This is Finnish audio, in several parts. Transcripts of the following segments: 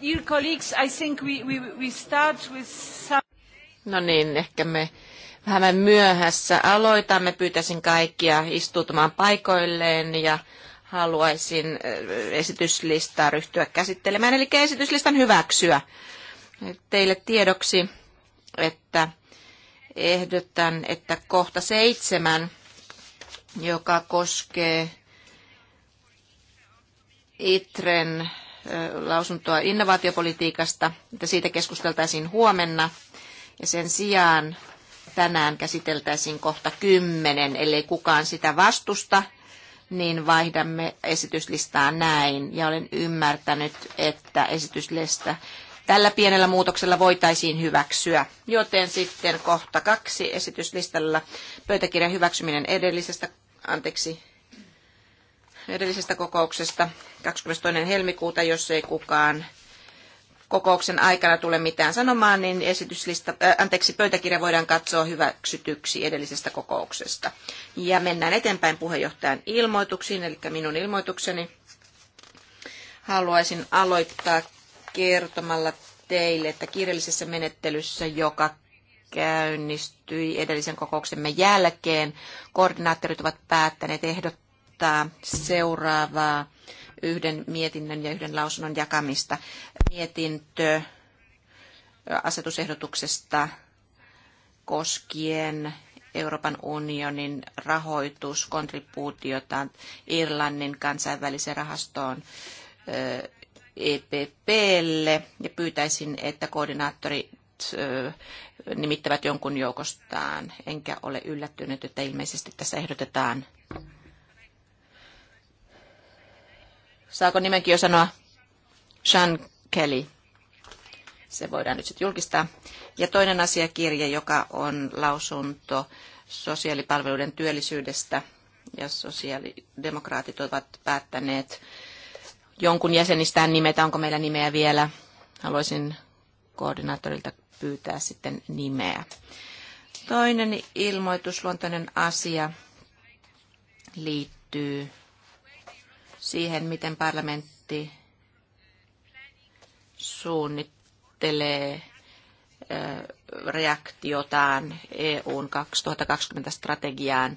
Dear colleagues, I think we, we, we start with some... No niin, ehkä me vähän myöhässä aloitamme. Pyytäisin kaikkia istutumaan paikoilleen ja haluaisin eh, esityslistaa ryhtyä käsittelemään, eli esityslistan hyväksyä. Teille tiedoksi, että ehdotan, että kohta seitsemän, joka koskee ITREN lausuntoa innovaatiopolitiikasta, että siitä keskusteltaisiin huomenna. Ja sen sijaan tänään käsiteltäisiin kohta kymmenen, ellei kukaan sitä vastusta, niin vaihdamme esityslistaa näin. Ja olen ymmärtänyt, että esityslista tällä pienellä muutoksella voitaisiin hyväksyä. Joten sitten kohta kaksi esityslistalla pöytäkirjan hyväksyminen edellisestä, anteeksi, edellisestä kokouksesta 22. helmikuuta, jos ei kukaan kokouksen aikana tule mitään sanomaan, niin esityslista, äh, anteeksi, pöytäkirja voidaan katsoa hyväksytyksi edellisestä kokouksesta. Ja mennään eteenpäin puheenjohtajan ilmoituksiin, eli minun ilmoitukseni. Haluaisin aloittaa kertomalla teille, että kirjallisessa menettelyssä, joka käynnistyi edellisen kokouksemme jälkeen, koordinaattorit ovat päättäneet ehdottaa, ehdottaa seuraavaa yhden mietinnön ja yhden lausunnon jakamista. Mietintö asetusehdotuksesta koskien Euroopan unionin rahoituskontribuutiota Irlannin kansainväliseen rahastoon EPPlle ja pyytäisin, että koordinaattorit nimittävät jonkun joukostaan. Enkä ole yllättynyt, että ilmeisesti tässä ehdotetaan Saako nimenkin jo sanoa? Sean Kelly. Se voidaan nyt sitten julkistaa. Ja toinen asiakirja, joka on lausunto sosiaalipalveluiden työllisyydestä, ja sosiaalidemokraatit ovat päättäneet jonkun jäsenistään nimetä. Onko meillä nimeä vielä? Haluaisin koordinaattorilta pyytää sitten nimeä. Toinen ilmoitusluontoinen asia liittyy siihen, miten parlamentti suunnittelee reaktiotaan EUn 2020 strategiaan.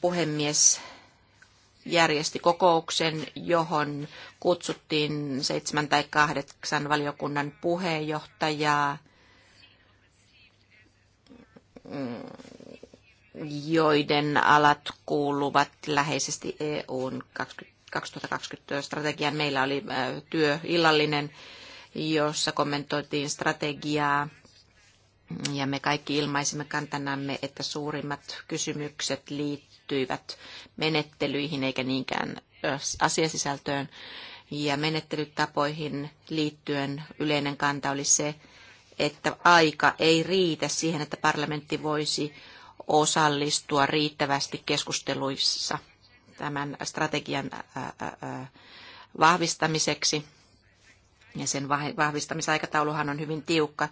Puhemies järjesti kokouksen, johon kutsuttiin seitsemän tai kahdeksan valiokunnan puheenjohtajaa mm, joiden alat kuuluvat läheisesti EUn 2020 strategiaan. Meillä oli äh, työillallinen, jossa kommentoitiin strategiaa ja me kaikki ilmaisimme kantanamme, että suurimmat kysymykset liittyivät menettelyihin eikä niinkään asiasisältöön. Ja menettelytapoihin liittyen yleinen kanta oli se, että aika ei riitä siihen, että parlamentti voisi osallistua riittävästi keskusteluissa tämän strategian vahvistamiseksi. Ja sen vahvistamisaikatauluhan on hyvin tiukka.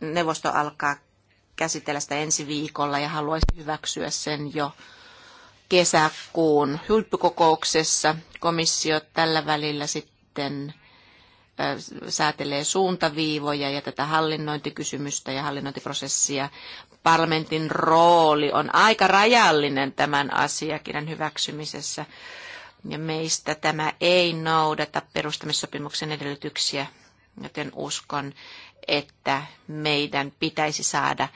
Neuvosto alkaa käsitellä sitä ensi viikolla ja haluaisi hyväksyä sen jo kesäkuun huippukokouksessa. Komissio tällä välillä sitten säätelee suuntaviivoja ja tätä hallinnointikysymystä ja hallinnointiprosessia. Parlamentin rooli on aika rajallinen tämän asiakirjan hyväksymisessä. Ja meistä tämä ei noudata perustamissopimuksen edellytyksiä, joten uskon, että meidän pitäisi saada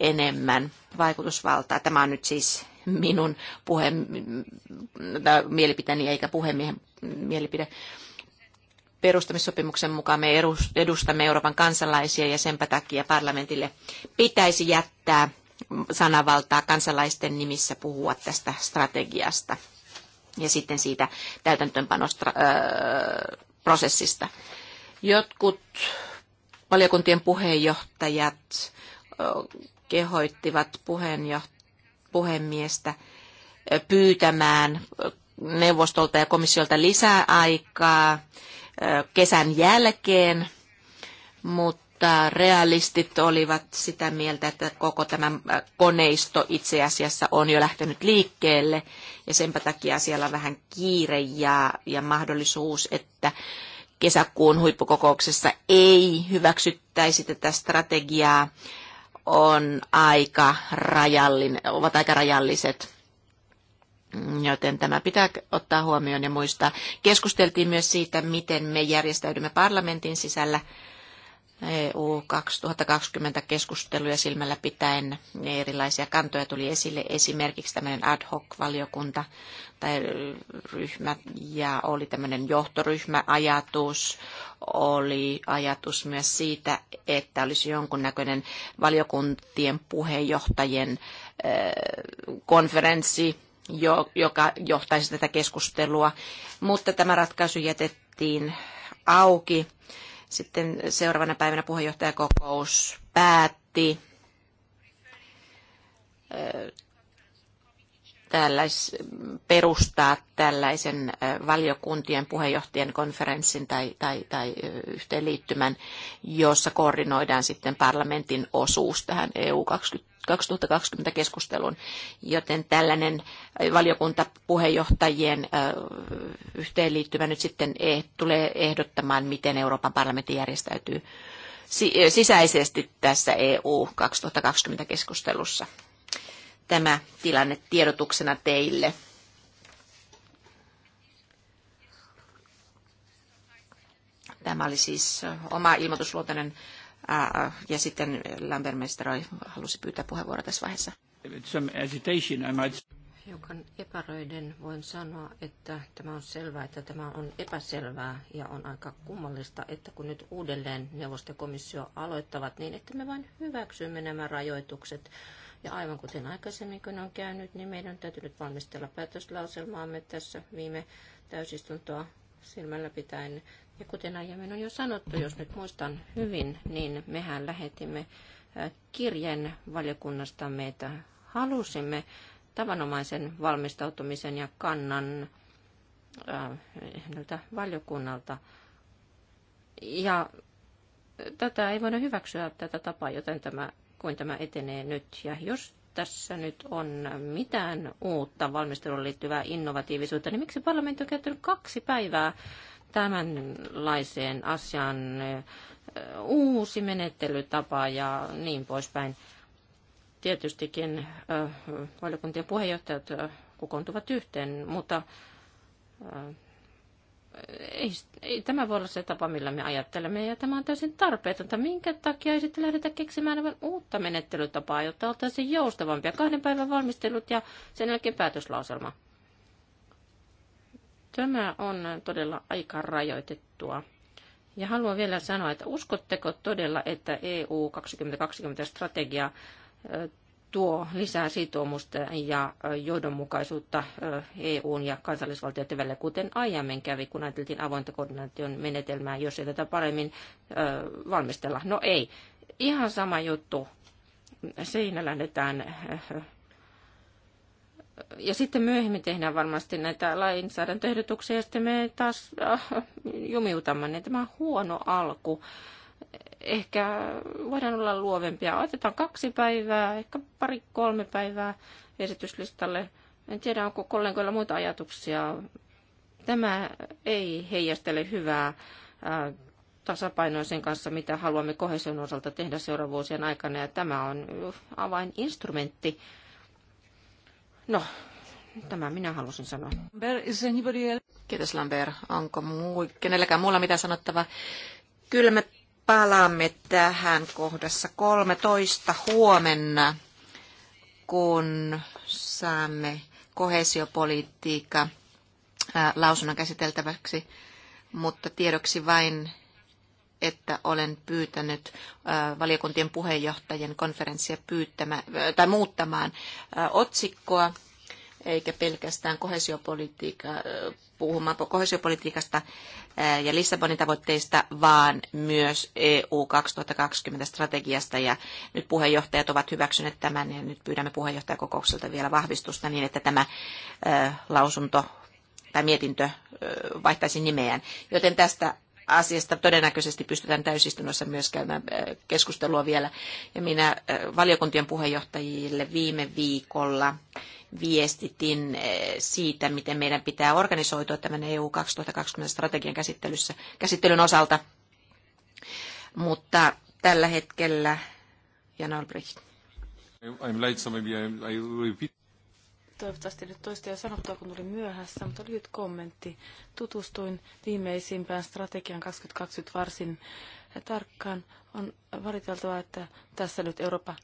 enemmän vaikutusvaltaa. Tämä on nyt siis minun puhe, mielipiteeni eikä puhemiehen mielipide perustamissopimuksen mukaan me edustamme Euroopan kansalaisia ja senpä takia parlamentille pitäisi jättää sananvaltaa kansalaisten nimissä puhua tästä strategiasta ja sitten siitä täytäntöönpanoprosessista. Jotkut valiokuntien puheenjohtajat kehoittivat puhemiestä pyytämään neuvostolta ja komissiolta lisää aikaa kesän jälkeen, mutta realistit olivat sitä mieltä, että koko tämä koneisto itse asiassa on jo lähtenyt liikkeelle ja senpä takia siellä on vähän kiire ja, ja mahdollisuus, että kesäkuun huippukokouksessa ei hyväksyttäisi tätä strategiaa, on aika rajallinen, ovat aika rajalliset. Joten tämä pitää ottaa huomioon ja muistaa. Keskusteltiin myös siitä, miten me järjestäydymme parlamentin sisällä EU 2020 keskusteluja silmällä pitäen erilaisia kantoja tuli esille. Esimerkiksi tämmöinen ad hoc-valiokunta tai ryhmä ja oli tämmöinen johtoryhmäajatus. Oli ajatus myös siitä, että olisi jonkunnäköinen valiokuntien puheenjohtajien e, konferenssi joka johtaisi tätä keskustelua, mutta tämä ratkaisu jätettiin auki. Sitten seuraavana päivänä puheenjohtajakokous päätti tällais, perustaa tällaisen valiokuntien puheenjohtajien konferenssin tai, tai, tai yhteenliittymän, jossa koordinoidaan sitten parlamentin osuus tähän EU 20 2020 keskusteluun, joten tällainen äh, valiokuntapuheenjohtajien äh, yhteenliittymä nyt sitten eh, tulee ehdottamaan, miten Euroopan parlamentti järjestäytyy äh, sisäisesti tässä EU 2020 keskustelussa. Tämä tilanne tiedotuksena teille. Tämä oli siis oma ilmoitusluotainen ja sitten lambert halusi pyytää puheenvuoroa tässä vaiheessa. Hiukan epäröiden voin sanoa, että tämä on selvää, että tämä on epäselvää ja on aika kummallista, että kun nyt uudelleen neuvosto ja komissio aloittavat niin, että me vain hyväksymme nämä rajoitukset. Ja aivan kuten aikaisemmin kun on käynyt, niin meidän on täytynyt valmistella päätöslauselmaamme tässä viime täysistuntoa silmällä pitäen. Ja kuten aiemmin on jo sanottu, jos nyt muistan hyvin, niin mehän lähetimme kirjeen valiokunnastamme, että halusimme tavanomaisen valmistautumisen ja kannan äh, valiokunnalta. Ja tätä ei voida hyväksyä tätä tapaa, joten tämä, kuin tämä etenee nyt. Ja jos tässä nyt on mitään uutta valmisteluun liittyvää innovatiivisuutta, niin miksi parlamentti on käyttänyt kaksi päivää tämänlaiseen asiaan uusi menettelytapa ja niin poispäin. Tietystikin valiokuntien puheenjohtajat kokoontuvat yhteen, mutta ei, ei tämä voi olla se tapa, millä me ajattelemme, ja tämä on täysin tarpeetonta. Minkä takia ei sitten lähdetä keksimään aivan uutta menettelytapaa, jotta oltaisiin joustavampia? Kahden päivän valmistelut ja sen jälkeen päätöslauselma. Tämä on todella aika rajoitettua. Ja haluan vielä sanoa, että uskotteko todella, että EU 2020-strategia tuo lisää sitoumusta ja johdonmukaisuutta EUn ja kansallisvaltioiden välillä, kuten aiemmin kävi, kun ajateltiin avointa koordinaation menetelmää, jos ei tätä paremmin valmistella. No ei, ihan sama juttu. Seinä lähdetään ja sitten myöhemmin tehdään varmasti näitä lainsäädäntöehdotuksia ja sitten me taas äh, jumiutamme, niin tämä on huono alku. Ehkä voidaan olla luovempia. Otetaan kaksi päivää, ehkä pari kolme päivää esityslistalle. En tiedä, onko kollegoilla muita ajatuksia. Tämä ei heijastele hyvää äh, tasapainoa sen kanssa, mitä haluamme kohesion osalta tehdä seuraavuosien aikana. Ja tämä on äh, avaininstrumentti instrumentti No, tämä minä halusin sanoa. Kiitos Lambert. Onko muu, kenelläkään muulla mitään sanottavaa? Kyllä me palaamme tähän kohdassa 13 huomenna, kun saamme kohesiopolitiikka lausunnon käsiteltäväksi, mutta tiedoksi vain että olen pyytänyt valiokuntien puheenjohtajien konferenssia tai muuttamaan otsikkoa, eikä pelkästään kohesiopolitiikka, puhumaan kohesiopolitiikasta ja Lissabonin tavoitteista, vaan myös EU 2020 strategiasta. Ja nyt puheenjohtajat ovat hyväksyneet tämän ja nyt pyydämme puheenjohtajakokoukselta vielä vahvistusta niin, että tämä lausunto tai mietintö vaihtaisi nimeään. Joten tästä asiasta todennäköisesti pystytään täysistunnossa myös käymään äh, keskustelua vielä. Ja minä äh, valiokuntien puheenjohtajille viime viikolla viestitin äh, siitä, miten meidän pitää organisoitua tämän EU 2020 strategian käsittelyssä, käsittelyn osalta. Mutta tällä hetkellä, Jan Albrecht. I'm late, so maybe I, I repeat. Toivottavasti nyt toista jo sanottua, kun tuli myöhässä, mutta lyhyt kommentti. Tutustuin viimeisimpään strategian 2020 varsin tarkkaan. On variteltava, että tässä nyt Eurooppa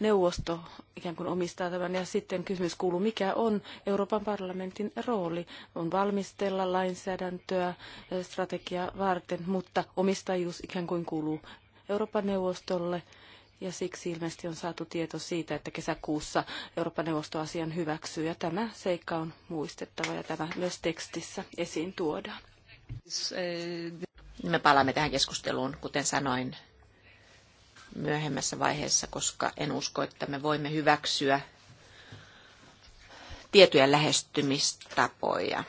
neuvosto ikään kuin omistaa tämän. Ja sitten kysymys kuuluu, mikä on Euroopan parlamentin rooli? On valmistella lainsäädäntöä eh, strategiaa varten, mutta omistajuus ikään kuin kuuluu Euroopan neuvostolle – ja siksi ilmeisesti on saatu tieto siitä, että kesäkuussa Euroopan neuvosto asian hyväksyy. Ja tämä seikka on muistettava ja tämä myös tekstissä esiin tuodaan. Me palaamme tähän keskusteluun, kuten sanoin, myöhemmässä vaiheessa, koska en usko, että me voimme hyväksyä tietyjä lähestymistapoja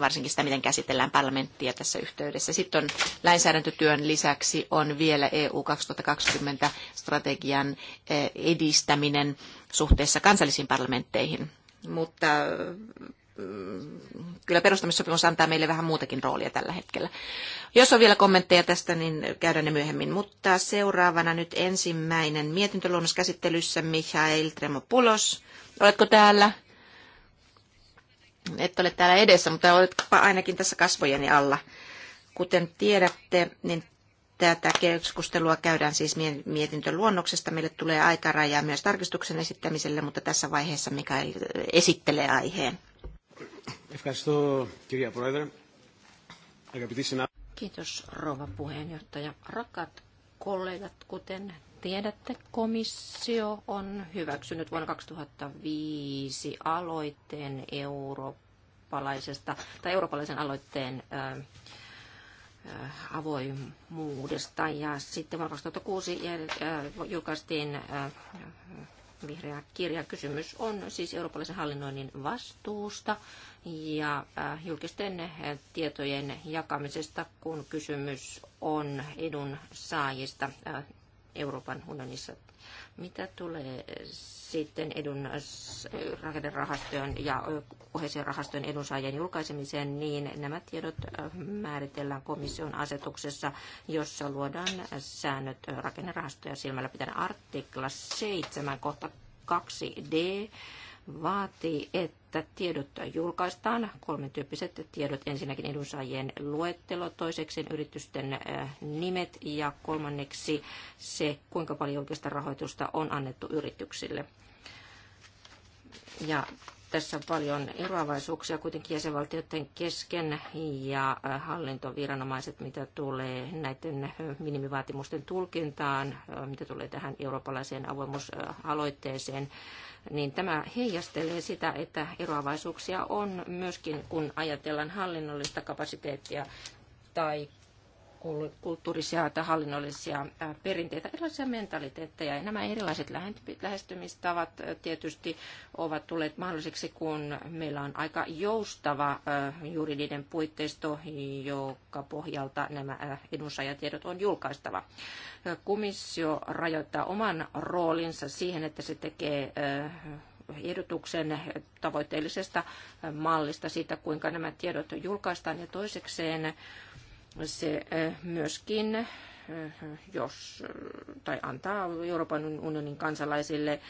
varsinkin sitä, miten käsitellään parlamenttia tässä yhteydessä. Sitten on lainsäädäntötyön lisäksi on vielä EU 2020 strategian edistäminen suhteessa kansallisiin parlamentteihin. Mutta eh, kyllä perustamissopimus antaa meille vähän muutakin roolia tällä hetkellä. Jos on vielä kommentteja tästä, niin käydään ne myöhemmin. Mutta seuraavana nyt ensimmäinen mietintöluonnos käsittelyssä Mihail Tremopulos. Oletko täällä? Et ole täällä edessä, mutta oletpa ainakin tässä kasvojeni alla. Kuten tiedätte, niin tätä keskustelua käydään siis mietintöluonnoksesta. Meille tulee aikaraja myös tarkistuksen esittämiselle, mutta tässä vaiheessa Mikael esittelee aiheen. Kiitos rouva puheenjohtaja. Rakat kollegat, kuten tiedätte, komissio on hyväksynyt vuonna 2005 aloitteen eurooppalaisesta tai eurooppalaisen aloitteen ää, avoimuudesta. Ja sitten vuonna 2006 julkaistiin vihreä kirja. Kysymys on siis eurooppalaisen hallinnoinnin vastuusta ja julkisten tietojen jakamisesta, kun kysymys on edun saajista. Euroopan unionissa. Mitä tulee sitten edun äh, rakennerahastojen ja rahastojen edunsaajien julkaisemiseen, niin nämä tiedot äh, määritellään komission asetuksessa, jossa luodaan säännöt äh, rakennerahastoja silmällä pitäen artikla 7 kohta 2d vaatii, että että tiedot julkaistaan. Kolmen tyyppiset tiedot. Ensinnäkin edunsaajien luettelo, toiseksi yritysten äh, nimet ja kolmanneksi se, kuinka paljon julkista rahoitusta on annettu yrityksille. Ja tässä on paljon eroavaisuuksia kuitenkin jäsenvaltioiden kesken ja äh, hallintoviranomaiset, mitä tulee näiden äh, minimivaatimusten tulkintaan, mitä tulee tähän eurooppalaiseen avoimuusaloitteeseen niin tämä heijastelee sitä, että eroavaisuuksia on myöskin, kun ajatellaan hallinnollista kapasiteettia tai kulttuurisia tai hallinnollisia perinteitä, erilaisia mentaliteetteja. Ja nämä erilaiset lähestymistavat tietysti ovat tulleet mahdolliseksi, kun meillä on aika joustava juridinen puitteisto, joka pohjalta nämä edunsaajatiedot on julkaistava. Komissio rajoittaa oman roolinsa siihen, että se tekee ehdotuksen tavoitteellisesta mallista siitä, kuinka nämä tiedot julkaistaan. Ja toisekseen se eh, myöskin eh, jos, eh, tai antaa Euroopan unionin kansalaisille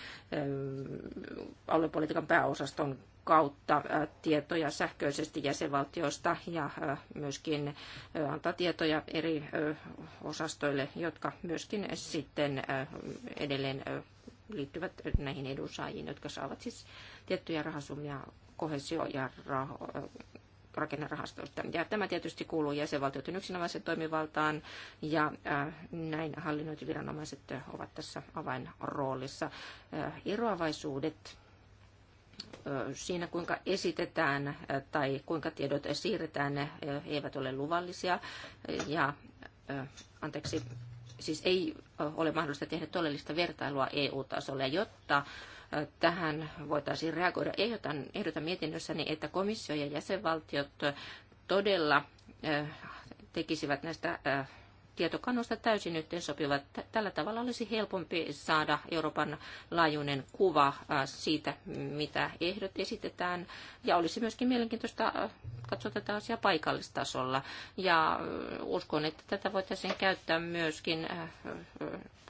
aluepolitiikan pääosaston kautta tietoja sähköisesti jäsenvaltioista ja myöskin antaa tietoja eri osastoille, jotka myöskin sitten edelleen liittyvät näihin edunsaajiin, jotka saavat siis tiettyjä rahasummia kohesio- ja rakennerahastoista. Ja tämä tietysti kuuluu jäsenvaltioiden yksinomaisen toimivaltaan ja äh, näin hallinnointiviranomaiset ovat tässä avainroolissa. Äh, eroavaisuudet äh, siinä, kuinka esitetään tai kuinka tiedot siirretään, ne eivät ole luvallisia. Ja, anteeksi, siis ei ole mahdollista tehdä todellista vertailua EU-tasolle, jotta tähän voitaisiin reagoida. Ehdotan, ehdotan mietinnössäni, että komissio ja jäsenvaltiot todella tekisivät näistä tietokannosta täysin yhteen sopivat. Tällä tavalla olisi helpompi saada Euroopan laajuinen kuva siitä, mitä ehdot esitetään. Ja olisi myöskin mielenkiintoista katsoa tätä asiaa paikallistasolla. Ja uskon, että tätä voitaisiin käyttää myöskin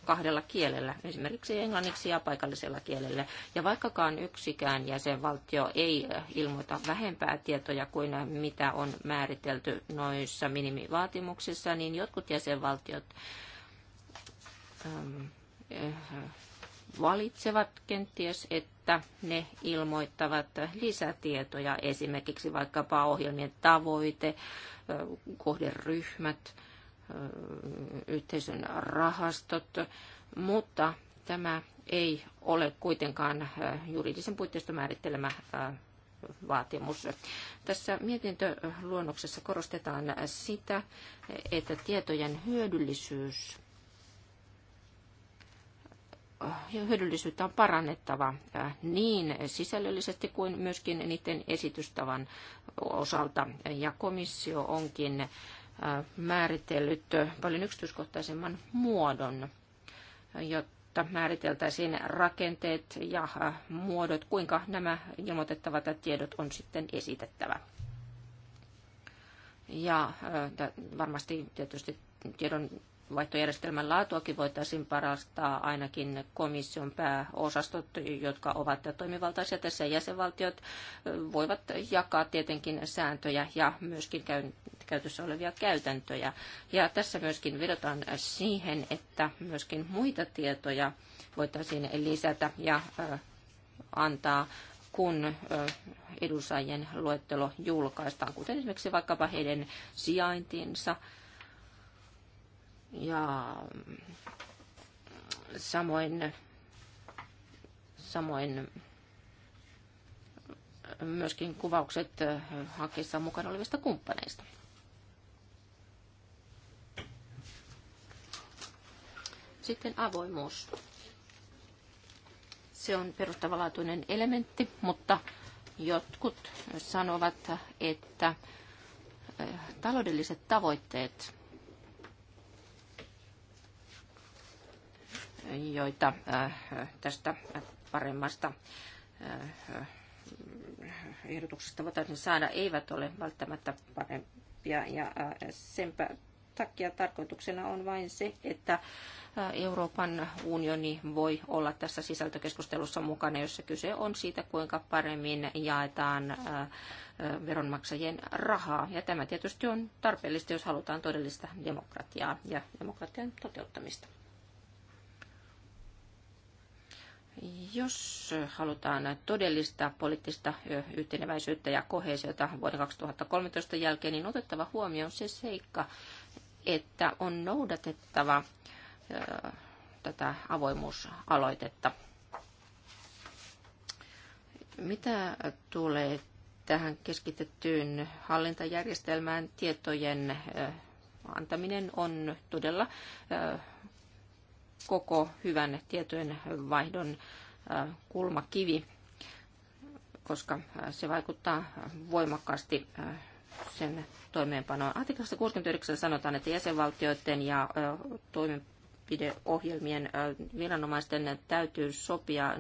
kahdella kielellä, esimerkiksi englanniksi ja paikallisella kielellä. Ja vaikkakaan yksikään jäsenvaltio ei eh, ilmoita vähempää tietoja kuin eh, mitä on määritelty noissa minimivaatimuksissa, niin jotkut jäsenvaltiot ehm, eh, valitsevat kenties, että ne ilmoittavat lisätietoja, esimerkiksi vaikkapa ohjelmien tavoite, kohderyhmät, yhteisön rahastot, mutta tämä ei ole kuitenkaan juridisen puitteista määrittelemä vaatimus. Tässä mietintöluonnoksessa korostetaan sitä, että tietojen hyödyllisyys hyödyllisyyttä on parannettava niin sisällöllisesti kuin myöskin niiden esitystavan osalta. Ja komissio onkin Äh, määritellyt paljon yksityiskohtaisemman muodon, jotta määriteltäisiin rakenteet ja äh, muodot, kuinka nämä ilmoitettavat tiedot on sitten esitettävä. Ja äh, varmasti tietysti tiedon vaihtojärjestelmän laatuakin voitaisiin parastaa ainakin komission pääosastot, jotka ovat toimivaltaisia tässä. Jäsenvaltiot voivat jakaa tietenkin sääntöjä ja myöskin käytössä olevia käytäntöjä. Ja tässä myöskin vedotaan siihen, että myöskin muita tietoja voitaisiin lisätä ja antaa kun edunsaajien luettelo julkaistaan, kuten esimerkiksi vaikkapa heidän sijaintinsa ja samoin, samoin myöskin kuvaukset hankkeessa mukana olevista kumppaneista. Sitten avoimuus. Se on perustavanlaatuinen elementti, mutta jotkut sanovat, että eh, taloudelliset tavoitteet joita äh, tästä paremmasta äh, ehdotuksesta voitaisiin saada, eivät ole välttämättä parempia. Ja äh, senpä takia tarkoituksena on vain se, että Euroopan unioni voi olla tässä sisältökeskustelussa mukana, jossa kyse on siitä, kuinka paremmin jaetaan veronmaksajien rahaa. Ja tämä tietysti on tarpeellista, jos halutaan todellista demokratiaa ja demokratian toteuttamista. Jos halutaan todellista poliittista yhteneväisyyttä ja koheisiota vuoden 2013 jälkeen, niin otettava huomioon se seikka, että on noudatettava tätä avoimuusaloitetta. Mitä tulee tähän keskitettyyn hallintajärjestelmään, tietojen antaminen on todella koko hyvän tietojen vaihdon kulmakivi, koska se vaikuttaa voimakkaasti sen toimeenpanoon. Artiklassa 69 sanotaan, että jäsenvaltioiden ja toimen mielipideohjelmien viranomaisten täytyy sopia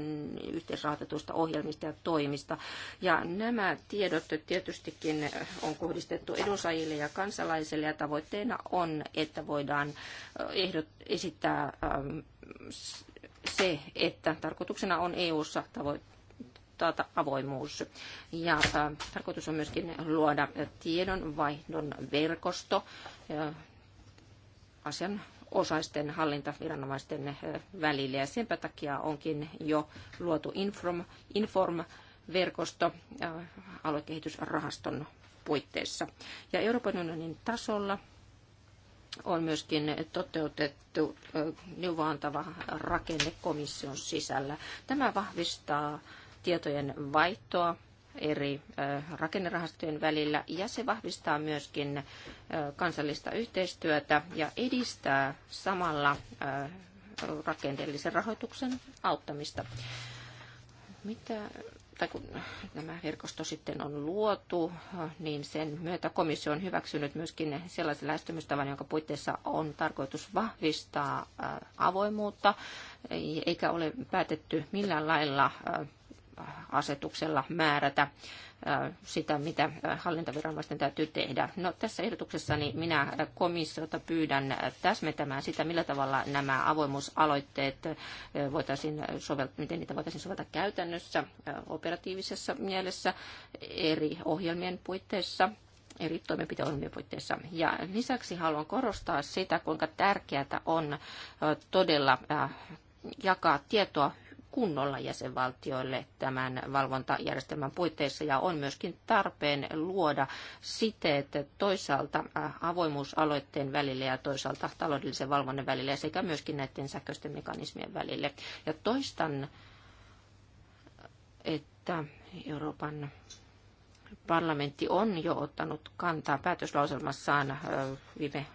yhteisrahoitetuista ohjelmista ja toimista. Ja nämä tiedot tietystikin on kohdistettu edunsaajille ja kansalaisille ja tavoitteena on, että voidaan ehdot, esittää se, että tarkoituksena on EU-ssa tavoitteena taata avoimuus. Ja ä, tarkoitus on myöskin luoda tiedonvaihdon verkosto ä, asian osaisten hallintaviranomaisten välillä, Ja senpä takia onkin jo luotu Inform, Inform-verkosto aluekehitysrahaston puitteissa. Ja Euroopan unionin tasolla on myöskin toteutettu neuvoantava rakenne komission sisällä. Tämä vahvistaa tietojen vaihtoa eri rakennerahastojen välillä ja se vahvistaa myöskin kansallista yhteistyötä ja edistää samalla rakenteellisen rahoituksen auttamista. Mitä tai kun tämä verkosto sitten on luotu, niin sen myötä komissio on hyväksynyt myöskin sellaisen lähestymistavan, jonka puitteissa on tarkoitus vahvistaa avoimuutta, eikä ole päätetty millään lailla asetuksella määrätä sitä, mitä hallintaviranomaisten täytyy tehdä. No, tässä ehdotuksessa minä komissiota pyydän täsmentämään sitä, millä tavalla nämä avoimuusaloitteet voitaisiin soveltaa, miten niitä voitaisiin soveltaa käytännössä operatiivisessa mielessä eri ohjelmien puitteissa eri toimenpiteohjelmien puitteissa. Ja lisäksi haluan korostaa sitä, kuinka tärkeää on todella jakaa tietoa kunnolla jäsenvaltioille tämän valvontajärjestelmän puitteissa ja on myöskin tarpeen luoda siteet toisaalta äh, avoimuusaloitteen välille ja toisaalta taloudellisen valvonnan välille sekä myöskin näiden sähköisten mekanismien välille. Ja toistan, että Euroopan parlamentti on jo ottanut kantaa päätöslauselmassaan äh, viime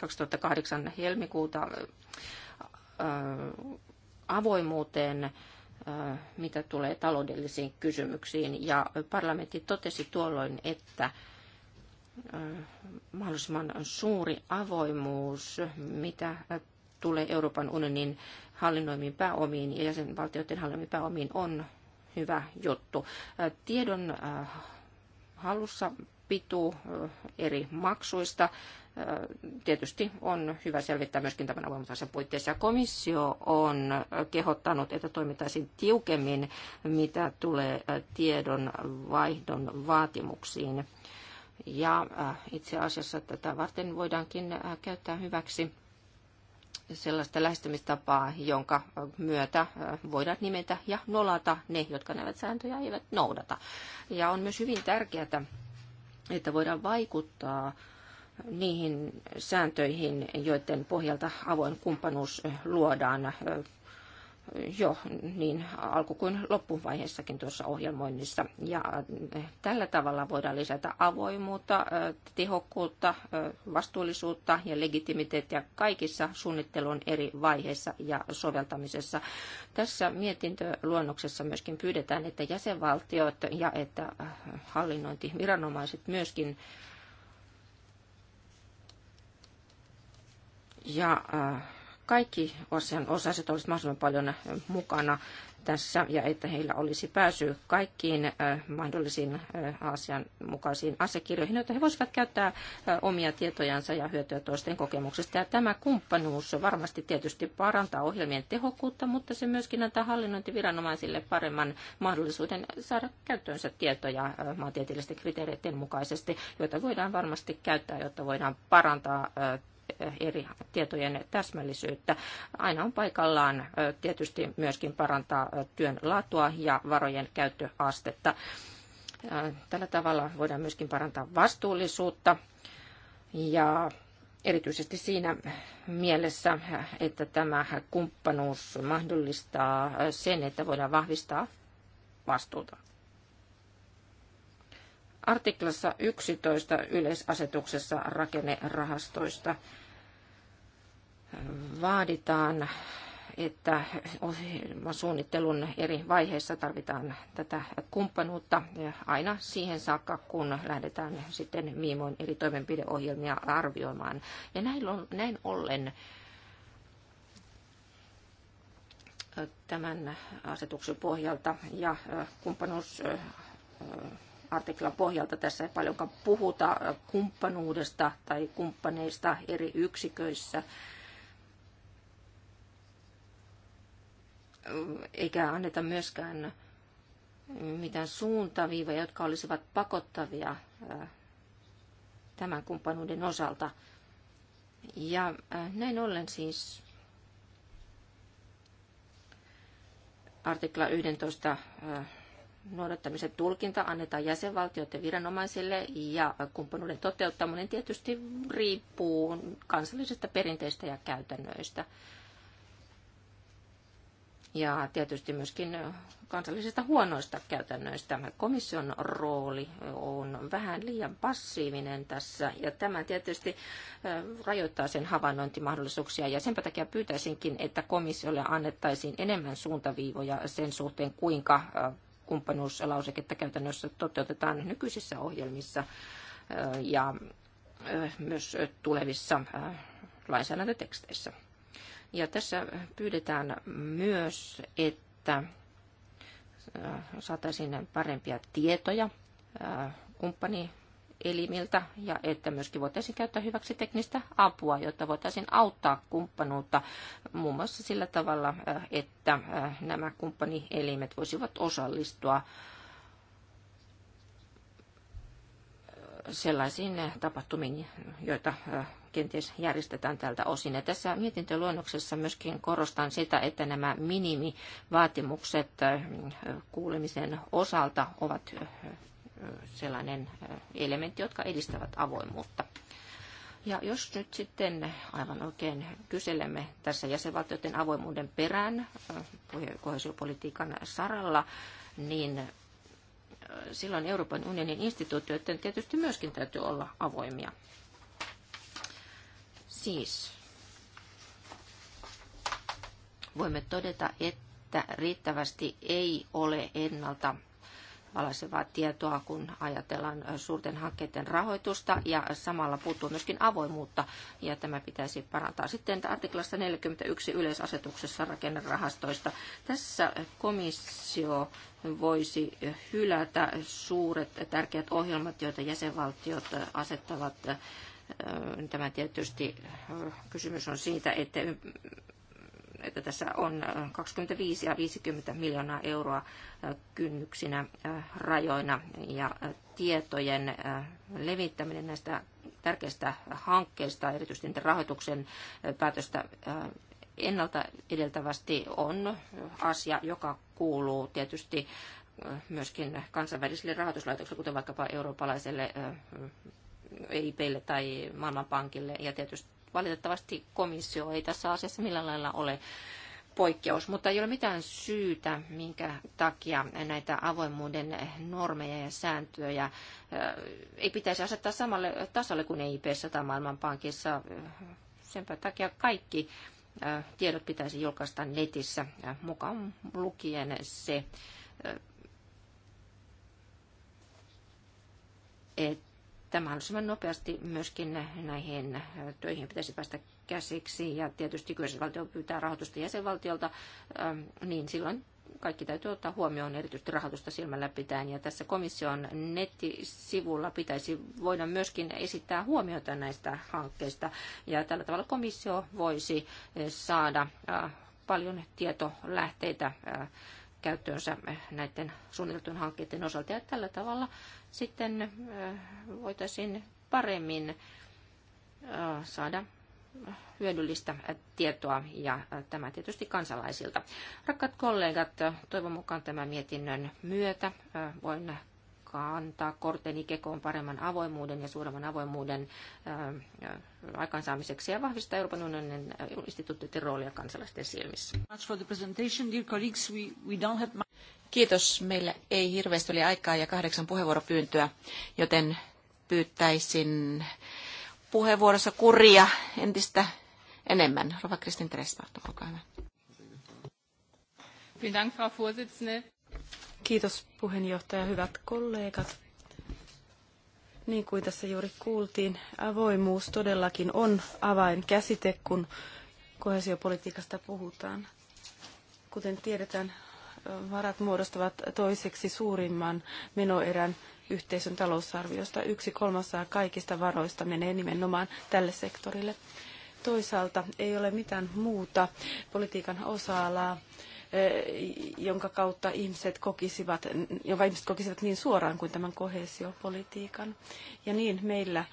2008 äh, helmikuuta avoimuuteen, mitä tulee taloudellisiin kysymyksiin. Ja parlamentti totesi tuolloin, että mahdollisimman suuri avoimuus, mitä tulee Euroopan unionin hallinnoimiin pääomiin ja jäsenvaltioiden hallinnoimiin pääomiin, on hyvä juttu. Tiedon hallussa pitu eri maksuista. Tietysti on hyvä selvittää myöskin tämän avoimuusasian puitteissa. Komissio on kehottanut, että toimittaisiin tiukemmin, mitä tulee tiedon vaihdon vaatimuksiin. Ja itse asiassa tätä varten voidaankin käyttää hyväksi sellaista lähestymistapaa, jonka myötä voidaan nimetä ja nolata ne, jotka näitä sääntöjä eivät noudata. Ja on myös hyvin tärkeää, että voidaan vaikuttaa niihin sääntöihin, joiden pohjalta avoin kumppanuus luodaan jo niin alku- kuin loppuvaiheessakin tuossa ohjelmoinnissa. Ja eh, tällä tavalla voidaan lisätä avoimuutta, eh, tehokkuutta, eh, vastuullisuutta ja legitimiteettiä kaikissa suunnittelun eri vaiheissa ja soveltamisessa. Tässä mietintöluonnoksessa myöskin pyydetään, että jäsenvaltiot ja että hallinnointiviranomaiset myöskin ja äh, kaikki asian osaiset olisivat mahdollisimman paljon mukana tässä ja että heillä olisi pääsy kaikkiin mahdollisiin asian mukaisiin asiakirjoihin, joita he voisivat käyttää omia tietojansa ja hyötyä toisten kokemuksesta. Ja tämä kumppanuus varmasti tietysti parantaa ohjelmien tehokkuutta, mutta se myöskin antaa hallinnointiviranomaisille paremman mahdollisuuden saada käyttöönsä tietoja maantieteellisten kriteereiden mukaisesti, joita voidaan varmasti käyttää, jotta voidaan parantaa eri tietojen täsmällisyyttä. Aina on paikallaan tietysti myöskin parantaa työn laatua ja varojen käyttöastetta. Tällä tavalla voidaan myöskin parantaa vastuullisuutta ja erityisesti siinä mielessä, että tämä kumppanuus mahdollistaa sen, että voidaan vahvistaa vastuuta artiklassa 11 yleisasetuksessa rakennerahastoista vaaditaan, että suunnittelun eri vaiheissa tarvitaan tätä kumppanuutta aina siihen saakka, kun lähdetään sitten viimoin eri toimenpideohjelmia arvioimaan. Ja näin, on, näin ollen tämän asetuksen pohjalta ja kumppanuus artiklan pohjalta. Tässä ei paljonkaan puhuta äh, kumppanuudesta tai kumppaneista eri yksiköissä. Eikä anneta myöskään mitään suuntaviiva, jotka olisivat pakottavia äh, tämän kumppanuuden osalta. Ja äh, näin ollen siis artikla 11 noudattamisen tulkinta annetaan jäsenvaltioiden viranomaisille ja kumppanuuden toteuttaminen tietysti riippuu kansallisista perinteistä ja käytännöistä. Ja tietysti myöskin kansallisista huonoista käytännöistä. Komission rooli on vähän liian passiivinen tässä, ja tämä tietysti rajoittaa sen havainnointimahdollisuuksia, ja sen takia pyytäisinkin, että komissiolle annettaisiin enemmän suuntaviivoja sen suhteen, kuinka kumppanuuslauseketta käytännössä toteutetaan nykyisissä ohjelmissa äh, ja äh, myös tulevissa äh, lainsäädäntöteksteissä. Ja tässä pyydetään myös, että saataisiin parempia tietoja kumppani elimiltä ja että myöskin voitaisiin käyttää hyväksi teknistä apua, jotta voitaisiin auttaa kumppanuutta muun muassa sillä tavalla, äh, että äh, nämä kumppanielimet voisivat osallistua äh, sellaisiin tapahtumiin, joita kenties järjestetään tältä osin. Ja tässä mietintöluonnoksessa myöskin korostan sitä, että nämä minimivaatimukset kuulemisen osalta ovat sellainen elementti, jotka edistävät avoimuutta. Ja jos nyt sitten aivan oikein kyselemme tässä jäsenvaltioiden avoimuuden perään kohesiopolitiikan saralla, niin silloin Euroopan unionin instituutioiden tietysti myöskin täytyy olla avoimia. Siis voimme todeta, että riittävästi ei ole ennalta alaisevaa tietoa, kun ajatellaan suurten hankkeiden rahoitusta ja samalla puuttuu myöskin avoimuutta ja tämä pitäisi parantaa. Sitten artiklassa 41 yleisasetuksessa rakennerahastoista. Tässä komissio voisi hylätä suuret tärkeät ohjelmat, joita jäsenvaltiot asettavat Tämä tietysti kysymys on siitä, että että tässä on 25 äh, ja 50 miljoonaa euroa äh, kynnyksinä äh, rajoina ja tietojen levittäminen näistä tärkeistä hankkeista, erityisesti niiden rahoituksen päätöstä ennalta edeltävästi on asia, joka kuuluu tietysti myöskin kansainvälisille rahoituslaitoksille, kuten vaikkapa eurooppalaiselle EIPille tai Maailmanpankille ja tietysti Valitettavasti komissio ei tässä asiassa millään lailla ole poikkeus, mutta ei ole mitään syytä, minkä takia näitä avoimuuden normeja ja sääntöjä ei pitäisi asettaa samalle tasolle kuin EIPssä tai Maailmanpankissa. Senpä takia kaikki tiedot pitäisi julkaista netissä mukaan lukien se, että Tämä mahdollisimman nopeasti myöskin näihin töihin pitäisi päästä käsiksi. Ja tietysti kun valtio pyytää rahoitusta jäsenvaltiolta, ähm, niin silloin kaikki täytyy ottaa huomioon, erityisesti rahoitusta silmällä pitäen. Ja tässä komission nettisivulla pitäisi voida myöskin esittää huomiota näistä hankkeista. Ja tällä tavalla komissio voisi eh, saada äh, paljon tietolähteitä äh, käyttöönsä eh, näiden suunniteltujen hankkeiden osalta. Ja tällä tavalla sitten äh, voitaisiin paremmin äh, saada hyödyllistä äh, tietoa ja tämä tietysti kansalaisilta. Rakkaat kollegat, toivon mukaan tämän mietinnön myötä voin antaa korteni kekoon paremman avoimuuden ja suuremman avoimuuden aikaansaamiseksi ja vahvistaa Euroopan unionin instituutioiden roolia kansalaisten silmissä. Kiitos. Meillä ei hirveästi ole aikaa ja kahdeksan puheenvuoropyyntöä, joten pyytäisin puheenvuorossa kuria entistä enemmän. Rova Kristin Tresvart, olkaa hyvä. Kiitos puheenjohtaja, hyvät kollegat. Niin kuin tässä juuri kuultiin, avoimuus todellakin on avainkäsite, kun kohesiopolitiikasta puhutaan. Kuten tiedetään, varat muodostavat toiseksi suurimman menoerän yhteisön talousarviosta. Yksi kolmasosa kaikista varoista menee nimenomaan tälle sektorille. Toisaalta ei ole mitään muuta politiikan osa-alaa, eh, jonka kautta ihmiset kokisivat, jonka ihmiset kokisivat niin suoraan kuin tämän kohesiopolitiikan. Ja niin meillä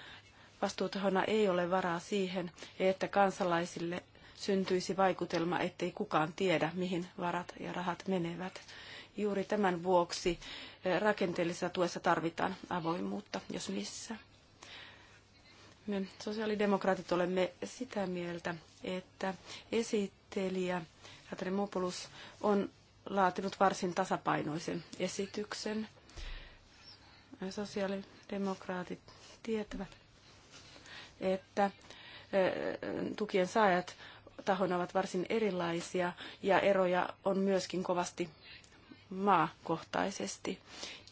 vastuutahona ei ole varaa siihen, että kansalaisille syntyisi vaikutelma, ettei kukaan tiedä, mihin varat ja rahat menevät. Juuri tämän vuoksi eh, rakenteellisessa tuessa tarvitaan avoimuutta, jos missä. Me sosiaalidemokraatit olemme sitä mieltä, että esittelijä Katri Mopulus on laatinut varsin tasapainoisen esityksen. Sosiaalidemokraatit tietävät, että eh, tukien saajat tahoina ovat varsin erilaisia ja eroja on myöskin kovasti maakohtaisesti.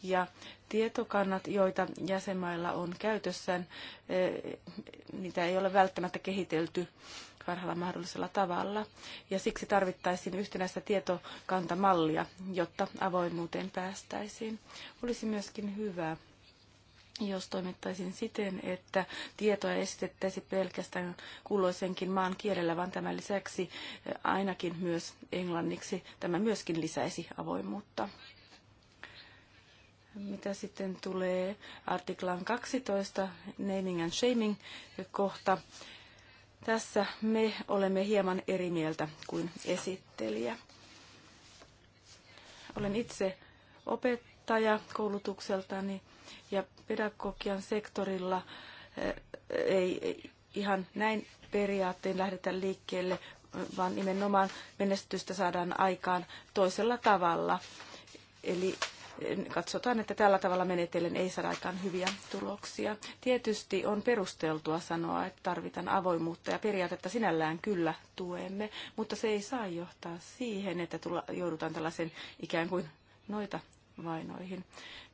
Ja tietokannat, joita jäsenmailla on käytössään, eh, niitä ei ole välttämättä kehitelty parhaalla mahdollisella tavalla. Ja siksi tarvittaisiin yhtenäistä tietokantamallia, jotta avoimuuteen päästäisiin. Olisi myöskin hyvä, jos toimittaisin siten, että tietoa esitettäisi pelkästään kulloisenkin maan kielellä, vaan tämän lisäksi eh, ainakin myös englanniksi. Tämä myöskin lisäisi avoimuutta. Mitä sitten tulee artiklan 12, naming and shaming kohta. Tässä me olemme hieman eri mieltä kuin esittelijä. Olen itse opettaja koulutukseltani. Niin ja pedagogian sektorilla eh, ei ihan näin periaatteen lähdetä liikkeelle, vaan nimenomaan menestystä saadaan aikaan toisella tavalla. Eli eh, katsotaan, että tällä tavalla menetellen ei saada aikaan hyviä tuloksia. Tietysti on perusteltua sanoa, että tarvitaan avoimuutta ja periaatetta sinällään kyllä tuemme, mutta se ei saa johtaa siihen, että tulla, joudutaan tällaisen ikään kuin noita vainoihin.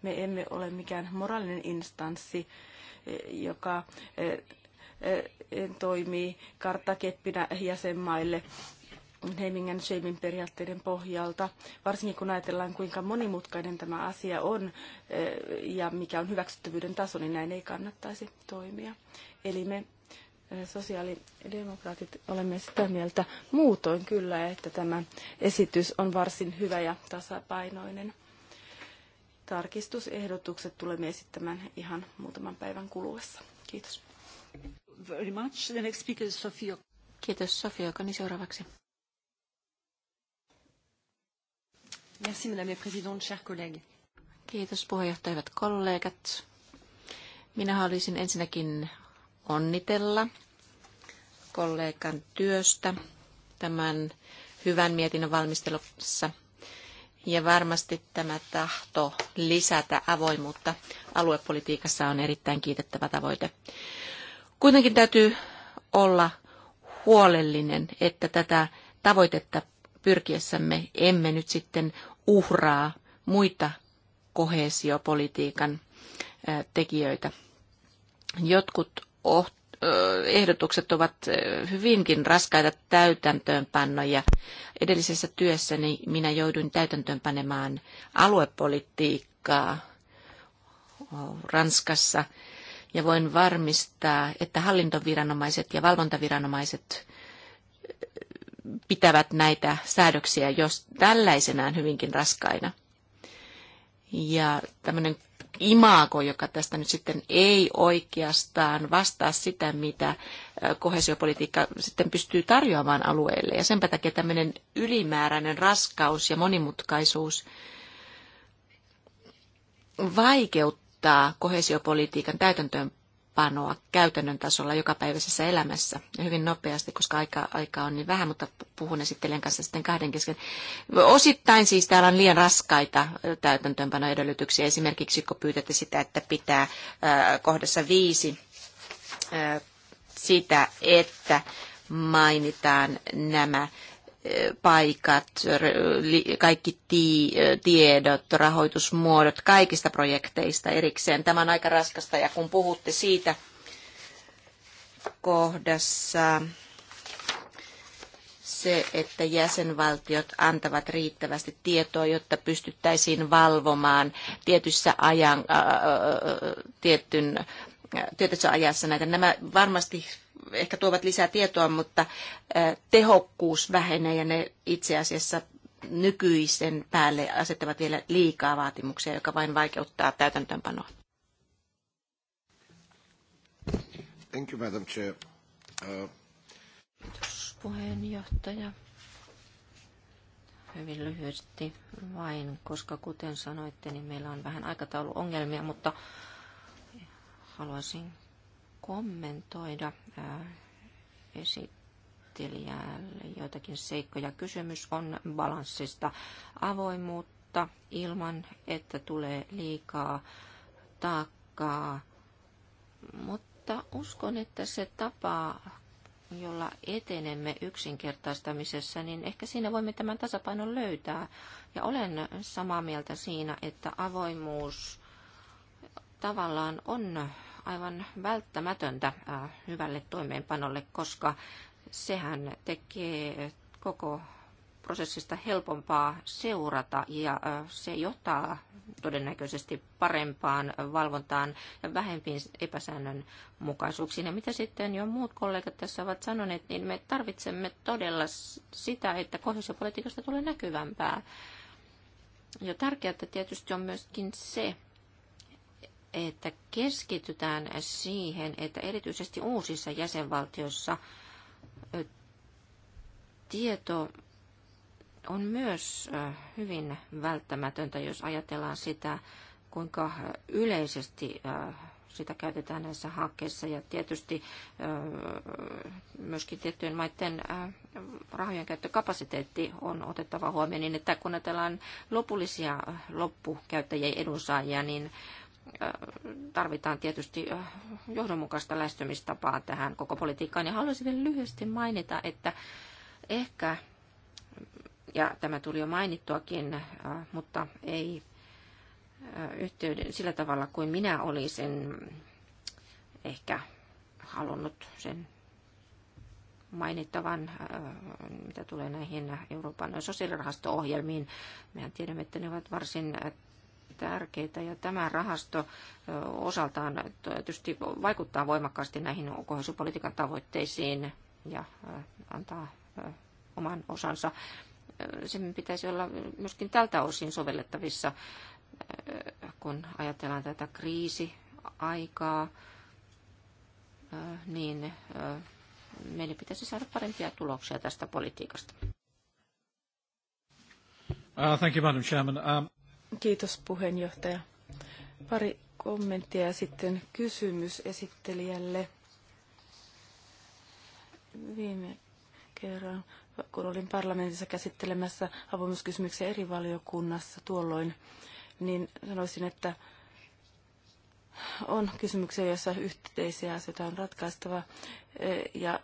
Me emme ole mikään moraalinen instanssi, e, joka e, e, toimii karttakeppinä jäsenmaille naming and shaming periaatteiden pohjalta, varsinkin kun ajatellaan kuinka monimutkainen tämä asia on ja mikä on hyväksyttävyyden taso, niin näin ei kannattaisi toimia. Eli me sosiaalidemokraatit olemme sitä mieltä muutoin kyllä, että tämä esitys on varsin hyvä ja tasapainoinen. Tarkistusehdotukset tulemme esittämään ihan muutaman päivän kuluessa. Kiitos. Very much. The next speaker is Sofia. Kiitos Sofia niin seuraavaksi. Merci Madame la Présidente, chers collègues. Kiitos puheenjohtaja, hyvät kollegat. Minä haluaisin ensinnäkin onnitella kollegan työstä tämän hyvän mietinnön valmistelussa. Ja varmasti tämä tahto lisätä avoimuutta aluepolitiikassa on erittäin kiitettävä tavoite. Kuitenkin täytyy olla huolellinen, että tätä tavoitetta pyrkiessämme emme nyt sitten uhraa muita kohesiopolitiikan tekijöitä. Jotkut ehdotukset ovat hyvinkin raskaita täytäntöönpannoja. Edellisessä työssäni minä jouduin täytäntöönpanemaan aluepolitiikkaa Ranskassa ja voin varmistaa, että hallintoviranomaiset ja valvontaviranomaiset pitävät näitä säädöksiä jos tällaisenaan hyvinkin raskaina. Ja tämmöinen imago, joka tästä nyt sitten ei oikeastaan vastaa sitä, mitä kohesiopolitiikka sitten pystyy tarjoamaan alueelle. Ja senpä takia tämmöinen ylimääräinen raskaus ja monimutkaisuus vaikeuttaa kohesiopolitiikan täytäntöön toimeenpanoa käytännön tasolla jokapäiväisessä elämässä ja hyvin nopeasti, koska aika, aika on niin vähän, mutta puhun esittelijän kanssa sitten kahden kesken. Osittain siis täällä on liian raskaita täytäntöönpanoedellytyksiä, esimerkiksi kun pyytätte sitä, että pitää kohdassa viisi sitä, että mainitaan nämä paikat, kaikki tiedot, rahoitusmuodot kaikista projekteista erikseen. Tämä on aika raskasta ja kun puhutte siitä kohdassa se, että jäsenvaltiot antavat riittävästi tietoa, jotta pystyttäisiin valvomaan tietyssä ajan, ää, tietyn tietyssä ajassa näitä. Nämä varmasti ehkä tuovat lisää tietoa, mutta tehokkuus vähenee ja ne itse asiassa nykyisen päälle asettavat vielä liikaa vaatimuksia, joka vain vaikeuttaa täytäntöönpanoa. Thank you, Madam Chair. Uh... Kiitos puheenjohtaja. Hyvin lyhyesti vain, koska kuten sanoitte, niin meillä on vähän aikatauluongelmia, mutta haluaisin kommentoida äh, esittelijälle joitakin seikkoja. Kysymys on balanssista avoimuutta ilman, että tulee liikaa taakkaa, mutta uskon, että se tapa, jolla etenemme yksinkertaistamisessa, niin ehkä siinä voimme tämän tasapainon löytää. Ja olen samaa mieltä siinä, että avoimuus tavallaan on aivan välttämätöntä äh, hyvälle toimeenpanolle, koska sehän tekee koko prosessista helpompaa seurata ja äh, se johtaa todennäköisesti parempaan valvontaan ja vähempiin epäsäännönmukaisuuksiin. Ja mitä sitten jo muut kollegat tässä ovat sanoneet, niin me tarvitsemme todella sitä, että kohdallisuuspolitiikasta tulee näkyvämpää. Ja tärkeää tietysti on myöskin se, että keskitytään siihen, että erityisesti uusissa jäsenvaltioissa tieto on myös hyvin välttämätöntä, jos ajatellaan sitä, kuinka yleisesti sitä käytetään näissä hakkeissa ja tietysti myöskin tiettyjen maiden rahojen käyttökapasiteetti on otettava huomioon niin, että kun ajatellaan lopullisia loppukäyttäjien edunsaajia, niin tarvitaan tietysti äh, johdonmukaista lähestymistapaa tähän koko politiikkaan. Ja haluaisin vielä lyhyesti mainita, että ehkä, ja tämä tuli jo mainittuakin, äh, mutta ei äh, yhteyden sillä tavalla kuin minä olisin ehkä halunnut sen mainittavan, mitä tulee näihin Euroopan sosiaalirahasto-ohjelmiin. Mehän tiedämme, että ne ovat varsin tärkeitä ja tämä rahasto osaltaan tietysti vaikuttaa voimakkaasti näihin kohdallisuuspolitiikan tavoitteisiin ja antaa oman osansa. Sen pitäisi olla myöskin tältä osin sovellettavissa, kun ajatellaan tätä kriisiaikaa, niin meidän pitäisi saada parempia tuloksia tästä politiikasta. Uh, thank you, Madam Chairman. Um, Kiitos puheenjohtaja. Pari kommenttia ja sitten kysymys esittelijälle. Viime kerran, kun olin parlamentissa käsittelemässä avoimuuskysymyksiä eri valiokunnassa tuolloin, niin sanoisin, että on kysymyksiä, joissa yhteisiä asioita on ratkaistava ja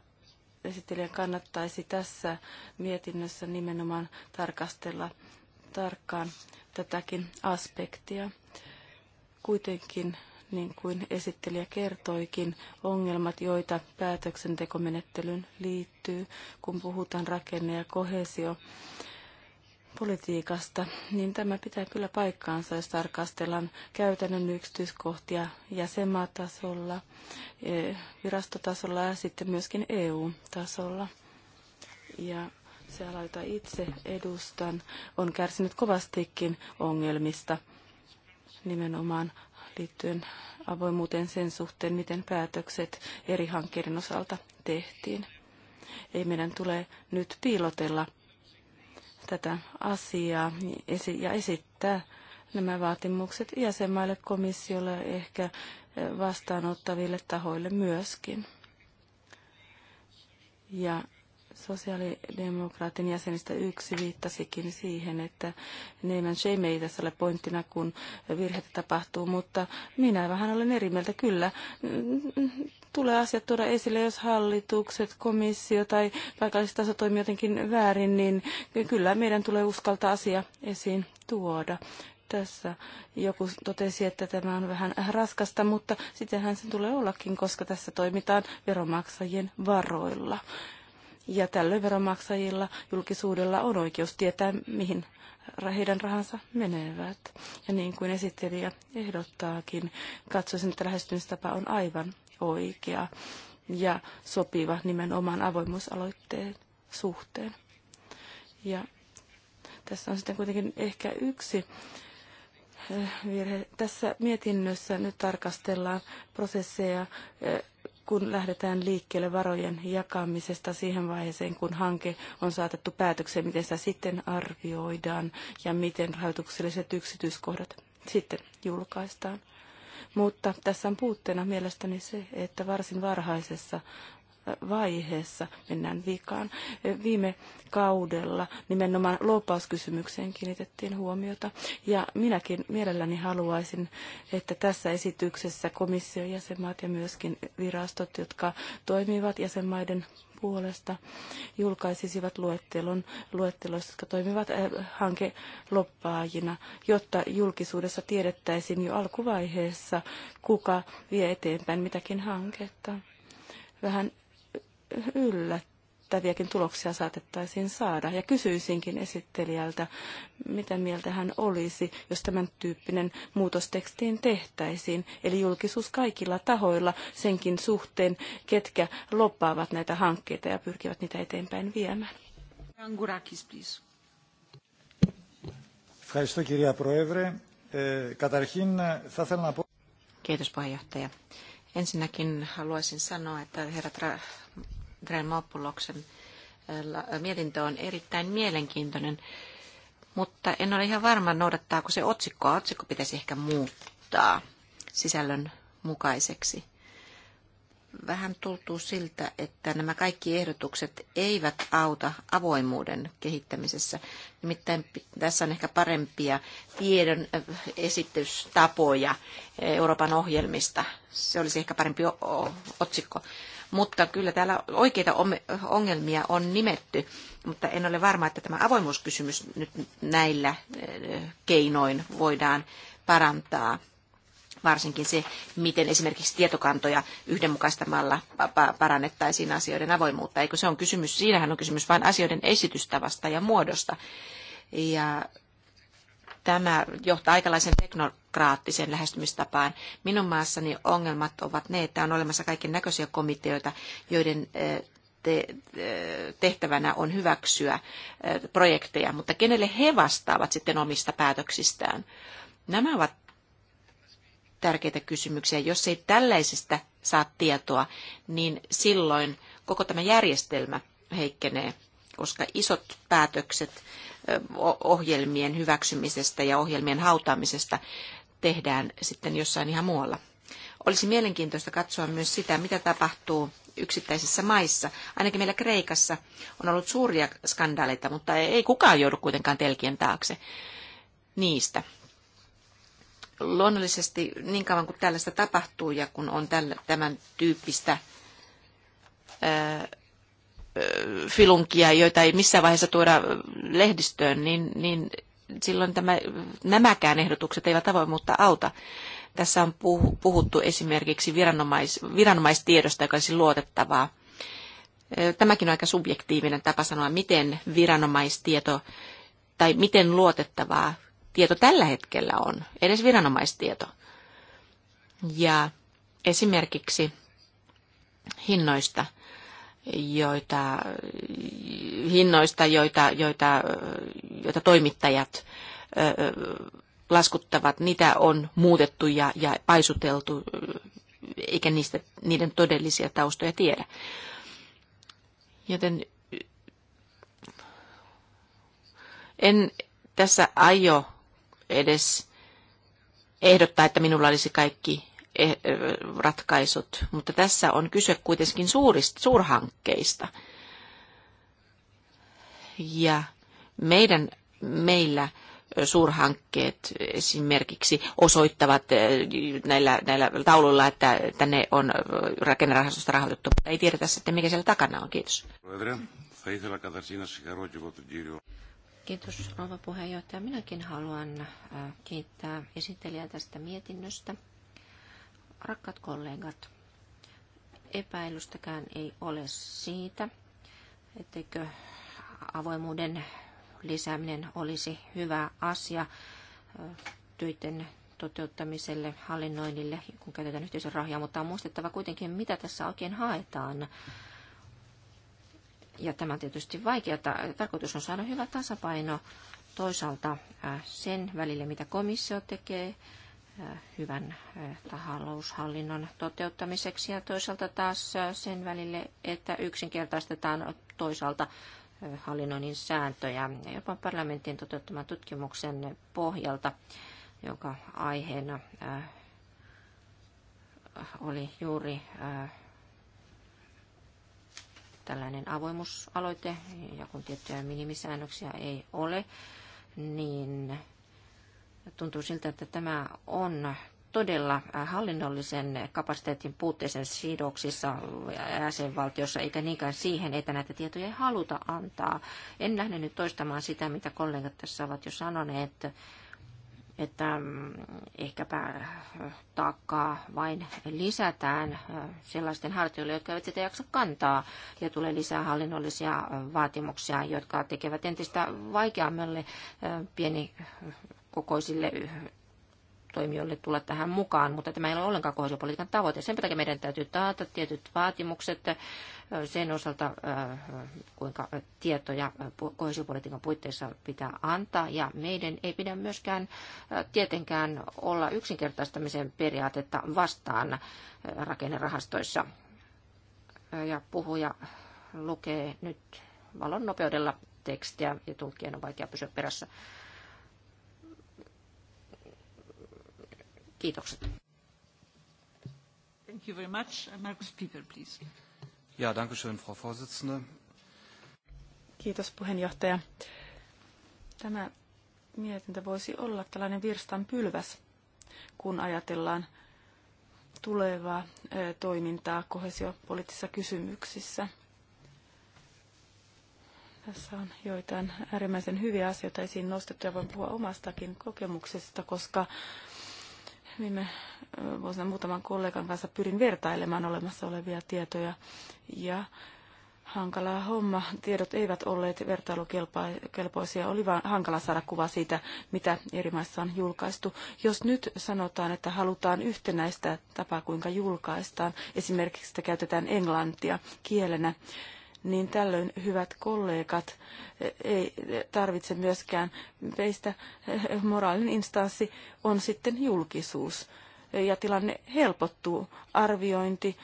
esittelijän kannattaisi tässä mietinnössä nimenomaan tarkastella tarkkaan tätäkin aspektia. Kuitenkin, niin kuin esittelijä kertoikin, ongelmat, joita päätöksentekomenettelyyn liittyy, kun puhutaan rakenne- ja kohesio politiikasta, niin tämä pitää kyllä paikkaansa, jos tarkastellaan käytännön yksityiskohtia jäsenmaatasolla, eh, virastotasolla ja sitten myöskin EU-tasolla. Ja se ala, jota itse edustan, on kärsinyt kovastikin ongelmista nimenomaan liittyen avoimuuteen sen suhteen, miten päätökset eri hankkeiden osalta tehtiin. Ei meidän tule nyt piilotella tätä asiaa ja esittää nämä vaatimukset jäsenmaille, komissiolle ja ehkä vastaanottaville tahoille myöskin. Ja Sosiaalidemokraatin jäsenistä yksi viittasikin siihen, että Neiman shame ei tässä ole pointtina, kun virheitä tapahtuu, mutta minä vähän olen eri mieltä. Kyllä, tulee asiat tuoda esille, jos hallitukset, komissio tai paikallistaso toimii jotenkin väärin, niin kyllä meidän tulee uskaltaa asia esiin tuoda tässä joku totesi, että tämä on vähän raskasta, mutta sitähän sen tulee ollakin, koska tässä toimitaan veromaksajien varoilla. Ja tällöin veronmaksajilla, julkisuudella on oikeus tietää, mihin heidän rahansa menevät. Ja niin kuin esittelijä ehdottaakin, katsoisin, että lähestymistapa on aivan oikea ja sopiva nimenomaan avoimuusaloitteen suhteen. Ja tässä on sitten kuitenkin ehkä yksi eh, virhe. Tässä mietinnössä nyt tarkastellaan prosesseja eh, kun lähdetään liikkeelle varojen jakamisesta siihen vaiheeseen, kun hanke on saatettu päätökseen, miten sitä sitten arvioidaan ja miten rahoitukselliset yksityiskohdat sitten julkaistaan. Mutta tässä on puutteena mielestäni se, että varsin varhaisessa vaiheessa mennään vikaan. Viime kaudella nimenomaan louppauskysymykseen kiinnitettiin huomiota ja minäkin mielelläni haluaisin, että tässä esityksessä komission jäsenmaat ja myöskin virastot, jotka toimivat jäsenmaiden puolesta julkaisisivat luettelon luetteloista, jotka toimivat eh, hankeloppaajina, jotta julkisuudessa tiedettäisiin jo alkuvaiheessa, kuka vie eteenpäin mitäkin hanketta. Vähän yllättäviäkin tuloksia saatettaisiin saada. Ja kysyisinkin esittelijältä, mitä mieltä hän olisi, jos tämän tyyppinen muutos tekstiin tehtäisiin. Eli julkisuus kaikilla tahoilla senkin suhteen, ketkä loppaavat näitä hankkeita ja pyrkivät niitä eteenpäin viemään. Angurakis, please. Kiitos puheenjohtaja. Ensinnäkin haluaisin sanoa, että herra Dremopuloksen äh, äh, mietintö on erittäin mielenkiintoinen, mutta en ole ihan varma, noudattaako se otsikkoa. Otsikko pitäisi ehkä muuttaa sisällön mukaiseksi vähän tuntuu siltä, että nämä kaikki ehdotukset eivät auta avoimuuden kehittämisessä. Nimittäin tässä on ehkä parempia tiedon äh, esitystapoja äh, Euroopan ohjelmista. Se olisi ehkä parempi otsikko. Mutta kyllä täällä oikeita ongelmia on nimetty, mutta en ole varma, että tämä avoimuuskysymys nyt näillä äh, keinoin voidaan parantaa varsinkin se, miten esimerkiksi tietokantoja yhdenmukaistamalla parannettaisiin asioiden avoimuutta. Eikö se on kysymys, siinähän on kysymys vain asioiden esitystavasta ja muodosta. Ja tämä johtaa aikalaisen teknokraattiseen lähestymistapaan. Minun maassani ongelmat ovat ne, että on olemassa kaiken näköisiä komiteoita, joiden tehtävänä on hyväksyä projekteja, mutta kenelle he vastaavat sitten omista päätöksistään. Nämä ovat tärkeitä kysymyksiä. Jos ei tällaisesta saa tietoa, niin silloin koko tämä järjestelmä heikkenee, koska isot päätökset ohjelmien hyväksymisestä ja ohjelmien hautaamisesta tehdään sitten jossain ihan muualla. Olisi mielenkiintoista katsoa myös sitä, mitä tapahtuu yksittäisissä maissa. Ainakin meillä Kreikassa on ollut suuria skandaaleita, mutta ei kukaan joudu kuitenkaan telkien taakse niistä. Luonnollisesti niin kauan kuin tällaista tapahtuu ja kun on tämän tyyppistä filunkia, joita ei missään vaiheessa tuoda lehdistöön, niin, niin silloin tämä, nämäkään ehdotukset eivät avoimuutta auta. Tässä on puhuttu esimerkiksi viranomais, viranomaistiedosta, joka olisi luotettavaa. Tämäkin on aika subjektiivinen tapa sanoa, miten viranomaistieto tai miten luotettavaa tieto tällä hetkellä on, edes viranomaistieto. Ja esimerkiksi hinnoista, joita, hinnoista, joita, joita, joita toimittajat laskuttavat, niitä on muutettu ja, ja paisuteltu, eikä niistä, niiden todellisia taustoja tiedä. Joten en tässä aio edes ehdottaa, että minulla olisi kaikki eh, eh, ratkaisut, mutta tässä on kyse kuitenkin suurista, suurhankkeista. Ja meidän, meillä eh, suurhankkeet esimerkiksi osoittavat näillä, näillä tauluilla, että tänne on rakennerahastosta rahoitettu, mutta ei tiedetä sitten, mikä siellä takana on. Kiitos. Kiitos rouva puheenjohtaja. Minäkin haluan äh, kiittää esittelijää tästä mietinnöstä. Rakkaat kollegat, epäilystäkään ei ole siitä, etteikö avoimuuden lisääminen olisi hyvä asia äh, työiden toteuttamiselle, hallinnoinnille, kun käytetään yhteisön rahoja, mutta on muistettava kuitenkin, mitä tässä oikein haetaan. Ja tämä on tietysti vaikea, Tarkoitus on saada hyvä tasapaino toisaalta äh, sen välille, mitä komissio tekee äh, hyvän äh, taloushallinnon toteuttamiseksi ja toisaalta taas sen välille, että yksinkertaistetaan toisaalta hallinnoinnin sääntöjä jopa parlamentin toteuttaman tutkimuksen pohjalta, jonka aiheena oli juuri tällainen avoimuusaloite, ja kun tiettyjä minimisäännöksiä ei ole, niin tuntuu siltä, että tämä on todella äh, hallinnollisen kapasiteetin puutteisen sidoksissa jäsenvaltiossa, eikä niinkään siihen, että näitä tietoja ei haluta antaa. En lähde nyt toistamaan sitä, mitä kollegat tässä ovat jo sanoneet, että että mm, ehkäpä äh, taakkaa vain lisätään äh, sellaisten hartioille, jotka eivät sitä jaksa kantaa, ja tulee lisää hallinnollisia äh, vaatimuksia, jotka tekevät entistä vaikeammalle pienikokoisille toimijoille tulla tähän mukaan, mutta tämä ei ole ollenkaan kohdallisuuspolitiikan tavoite. Sen takia meidän täytyy taata tietyt vaatimukset sen osalta, äh, kuinka tietoja kohesiopolitiikan puitteissa pitää antaa. Ja meidän ei pidä myöskään äh, tietenkään olla yksinkertaistamisen periaatetta vastaan äh, rakennerahastoissa. Ja puhuja lukee nyt valon nopeudella tekstiä ja tulkien on vaikea pysyä perässä. Kiitokset. Thank you very much. Markus Pieper, please. Ja, danke schön, Frau Vorsitzende. Kiitos puheenjohtaja. Tämä mietintö voisi olla tällainen virstan pylväs, kun ajatellaan tulevaa toimintaa kohesiopoliittisissa kysymyksissä. Tässä on joitain äärimmäisen hyviä asioita esiin nostettu ja voin puhua omastakin kokemuksesta, koska viime niin vuosina muutaman kollegan kanssa pyrin vertailemaan olemassa olevia tietoja ja hankala homma. Tiedot eivät olleet vertailukelpoisia. Oli vain hankala saada kuva siitä, mitä eri maissa on julkaistu. Jos nyt sanotaan, että halutaan yhtenäistä tapaa, kuinka julkaistaan, esimerkiksi että käytetään englantia kielenä, niin tällöin, hyvät kollegat, ei tarvitse myöskään peistä. Moraalinen instanssi on sitten julkisuus ja tilanne helpottuu. Arviointi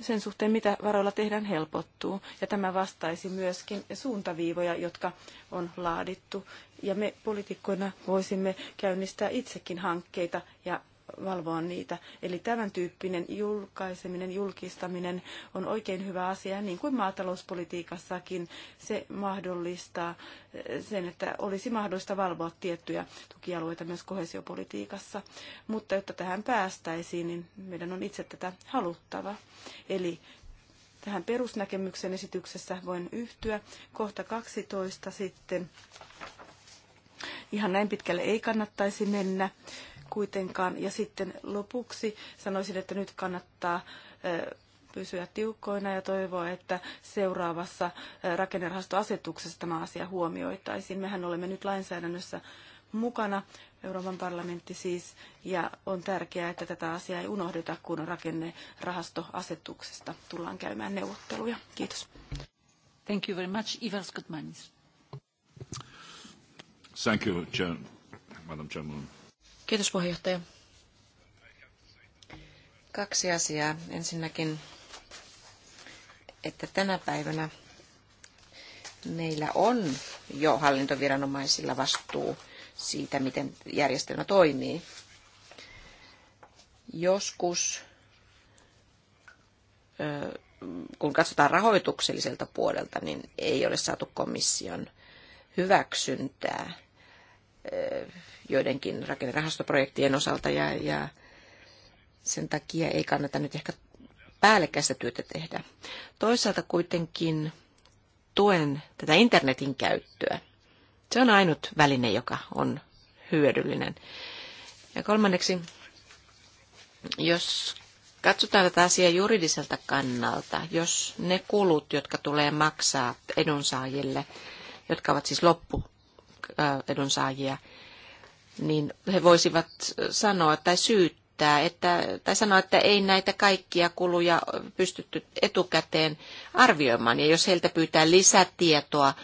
sen suhteen, mitä varoilla tehdään, helpottuu. Ja tämä vastaisi myöskin suuntaviivoja, jotka on laadittu. Ja me poliitikkoina voisimme käynnistää itsekin hankkeita ja valvoa niitä. Eli tämän tyyppinen julkaiseminen, julkistaminen on oikein hyvä asia, niin kuin maatalouspolitiikassakin se mahdollistaa eh, sen, että olisi mahdollista valvoa tiettyjä tukialueita myös kohesiopolitiikassa. Mutta jotta tähän päästäisiin, niin meidän on itse tätä haluttava. Eli tähän perusnäkemyksen esityksessä voin yhtyä. Kohta 12 sitten. Ihan näin pitkälle ei kannattaisi mennä kuitenkaan. Ja sitten lopuksi sanoisin, että nyt kannattaa pysyä tiukkoina ja toivoa, että seuraavassa rakennerahastoasetuksessa tämä asia huomioitaisiin. Mehän olemme nyt lainsäädännössä mukana, Euroopan parlamentti siis, ja on tärkeää, että tätä asiaa ei unohdeta, kun rakennerahastoasetuksesta tullaan käymään neuvotteluja. Kiitos. Thank you very much, Ivers Goodmanis. Thank you, Madam Chairman. Kiitos puheenjohtaja. Kaksi asiaa. Ensinnäkin, että tänä päivänä meillä on jo hallintoviranomaisilla vastuu siitä, miten järjestelmä toimii. Joskus, kun katsotaan rahoitukselliselta puolelta, niin ei ole saatu komission hyväksyntää Eh, joidenkin rakennerahastoprojektien osalta ja, ja sen takia ei kannata nyt ehkä päällekkäistä työtä tehdä. Toisaalta kuitenkin tuen tätä internetin käyttöä. Se on ainut väline, joka on hyödyllinen. Ja kolmanneksi, jos katsotaan tätä asiaa juridiselta kannalta, jos ne kulut, jotka tulee maksaa edunsaajille, jotka ovat siis loppu Äh, edunsaajia, niin he voisivat sanoa tai syyttää, että, tai sanoa, että ei näitä kaikkia kuluja pystytty etukäteen arvioimaan. Ja jos heiltä pyytää lisätietoa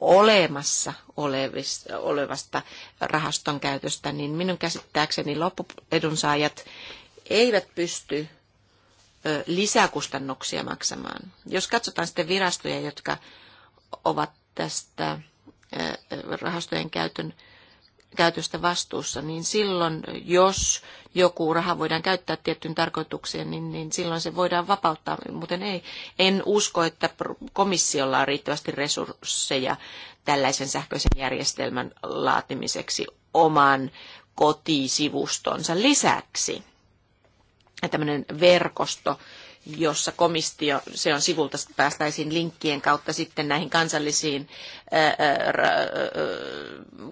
olemassa olevista, olevasta rahaston käytöstä, niin minun käsittääkseni loppuedunsaajat eivät pysty lisäkustannuksia maksamaan. Jos katsotaan sitten virastoja, jotka ovat tästä Äh, rahastojen käytön, käytöstä vastuussa, niin silloin, jos joku raha voidaan käyttää tiettyyn tarkoitukseen, niin, niin silloin se voidaan vapauttaa, muuten ei. En usko, että komissiolla on riittävästi resursseja tällaisen sähköisen järjestelmän laatimiseksi oman kotisivustonsa lisäksi. Tällainen verkosto, jossa komistio, se on sivulta, päästäisiin linkkien kautta sitten näihin kansallisiin,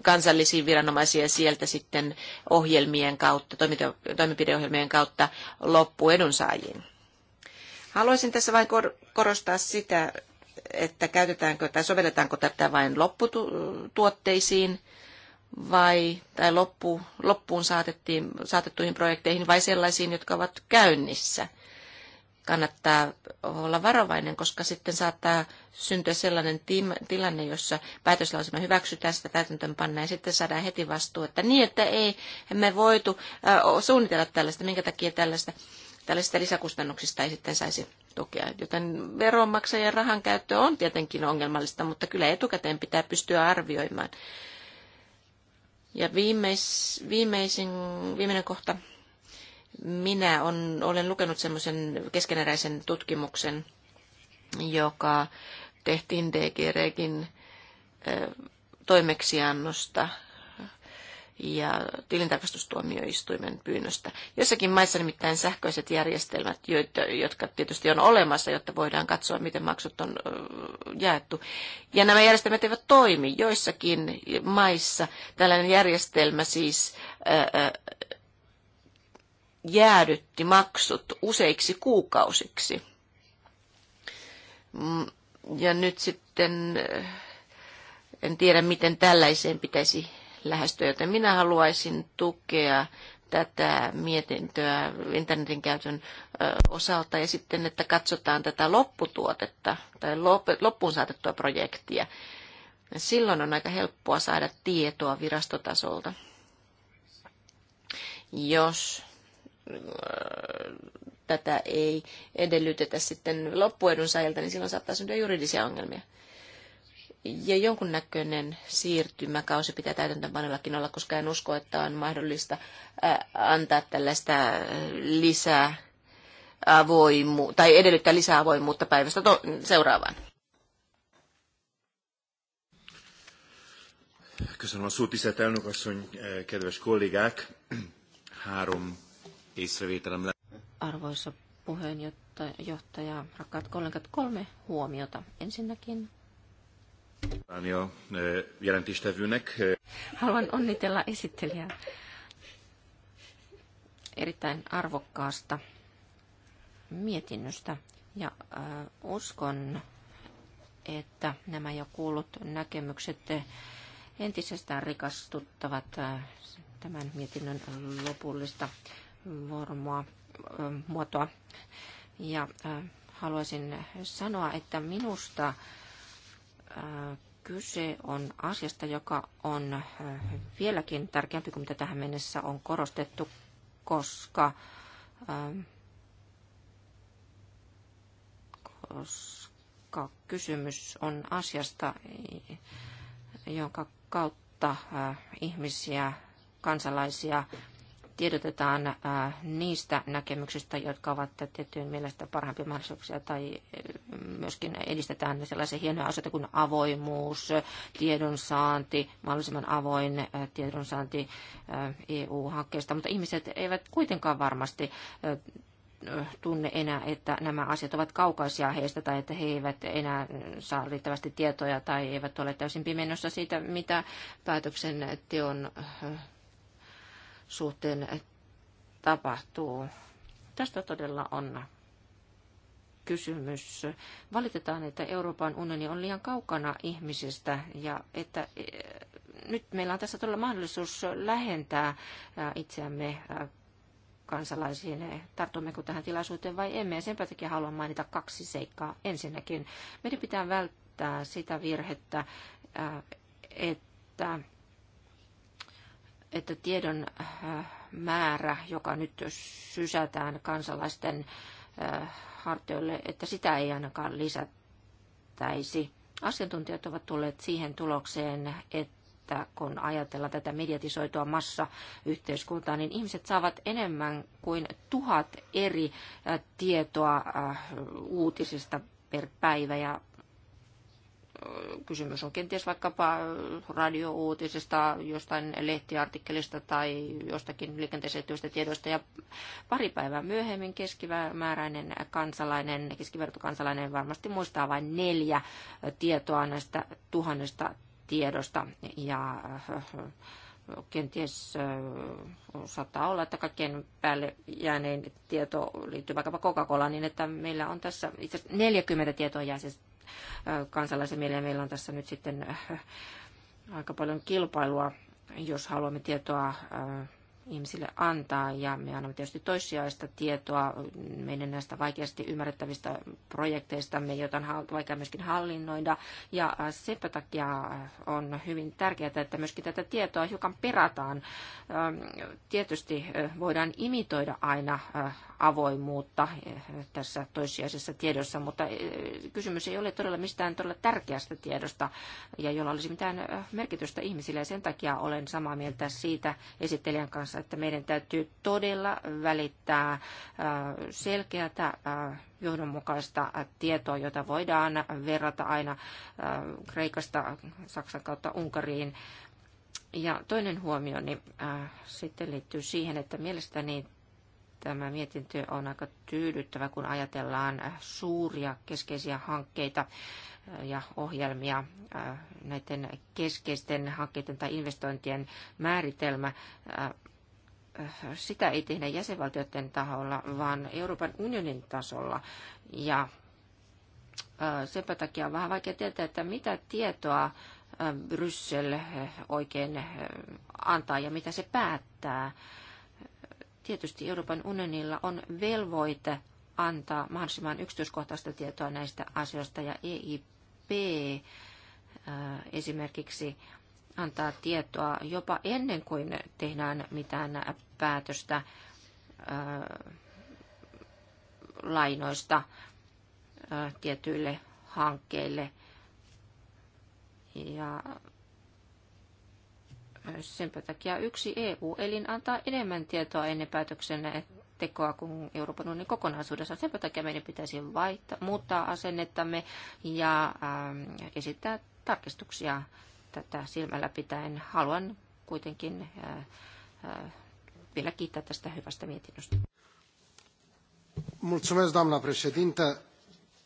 kansallisiin viranomaisiin ja sieltä sitten ohjelmien kautta, toimenpideohjelmien kautta loppuedunsaajiin. Haluaisin tässä vain korostaa sitä, että käytetäänkö tai sovelletaanko tätä vain lopputuotteisiin vai, tai loppu, loppuun saatettiin, saatettuihin projekteihin vai sellaisiin, jotka ovat käynnissä kannattaa olla varovainen, koska sitten saattaa syntyä sellainen tilanne, jossa päätöslausuma hyväksytään sitä täytäntöönpanna ja sitten saadaan heti vastuu, että niin, että ei me voitu suunnitella tällaista, minkä takia tällaista, tällaista lisäkustannuksista ei sitten saisi tukea. Joten veronmaksajien rahan käyttö on tietenkin ongelmallista, mutta kyllä etukäteen pitää pystyä arvioimaan. Ja viimeis, viimeisin, viimeinen kohta minä on, olen lukenut semmoisen keskeneräisen tutkimuksen, joka tehtiin DG Regin toimeksiannosta ja tilintarkastustuomioistuimen pyynnöstä. Jossakin maissa nimittäin sähköiset järjestelmät, joita, jotka tietysti on olemassa, jotta voidaan katsoa, miten maksut on jaettu. Ja nämä järjestelmät eivät toimi. Joissakin maissa tällainen järjestelmä siis jäädytti maksut useiksi kuukausiksi. Mm, ja nyt sitten eh, en tiedä, miten tällaiseen pitäisi lähestyä, joten minä haluaisin tukea tätä mietintöä internetin käytön eh, osalta ja sitten, että katsotaan tätä lopputuotetta tai loppuun saatettua projektia. Silloin on aika helppoa saada tietoa virastotasolta. Jos tätä ei edellytetä sitten loppuedunsaajilta, niin silloin saattaa syntyä juridisia ongelmia. Ja jonkunnäköinen siirtymäkausi pitää täytäntöönpanolakin olla, koska en usko, että on mahdollista antaa tällaista lisää avoimu- tai edellyttää lisää avoimuutta päivästä to- seuraavaan. Köszönöm a szót, tisztelt elnök asszony, kedves kollégák! Három Arvoisa puheenjohtaja, rakkaat kollegat, kolme huomiota. Ensinnäkin eh, eh, Haluan onnitella esittelijää erittäin arvokkaasta mietinnöstä ja äh, uskon, että nämä jo kuullut näkemykset entisestään rikastuttavat tämän mietinnön lopullista vuoromuotoa. muotoa. Ja haluaisin sanoa, että minusta kyse on asiasta, joka on vieläkin tärkeämpi kuin mitä tähän mennessä on korostettu, koska, koska kysymys on asiasta, jonka kautta ihmisiä, kansalaisia tiedotetaan äh, niistä näkemyksistä, jotka ovat tiettyyn mielestä parhaimpia mahdollisuuksia tai äh, myöskin edistetään sellaisia hienoja asioita kuin avoimuus, tiedonsaanti, mahdollisimman avoin äh, tiedonsaanti EU-hankkeesta, mutta ihmiset eivät kuitenkaan varmasti tunne enää, että nämä asiat ovat kaukaisia heistä tai että he eivät enää saa riittävästi tietoja tai eivät ole täysin pimennossa siitä, mitä päätöksenteon suhteen tapahtuu. Tästä todella on kysymys. Valitetaan, että Euroopan unioni on liian kaukana ihmisistä ja että e, nyt meillä on tässä todella mahdollisuus lähentää itseämme kansalaisiin, tartummeko tähän tilaisuuteen vai emme. Ja senpä takia haluan mainita kaksi seikkaa. Ensinnäkin meidän pitää välttää sitä virhettä, että että tiedon äh, määrä, joka nyt sysätään kansalaisten äh, hartioille, että sitä ei ainakaan lisättäisi. Asiantuntijat ovat tulleet siihen tulokseen, että kun ajatellaan tätä mediatisoitua massayhteiskuntaa, niin ihmiset saavat enemmän kuin tuhat eri äh, tietoa uutisista per päivä ja Kysymys on kenties vaikkapa radiouutisesta, jostain lehtiartikkelista tai jostakin liikenteeseen työstä tiedoista. Ja pari päivää myöhemmin keskimääräinen kansalainen, keskivertokansalainen varmasti muistaa vain neljä tietoa näistä tuhannesta tiedosta. Ja äh, kenties äh, saattaa olla, että kaikkien päälle jääneen tieto liittyy vaikkapa Coca-Cola, niin että meillä on tässä itse asiassa 40 tietoa jää siis kansalaisen mieleen. Meillä on tässä nyt sitten aika paljon kilpailua, jos haluamme tietoa ihmisille antaa. Ja me annamme tietysti toissijaista tietoa meidän näistä vaikeasti ymmärrettävistä projekteistamme, joita on vaikea myöskin hallinnoida. Ja äh, sen takia äh, on hyvin tärkeää, että myöskin tätä tietoa hiukan perataan. Ähm, tietysti äh, voidaan imitoida aina avoimuutta tässä toissijaisessa tiedossa, mutta kysymys ei ole todella mistään todella tärkeästä tiedosta ja jolla olisi mitään merkitystä ihmisille. Ja sen takia olen samaa mieltä siitä esittelijän kanssa, kanssa, että meidän täytyy todella välittää äh, selkeätä äh, johdonmukaista tietoa, jota voidaan verrata aina äh, Kreikasta Saksan kautta Unkariin. Ja toinen niin, äh, sitten liittyy siihen, että mielestäni tämä mietintö on aika tyydyttävä, kun ajatellaan suuria keskeisiä hankkeita ja ohjelmia. Näiden keskeisten hankkeiden tai investointien määritelmä sitä ei tehdä jäsenvaltioiden taholla, vaan Euroopan unionin tasolla. Ja sen takia on vähän vaikea tietää, että mitä tietoa Bryssel oikein antaa ja mitä se päättää. Tietysti Euroopan unionilla on velvoite antaa mahdollisimman yksityiskohtaista tietoa näistä asioista ja EIP esimerkiksi antaa tietoa jopa ennen kuin tehdään mitään päätöstä lainoista tietyille hankkeille. Ja sen takia yksi EU-elin antaa enemmän tietoa ennen päätöksen tekoa kuin Euroopan unionin kokonaisuudessa. Sen takia meidän pitäisi vaihtaa, muuttaa asennettamme ja ähm, esittää tarkistuksia tätä silmällä pitäen. Haluan kuitenkin äh, vielä kiittää tästä hyvästä mietinnöstä. Mulțumesc, doamna președintă.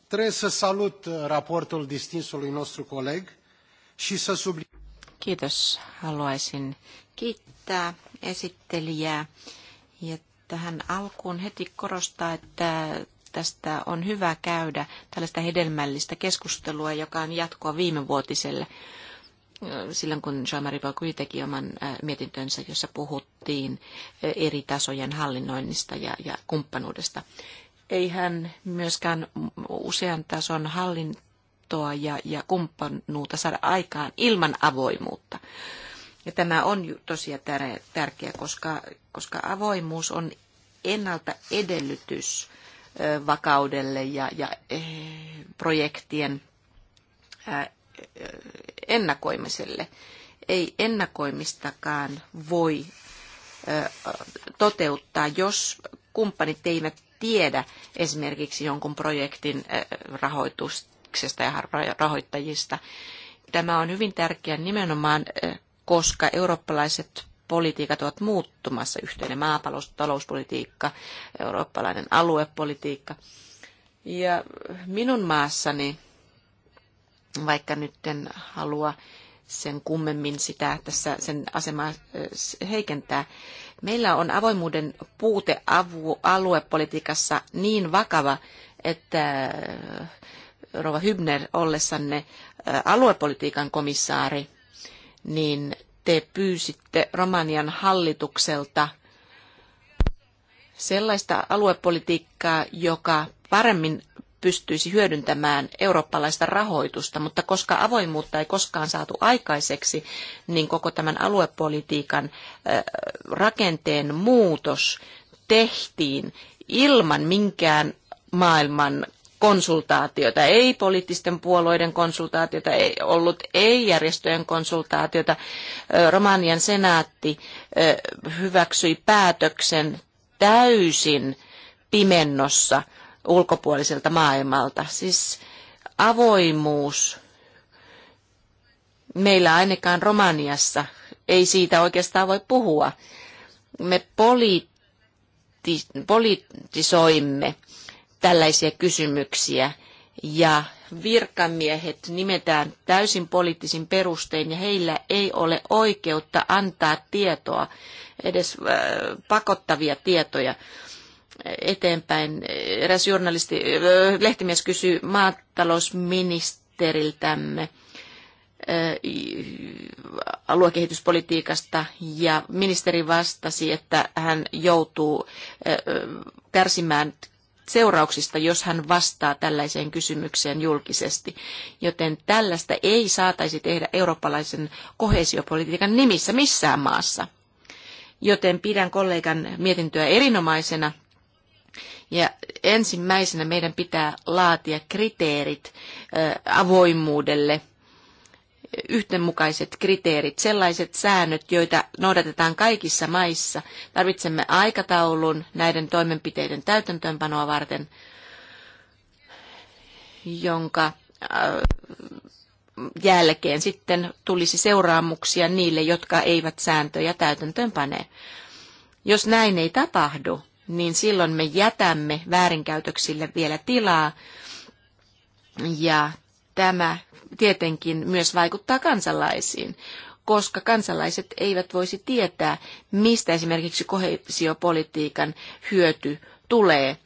Trebuie să salut raportul distinsului nostru coleg și să subliniez. Kiitos. Haluaisin kiittää esittelijää. Ja tähän alkuun heti korostaa, että tästä on hyvä käydä tällaista hedelmällistä keskustelua, joka on jatkoa viimevuotiselle silloin, kun Jean-Marie Bocui teki oman mietintönsä, jossa puhuttiin eri tasojen hallinnoinnista ja, ja kumppanuudesta. Ei hän myöskään usean tason hallintoa ja, ja kumppanuutta saada aikaan ilman avoimuutta. Ja tämä on tosiaan tärkeä, koska, koska avoimuus on ennalta edellytys vakaudelle ja, ja projektien ennakoimiselle. Ei ennakoimistakaan voi toteuttaa, jos kumppanit eivät tiedä esimerkiksi jonkun projektin rahoituksesta ja rahoittajista. Tämä on hyvin tärkeää nimenomaan, koska eurooppalaiset politiikat ovat muuttumassa, yhteinen talouspolitiikka, eurooppalainen aluepolitiikka. Ja minun maassani vaikka nyt en halua sen kummemmin sitä tässä sen asemaa äh, heikentää. Meillä on avoimuuden puute avu, aluepolitiikassa niin vakava, että äh, Rova Hybner ollessanne äh, aluepolitiikan komissaari, niin te pyysitte Romanian hallitukselta sellaista aluepolitiikkaa, joka paremmin pystyisi hyödyntämään eurooppalaista rahoitusta, mutta koska avoimuutta ei koskaan saatu aikaiseksi, niin koko tämän aluepolitiikan rakenteen muutos tehtiin ilman minkään maailman konsultaatiota, ei poliittisten puolueiden konsultaatiota, ei ollut, ei järjestöjen konsultaatiota. Romanian senaatti hyväksyi päätöksen täysin pimennossa – ulkopuoliselta maailmalta. Siis avoimuus meillä ainakaan Romaniassa ei siitä oikeastaan voi puhua. Me politi- politisoimme tällaisia kysymyksiä ja virkamiehet nimetään täysin poliittisin perustein ja heillä ei ole oikeutta antaa tietoa, edes äh, pakottavia tietoja eteenpäin. Eräs journalisti, lehtimies kysyi maatalousministeriltämme aluekehityspolitiikasta ja ministeri vastasi, että hän joutuu kärsimään seurauksista, jos hän vastaa tällaiseen kysymykseen julkisesti. Joten tällaista ei saataisi tehdä eurooppalaisen kohesiopolitiikan nimissä missään maassa. Joten pidän kollegan mietintöä erinomaisena ja ensimmäisenä meidän pitää laatia kriteerit avoimuudelle, yhtenmukaiset kriteerit, sellaiset säännöt, joita noudatetaan kaikissa maissa. Tarvitsemme aikataulun näiden toimenpiteiden täytäntöönpanoa varten, jonka jälkeen sitten tulisi seuraamuksia niille, jotka eivät sääntöjä täytäntöönpane. Jos näin ei tapahdu, niin silloin me jätämme väärinkäytöksille vielä tilaa. Ja tämä tietenkin myös vaikuttaa kansalaisiin, koska kansalaiset eivät voisi tietää, mistä esimerkiksi kohesiopolitiikan hyöty tulee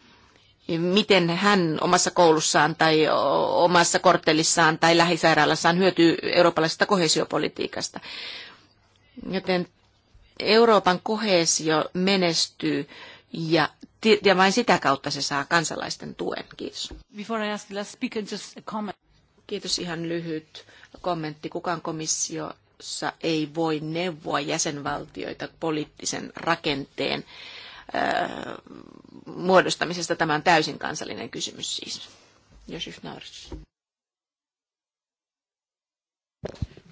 miten hän omassa koulussaan tai omassa korttelissaan tai lähisairaalassaan hyötyy eurooppalaisesta kohesiopolitiikasta. Joten Euroopan kohesio menestyy ja, ja vain sitä kautta se saa kansalaisten tuen. Kiitos. Before I ask let's last speaker, just a comment. Kiitos ihan lyhyt kommentti. Kukaan komissiossa ei voi neuvoa jäsenvaltioita poliittisen rakenteen äh, muodostamisesta. Tämä on täysin kansallinen kysymys siis. Josif Naurits.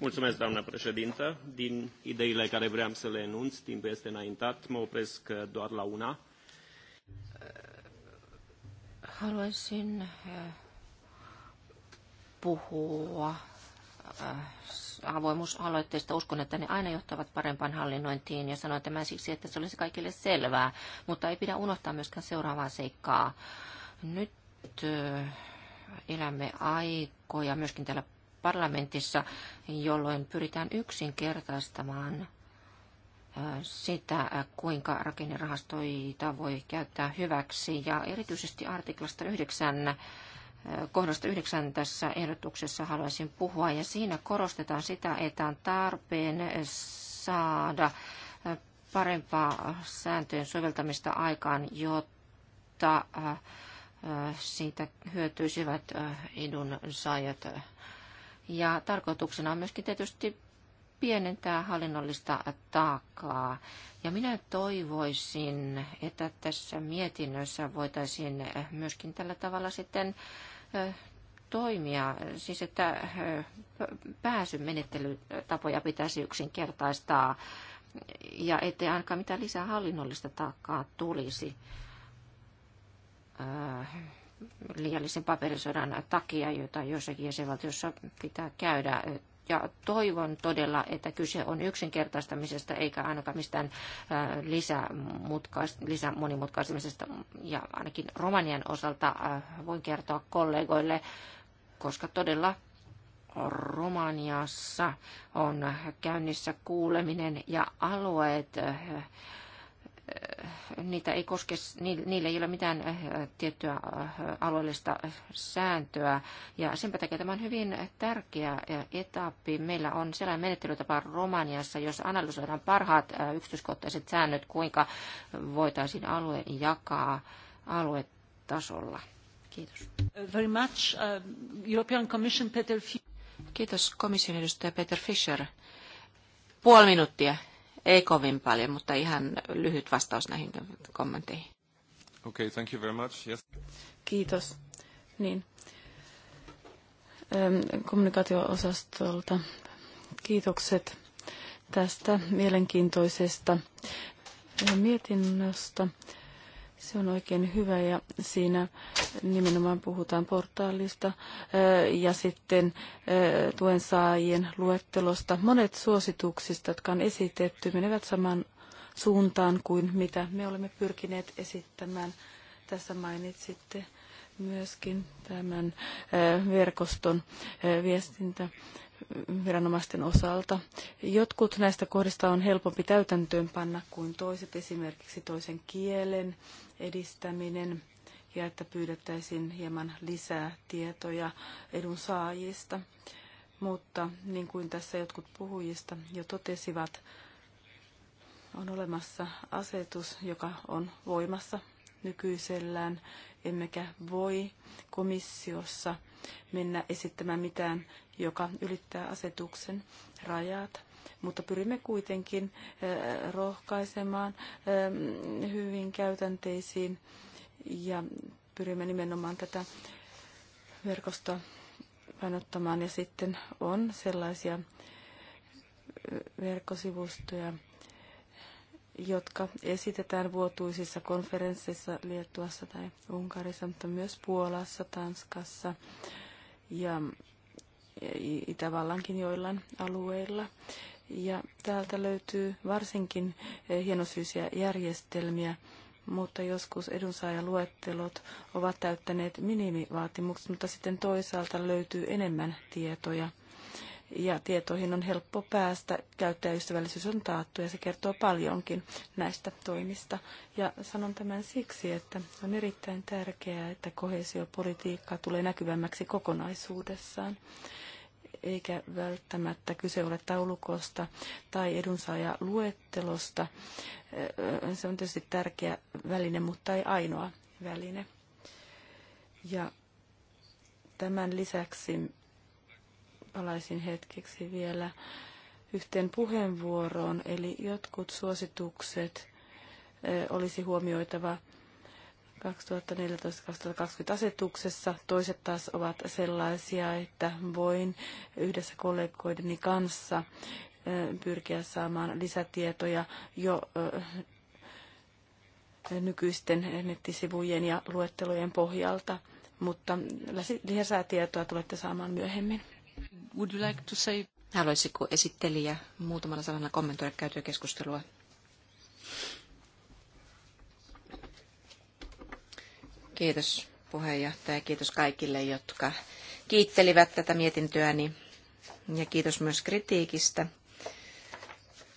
Mulțumesc, doamna președintă. Din ideile care vreau să le enunț, timpul este înaintat, mă opresc uh, doar la una. Haluaisin äh, puhua äh, avoimuusaloitteista. Uskon, että ne aina johtavat parempaan hallinnointiin ja sanoin tämän siksi, että se olisi kaikille selvää, mutta ei pidä unohtaa myöskään seuraavaa seikkaa. Nyt äh, elämme aikoja myöskin täällä parlamentissa, jolloin pyritään yksinkertaistamaan sitä, kuinka rakennerahastoita voi käyttää hyväksi. Ja erityisesti artiklasta 9 kohdasta 9 tässä ehdotuksessa haluaisin puhua. Ja siinä korostetaan sitä, että on tarpeen saada parempaa sääntöjen soveltamista aikaan, jotta siitä hyötyisivät edunsaajat. Ja tarkoituksena on myöskin tietysti pienentää hallinnollista taakkaa. Ja minä toivoisin, että tässä mietinnössä voitaisiin myöskin tällä tavalla sitten toimia, siis että pääsymenettelytapoja pitäisi yksinkertaistaa ja ettei ainakaan mitään lisää hallinnollista taakkaa tulisi liiallisen paperisodan takia, jota jossakin jäsenvaltiossa pitää käydä ja toivon todella, että kyse on yksinkertaistamisesta eikä ainakaan mistään lisämonimutkaisemisesta. Ja ainakin Romanian osalta voin kertoa kollegoille, koska todella Romaniassa on käynnissä kuuleminen ja alueet niitä ei koske, niille ei ole mitään eh, tiettyä eh, alueellista sääntöä. Ja sen takia tämä on hyvin tärkeä eh, etappi. Meillä on sellainen menettelytapa Romaniassa, jos analysoidaan parhaat yksityiskohtaiset säännöt, kuinka voitaisiin alue jakaa aluetasolla. Kiitos. Very much. Uh, European Commission Peter Kiitos komission edustaja Peter Fischer. Puoli minuuttia. Ei kovin paljon, mutta ihan lyhyt vastaus näihin kommentteihin. Okay, thank you very much. Yes. Kiitos. Niin. Kommunikaatio-osastolta kiitokset tästä mielenkiintoisesta mietinnöstä. Se on oikein hyvä ja siinä nimenomaan puhutaan portaalista ja sitten tuen saajien luettelosta. Monet suosituksista, jotka on esitetty, menevät saman suuntaan kuin mitä me olemme pyrkineet esittämään. Tässä mainitsitte myöskin tämän verkoston viestintä viranomaisten osalta. Jotkut näistä kohdista on helpompi täytäntöönpanna kuin toiset, esimerkiksi toisen kielen edistäminen ja että pyydettäisiin hieman lisää tietoja edunsaajista. Mutta niin kuin tässä jotkut puhujista jo totesivat, on olemassa asetus, joka on voimassa nykyisellään, emmekä voi komissiossa mennä esittämään mitään, joka ylittää asetuksen rajat. Mutta pyrimme kuitenkin eh, rohkaisemaan eh, hyvin käytänteisiin ja pyrimme nimenomaan tätä verkostoa painottamaan. Ja sitten on sellaisia eh, verkkosivustoja, jotka esitetään vuotuisissa konferensseissa Liettuassa tai Unkarissa, mutta myös Puolassa, Tanskassa ja Itävallankin joillain alueilla. Ja täältä löytyy varsinkin eh, hienosyisiä järjestelmiä, mutta joskus edunsaajaluettelot ovat täyttäneet minimivaatimukset, mutta sitten toisaalta löytyy enemmän tietoja – ja tietoihin on helppo päästä. Käyttäjäystävällisyys on taattu ja se kertoo paljonkin näistä toimista. Ja sanon tämän siksi, että on erittäin tärkeää, että kohesiopolitiikka tulee näkyvämmäksi kokonaisuudessaan eikä välttämättä kyse ole taulukosta tai edunsaajaluettelosta. Se on tietysti tärkeä väline, mutta ei ainoa väline. Ja tämän lisäksi palaisin hetkeksi vielä yhteen puheenvuoroon, eli jotkut suositukset olisi huomioitava 2014-2020 asetuksessa. Toiset taas ovat sellaisia, että voin yhdessä kollegoideni kanssa pyrkiä saamaan lisätietoja jo nykyisten nettisivujen ja luettelojen pohjalta, mutta lisätietoa tulette saamaan myöhemmin. Would you like to say... Haluaisitko esittelijä muutamalla sanalla kommentoida käytyä keskustelua? Kiitos puheenjohtaja, kiitos kaikille, jotka kiittelivät tätä mietintöäni ja kiitos myös kritiikistä.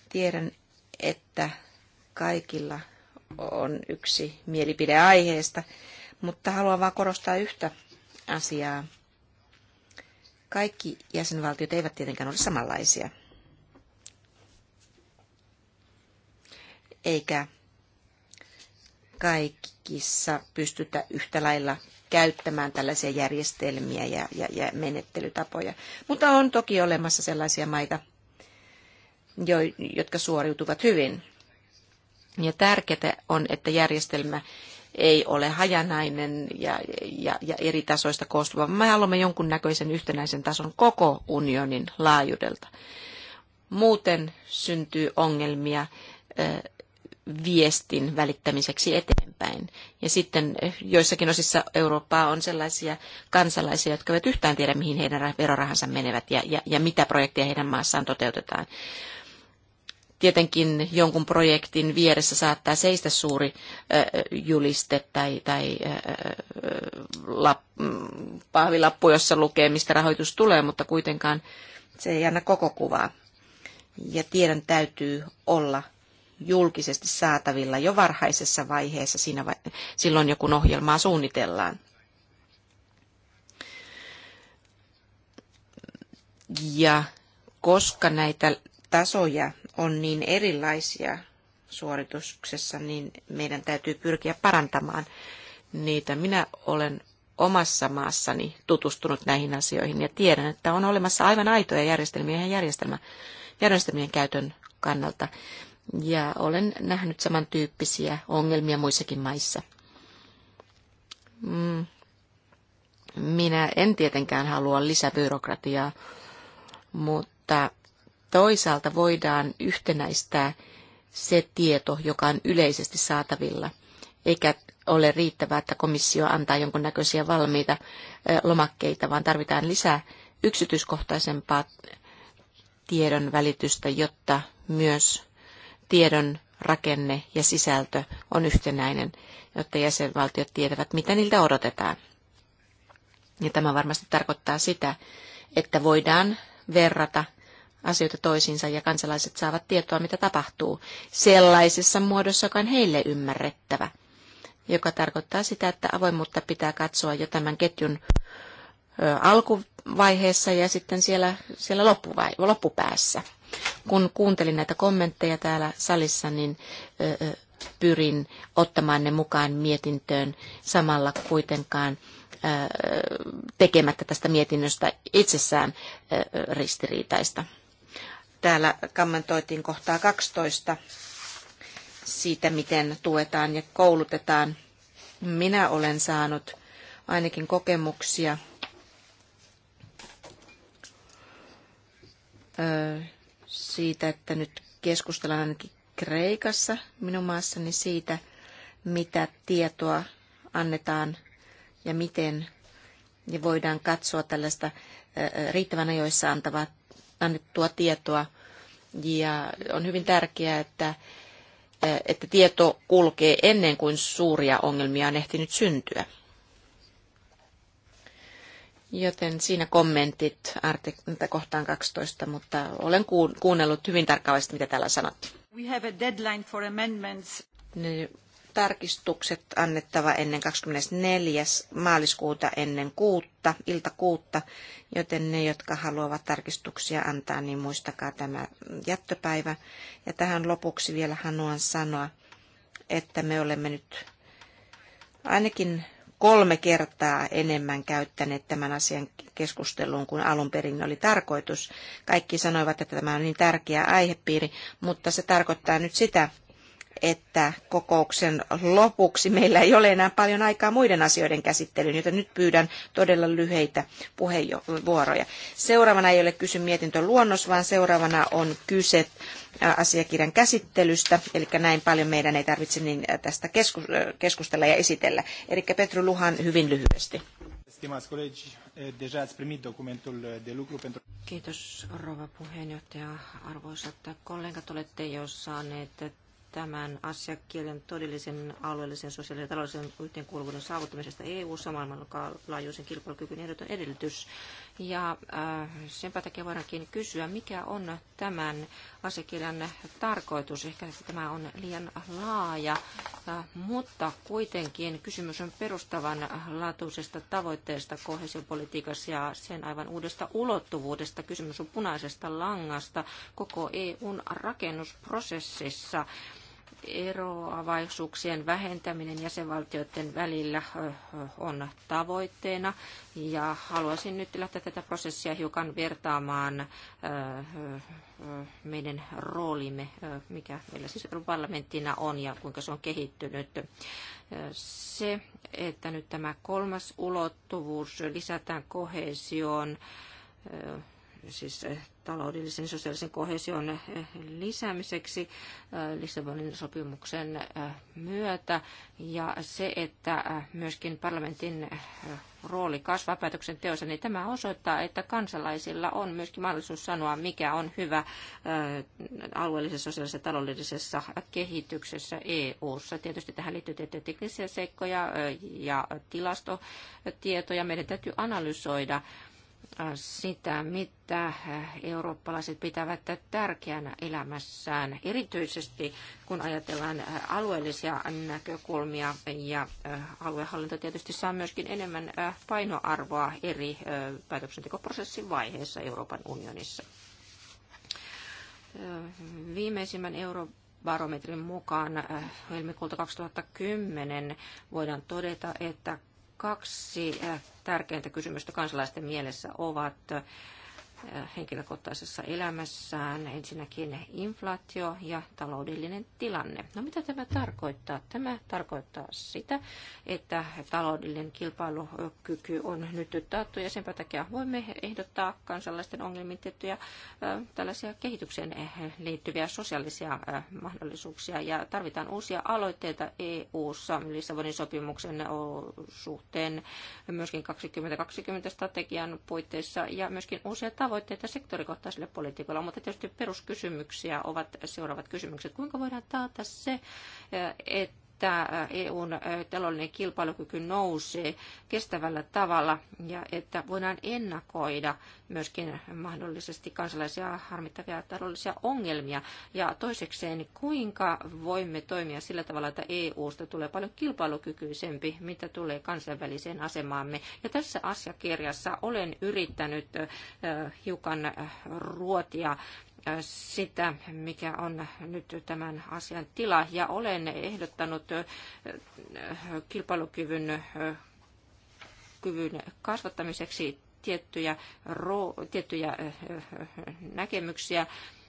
Tiedän, että kaikilla on yksi mielipide aiheesta, mutta haluan vain korostaa yhtä asiaa. Kaikki jäsenvaltiot eivät tietenkään ole samanlaisia. Eikä kaikissa pystytä yhtä lailla käyttämään tällaisia järjestelmiä ja, ja, ja menettelytapoja. Mutta on toki olemassa sellaisia maita, jo, jotka suoriutuvat hyvin. Ja tärkeää on, että järjestelmä ei ole hajanainen ja, ja, ja eri tasoista koostuva. Me haluamme jonkunnäköisen yhtenäisen tason koko unionin laajuudelta. Muuten syntyy ongelmia viestin välittämiseksi eteenpäin. Ja sitten joissakin osissa Eurooppaa on sellaisia kansalaisia, jotka eivät yhtään tiedä, mihin heidän verorahansa menevät ja, ja, ja mitä projekteja heidän maassaan toteutetaan. Tietenkin jonkun projektin vieressä saattaa seistä suuri juliste tai, tai lap, mm, pahvilappu, jossa lukee, mistä rahoitus tulee, mutta kuitenkaan se ei anna koko kuvaa. Ja tiedon täytyy olla julkisesti saatavilla jo varhaisessa vaiheessa siinä vai- silloin, joku ohjelmaa suunnitellaan. Ja koska näitä tasoja on niin erilaisia suorituksessa, niin meidän täytyy pyrkiä parantamaan niitä. Minä olen omassa maassani tutustunut näihin asioihin ja tiedän, että on olemassa aivan aitoja järjestelmiä ja järjestelmä, järjestelmien käytön kannalta. Ja olen nähnyt samantyyppisiä ongelmia muissakin maissa. Mm. Minä en tietenkään halua lisäbyrokratiaa, mutta Toisaalta voidaan yhtenäistää se tieto, joka on yleisesti saatavilla, eikä ole riittävää, että komissio antaa jonkunnäköisiä valmiita lomakkeita, vaan tarvitaan lisää yksityiskohtaisempaa tiedon välitystä, jotta myös tiedon rakenne ja sisältö on yhtenäinen, jotta jäsenvaltiot tietävät, mitä niiltä odotetaan. Ja tämä varmasti tarkoittaa sitä, että voidaan verrata asioita toisiinsa ja kansalaiset saavat tietoa, mitä tapahtuu, sellaisessa muodossa, joka on heille ymmärrettävä, joka tarkoittaa sitä, että avoimuutta pitää katsoa jo tämän ketjun alkuvaiheessa ja sitten siellä, siellä loppupäässä. Kun kuuntelin näitä kommentteja täällä salissa, niin pyrin ottamaan ne mukaan mietintöön samalla kuitenkaan tekemättä tästä mietinnöstä itsessään ristiriitaista. Täällä kommentoitiin kohtaa 12 siitä, miten tuetaan ja koulutetaan. Minä olen saanut ainakin kokemuksia siitä, että nyt keskustellaan ainakin Kreikassa minun maassani siitä, mitä tietoa annetaan ja miten ja voidaan katsoa tällaista riittävän ajoissa antavaa annettua tietoa. Ja on hyvin tärkeää, että, että tieto kulkee ennen kuin suuria ongelmia on ehtinyt syntyä. Joten siinä kommentit artik- kohtaan 12, mutta olen kuunnellut hyvin tarkkaavasti, mitä täällä sanottiin. We have a deadline for amendments tarkistukset annettava ennen 24. maaliskuuta ennen kuutta, ilta kuutta, joten ne, jotka haluavat tarkistuksia antaa, niin muistakaa tämä jättöpäivä. Ja tähän lopuksi vielä haluan sanoa, että me olemme nyt ainakin kolme kertaa enemmän käyttäneet tämän asian keskusteluun kuin alun perin oli tarkoitus. Kaikki sanoivat, että tämä on niin tärkeä aihepiiri, mutta se tarkoittaa nyt sitä, että kokouksen lopuksi meillä ei ole enää paljon aikaa muiden asioiden käsittelyyn, joten nyt pyydän todella lyheitä puheenvuoroja. Seuraavana ei ole kysy mietintön luonnos, vaan seuraavana on kyse asiakirjan käsittelystä, eli näin paljon meidän ei tarvitse niin tästä keskustella ja esitellä. Eli Petru Luhan hyvin lyhyesti. E, Kiitos rouva puheenjohtaja. Arvoisat kollegat, olette jo saaneet tämän asiakielen todellisen alueellisen sosiaalisen ja taloudellisen yhteenkuuluvuuden saavuttamisesta EU-ssa maailmanlaajuisen kilpailukyvyn ehdoton edellytys. Ja äh, senpä takia voidaankin kysyä, mikä on tämän asiakirjan tarkoitus. Ehkä tämä on liian laaja, äh, mutta kuitenkin kysymys on perustavanlaatuisesta tavoitteesta kohesiopolitiikassa ja sen aivan uudesta ulottuvuudesta. Kysymys on punaisesta langasta koko EUn rakennusprosessissa eroavaisuuksien vähentäminen jäsenvaltioiden välillä on tavoitteena ja haluaisin nyt lähteä tätä prosessia hiukan vertaamaan meidän roolimme, mikä meillä siis parlamenttina on ja kuinka se on kehittynyt. Se, että nyt tämä kolmas ulottuvuus lisätään kohesioon, siis eh, taloudellisen sosiaalisen kohesion eh, lisäämiseksi eh, Lissabonin sopimuksen myötä ja se, että myöskin parlamentin rooli kasvaa päätöksenteossa, niin tämä osoittaa, että kansalaisilla on myöskin mahdollisuus sanoa, mikä on hyvä alueellisessa, sosiaalisessa ja taloudellisessa kehityksessä EU-ssa. Tietysti tähän liittyy tiettyjä teknisiä seikkoja ja tilastotietoja. Meidän täytyy analysoida sitä, mitä eurooppalaiset pitävät tärkeänä elämässään, erityisesti kun ajatellaan alueellisia näkökulmia ja aluehallinto tietysti saa myöskin enemmän painoarvoa eri päätöksentekoprosessin vaiheessa Euroopan unionissa. Viimeisimmän euro barometrin mukaan helmikuulta 2010 voidaan todeta, että Kaksi eh, tärkeintä kysymystä kansalaisten mielessä ovat eh, henkilökohtaisessa elämässään. Ensinnäkin inflaatio ja taloudellinen tilanne. No mitä tämä tarkoittaa? Tämä tarkoittaa sitä, että taloudellinen kilpailukyky on nyt taattu ja sen takia voimme ehdottaa kansalaisten ongelmiin tiettyjä tällaisia kehitykseen liittyviä sosiaalisia mahdollisuuksia ja tarvitaan uusia aloitteita EU-ssa Lissabonin sopimuksen suhteen, myöskin 2020 strategian puitteissa ja myöskin uusia tavoitteita tavoitteita sektorikohtaisille politiikoille, mutta tietysti peruskysymyksiä ovat seuraavat kysymykset. Kuinka voidaan taata se, eh, että että EUn taloudellinen kilpailukyky nousee kestävällä tavalla ja että voidaan ennakoida myöskin mahdollisesti kansalaisia harmittavia taloudellisia ongelmia. Ja toisekseen, kuinka voimme toimia sillä tavalla, että EUsta tulee paljon kilpailukykyisempi, mitä tulee kansainväliseen asemaamme. Ja tässä asiakirjassa olen yrittänyt hiukan ruotia sitä, mikä on nyt tämän asian tila. Ja olen ehdottanut äh, kilpailukyvyn äh, kyvyn kasvattamiseksi tiettyjä, tiettyjä äh, näkemyksiä.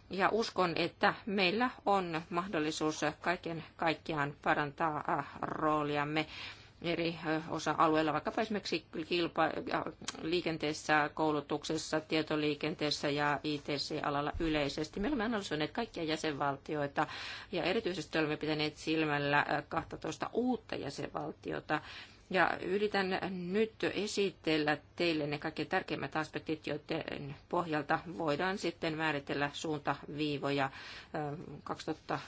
Ja uskon, että meillä on mahdollisuus kaiken kaikkiaan parantaa rooliamme eri osa-alueilla, vaikkapa esimerkiksi kilpa- liikenteessä, koulutuksessa, tietoliikenteessä ja ITC-alalla yleisesti. Me olemme analysoineet kaikkia jäsenvaltioita ja erityisesti olemme pitäneet silmällä 12 uutta jäsenvaltiota, ja yritän nyt esitellä teille ne kaikkein tärkeimmät aspektit, joiden pohjalta voidaan sitten määritellä suuntaviivoja 2014-2020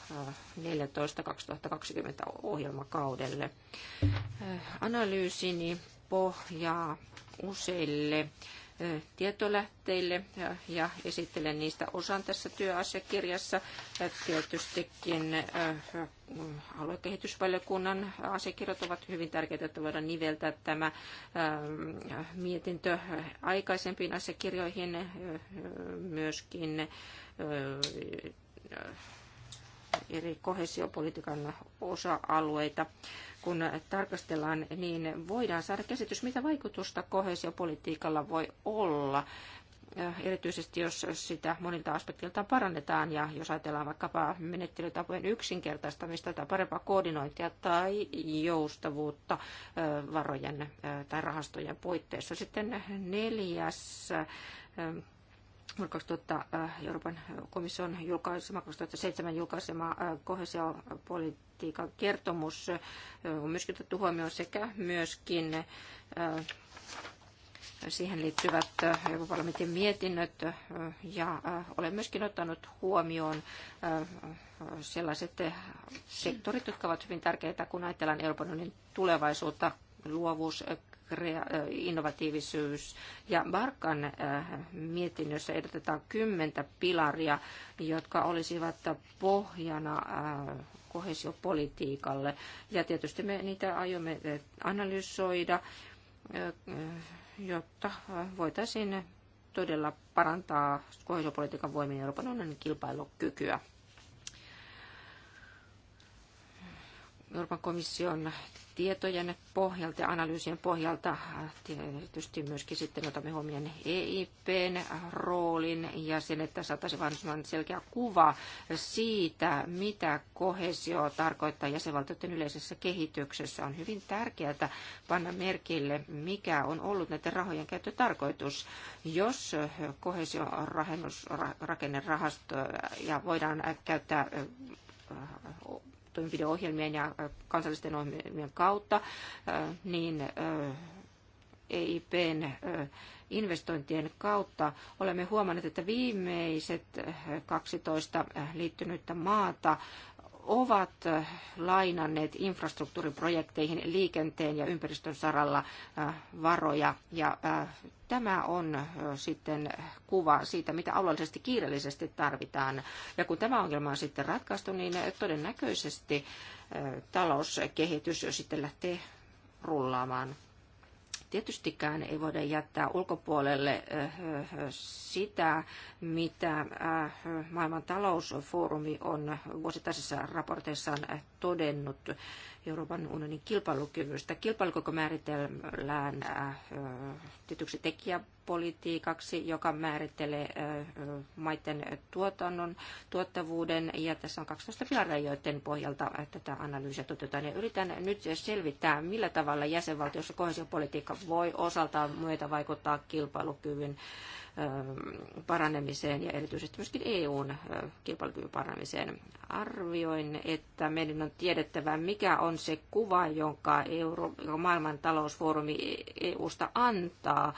ohjelmakaudelle. Analyysini pohjaa useille tietolähteille ja esittelen niistä osan tässä työasiakirjassa. Tietystikin aluekehitysvaliokunnan asiakirjat ovat hyvin tärkeitä, että voidaan niveltää tämä mietintö aikaisempiin asiakirjoihin myöskin eri kohesiopolitiikan osa-alueita kun tarkastellaan, niin voidaan saada käsitys, mitä vaikutusta kohesiopolitiikalla voi olla eh, erityisesti jos sitä monilta aspektilta parannetaan ja jos ajatellaan vaikkapa menettelytapojen yksinkertaistamista tai parempaa koordinointia tai joustavuutta eh, varojen eh, tai rahastojen puitteissa. Sitten neljäs 2000, äh, Euroopan komission julkaisema, 2007 äh, julkaisema kohesiopolitiikan kertomus äh, on myöskin otettu huomioon sekä myöskin siihen liittyvät Euroopan parlamentin mietinnöt ja olen myöskin ottanut huomioon sellaiset sektorit, jotka ovat hyvin tärkeitä, kun ajatellaan Euroopan unionin tulevaisuutta, luovuus, innovatiivisuus. Ja Barkan mietinnössä ehdotetaan kymmentä pilaria, jotka olisivat pohjana kohesiopolitiikalle. Ja tietysti me niitä aiomme analysoida, jotta voitaisiin todella parantaa kohesiopolitiikan voimien Euroopan unionin kilpailukykyä. Euroopan komission tietojen pohjalta ja analyysien pohjalta tietysti myöskin sitten otamme huomioon EIPn roolin ja sen, että saataisiin mahdollisimman selkeä kuva siitä, mitä kohesio tarkoittaa jäsenvaltioiden yleisessä kehityksessä. On hyvin tärkeää panna merkille, mikä on ollut näiden rahojen käyttötarkoitus. Jos ja voidaan käyttää toimenpideohjelmien ja äh, kansallisten ohjelmien kautta, äh, niin äh, EIPn investointien kautta olemme huomanneet, että viimeiset 12 liittynyttä maata ovat lainanneet infrastruktuuriprojekteihin liikenteen ja ympäristön saralla varoja. Ja tämä on sitten kuva siitä, mitä alueellisesti kiireellisesti tarvitaan. Ja kun tämä ongelma on sitten ratkaistu, niin todennäköisesti talouskehitys sitten lähtee rullaamaan Tietystikään ei voida jättää ulkopuolelle eh, eh, sitä, mitä eh, maailman talousfoorumi on vuosittaisissa raporteissaan todennut Euroopan unionin kilpailukyvystä. Kilpailukyky määritellään tietyksi tekijä politiikaksi, joka määrittelee maiden tuotannon tuottavuuden. Ja tässä on 12 pilaria, joiden pohjalta tätä analyysiä toteutetaan. Ja yritän nyt selvittää, millä tavalla jäsenvaltiossa kohesiopolitiikka voi osaltaan myötä vaikuttaa kilpailukyvyn paranemiseen ja erityisesti myöskin EUn kilpailukyvyn paranemiseen. Arvioin, että meidän on tiedettävä, mikä on se kuva, jonka Euro- maailman talousfoorumi e-, e-, EUsta antaa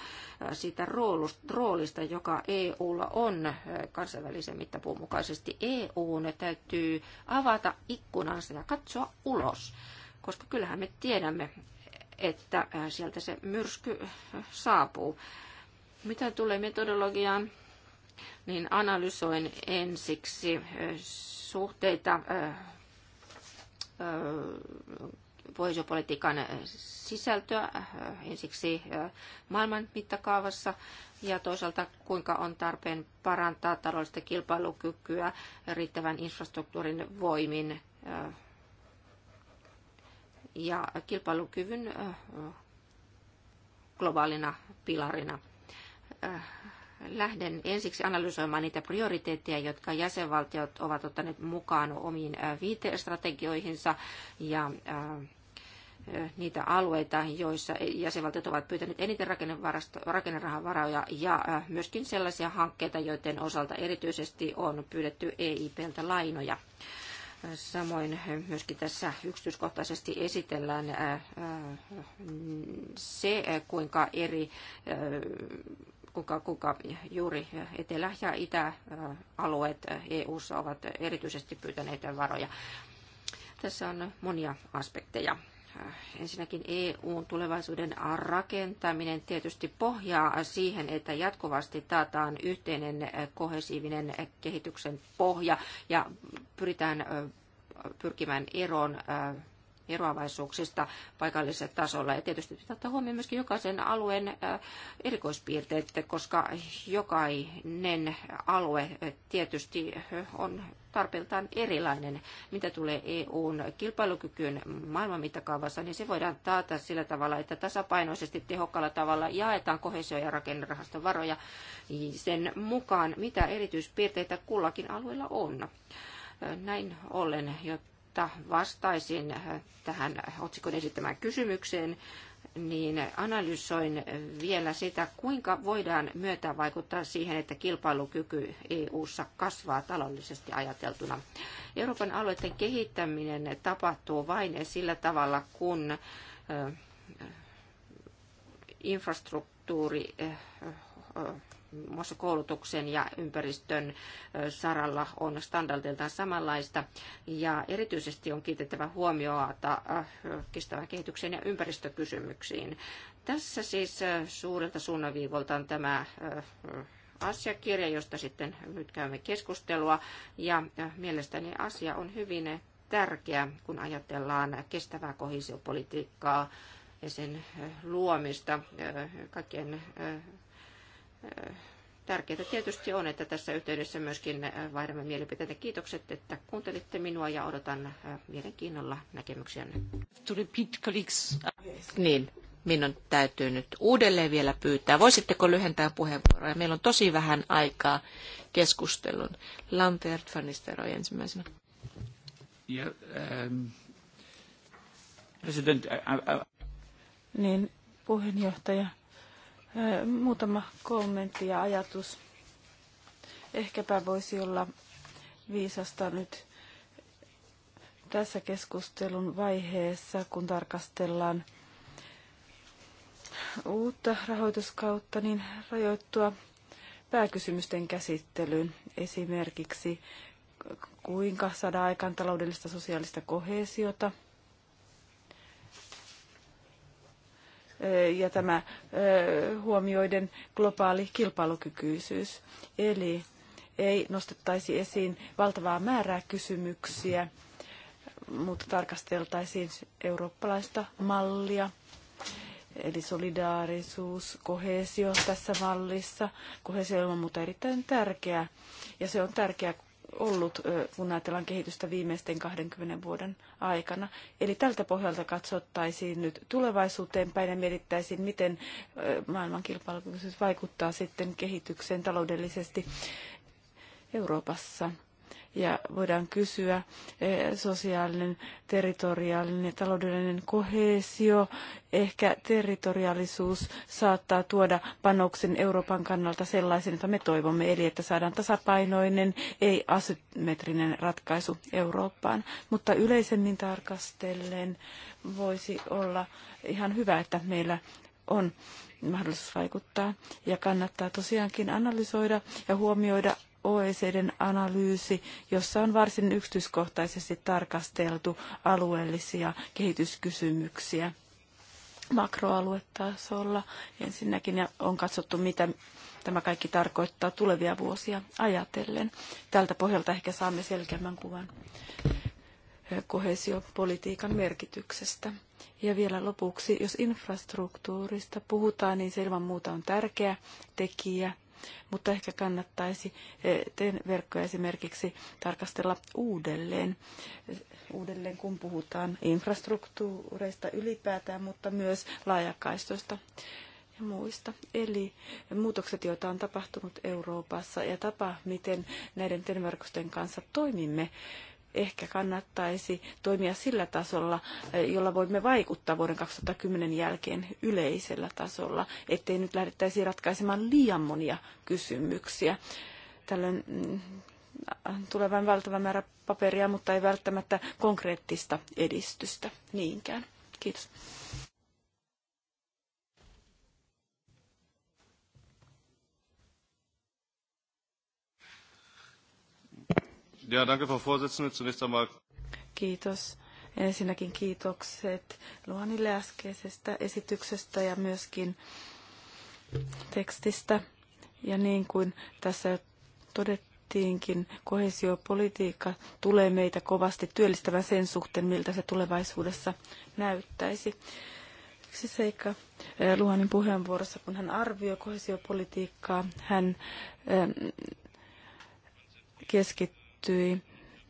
sitä, siitä roolista, joka EUlla on eh, kansainvälisen mittapuun mukaisesti. EUn täytyy avata ikkunansa ja katsoa ulos, koska kyllähän me tiedämme, että eh, sieltä se myrsky eh, saapuu. Mitä tulee metodologiaan, niin analysoin ensiksi suhteita pohjoispolitiikan sisältöä ensiksi maailman mittakaavassa ja toisaalta kuinka on tarpeen parantaa taloudellista kilpailukykyä riittävän infrastruktuurin voimin ja kilpailukyvyn globaalina pilarina lähden ensiksi analysoimaan niitä prioriteetteja, jotka jäsenvaltiot ovat ottaneet mukaan omiin äh, viitestrategioihinsa ja äh, äh, niitä alueita, joissa jäsenvaltiot ovat pyytäneet eniten rakennerahavarajoja ja myöskin sellaisia hankkeita, joiden osalta erityisesti on pyydetty EIPltä lainoja. Samoin myöskin tässä yksityiskohtaisesti esitellään se, kuinka eri kuinka, kuinka juuri etelä- ja itäalueet EU-ssa ovat erityisesti pyytäneet varoja. Tässä on monia aspekteja ensinnäkin EUn tulevaisuuden rakentaminen tietysti pohjaa siihen, että jatkuvasti taataan yhteinen kohesiivinen kehityksen pohja ja pyritään pyrkimään eroon eroavaisuuksista paikallisella tasolla. Ja tietysti pitää ottaa huomioon myöskin jokaisen alueen erikoispiirteet, koska jokainen alue tietysti on tarpeeltaan erilainen, mitä tulee EUn kilpailukykyyn maailman mittakaavassa, niin se voidaan taata sillä tavalla, että tasapainoisesti tehokkaalla tavalla jaetaan kohesio- ja rakennerahaston varoja sen mukaan, mitä erityispiirteitä kullakin alueella on. Näin ollen, Jotta vastaisin äh, tähän otsikon esittämään kysymykseen, niin analysoin vielä sitä, kuinka voidaan myötä vaikuttaa siihen, että kilpailukyky EU-ssa kasvaa taloudellisesti ajateltuna. Euroopan alueiden kehittäminen tapahtuu vain sillä tavalla, kun äh, infrastruktuuri äh, muassa koulutuksen ja ympäristön saralla on standardiltaan samanlaista. Ja erityisesti on kiitettävä huomioata äh, kestävän kehityksen ja ympäristökysymyksiin. Tässä siis suurelta suunnaviivoltaan tämä asiakirja, josta sitten nyt käymme keskustelua. Ja mielestäni asia on hyvin tärkeä, kun ajatellaan kestävää kohesiopolitiikkaa ja sen luomista kaikkien Tärkeintä tietysti on, että tässä yhteydessä myöskin vaihdamme mielipiteitä. Kiitokset, että kuuntelitte minua ja odotan äh, mielenkiinnolla näkemyksiänne. Niin, minun täytyy nyt uudelleen vielä pyytää. Voisitteko lyhentää puheenvuoroja? Meillä on tosi vähän aikaa keskustelun. Lambert van Nistelrooy ensimmäisenä. Ja, ähm, äh, äh, niin, puheenjohtaja. Muutama kommentti ja ajatus. Ehkäpä voisi olla viisasta nyt tässä keskustelun vaiheessa, kun tarkastellaan uutta rahoituskautta, niin rajoittua pääkysymysten käsittelyyn. Esimerkiksi kuinka saada aikaan taloudellista sosiaalista kohesiota – ja tämä huomioiden globaali kilpailukykyisyys. Eli ei nostettaisi esiin valtavaa määrää kysymyksiä, mutta tarkasteltaisiin eurooppalaista mallia. Eli solidaarisuus, kohesio tässä mallissa. Kohesio on ilman muuta erittäin tärkeä. Ja se on tärkeä ollut, kun ajatellaan kehitystä viimeisten 20 vuoden aikana. Eli tältä pohjalta katsottaisiin nyt tulevaisuuteen päin ja mietittäisiin, miten maailman kilpailukyky vaikuttaa sitten kehitykseen taloudellisesti Euroopassa ja voidaan kysyä eh, sosiaalinen, territoriaalinen ja taloudellinen kohesio. Ehkä territoriaalisuus saattaa tuoda panoksen Euroopan kannalta sellaisen, jota me toivomme, eli että saadaan tasapainoinen, ei asymmetrinen ratkaisu Eurooppaan. Mutta yleisemmin tarkastellen voisi olla ihan hyvä, että meillä on mahdollisuus vaikuttaa ja kannattaa tosiaankin analysoida ja huomioida OECDn analyysi, jossa on varsin yksityiskohtaisesti tarkasteltu alueellisia kehityskysymyksiä makroaluetasolla ensinnäkin ja on katsottu, mitä tämä kaikki tarkoittaa tulevia vuosia ajatellen. Tältä pohjalta ehkä saamme selkeämmän kuvan kohesiopolitiikan merkityksestä. Ja vielä lopuksi, jos infrastruktuurista puhutaan, niin se ilman muuta on tärkeä tekijä mutta ehkä kannattaisi e, TEN-verkkoja esimerkiksi tarkastella uudelleen, uudelleen kun puhutaan infrastruktuureista ylipäätään, mutta myös laajakaistoista ja muista. Eli muutokset, joita on tapahtunut Euroopassa ja tapa, miten näiden ten kanssa toimimme, ehkä kannattaisi toimia sillä tasolla, eh, jolla voimme vaikuttaa vuoden 2010 jälkeen yleisellä tasolla, ettei nyt lähdettäisi ratkaisemaan liian monia kysymyksiä. Tällöin mm, tulee vain valtava määrä paperia, mutta ei välttämättä konkreettista edistystä niinkään. Kiitos. Kiitos. Ensinnäkin kiitokset Luanille äskeisestä esityksestä ja myöskin tekstistä. Ja niin kuin tässä todettiinkin, kohesiopolitiikka tulee meitä kovasti työllistämään sen suhteen, miltä se tulevaisuudessa näyttäisi. Yksi seikka eh, Luhanin puheenvuorossa, kun hän arvioi kohesiopolitiikkaa, hän eh, keskittyy liittyi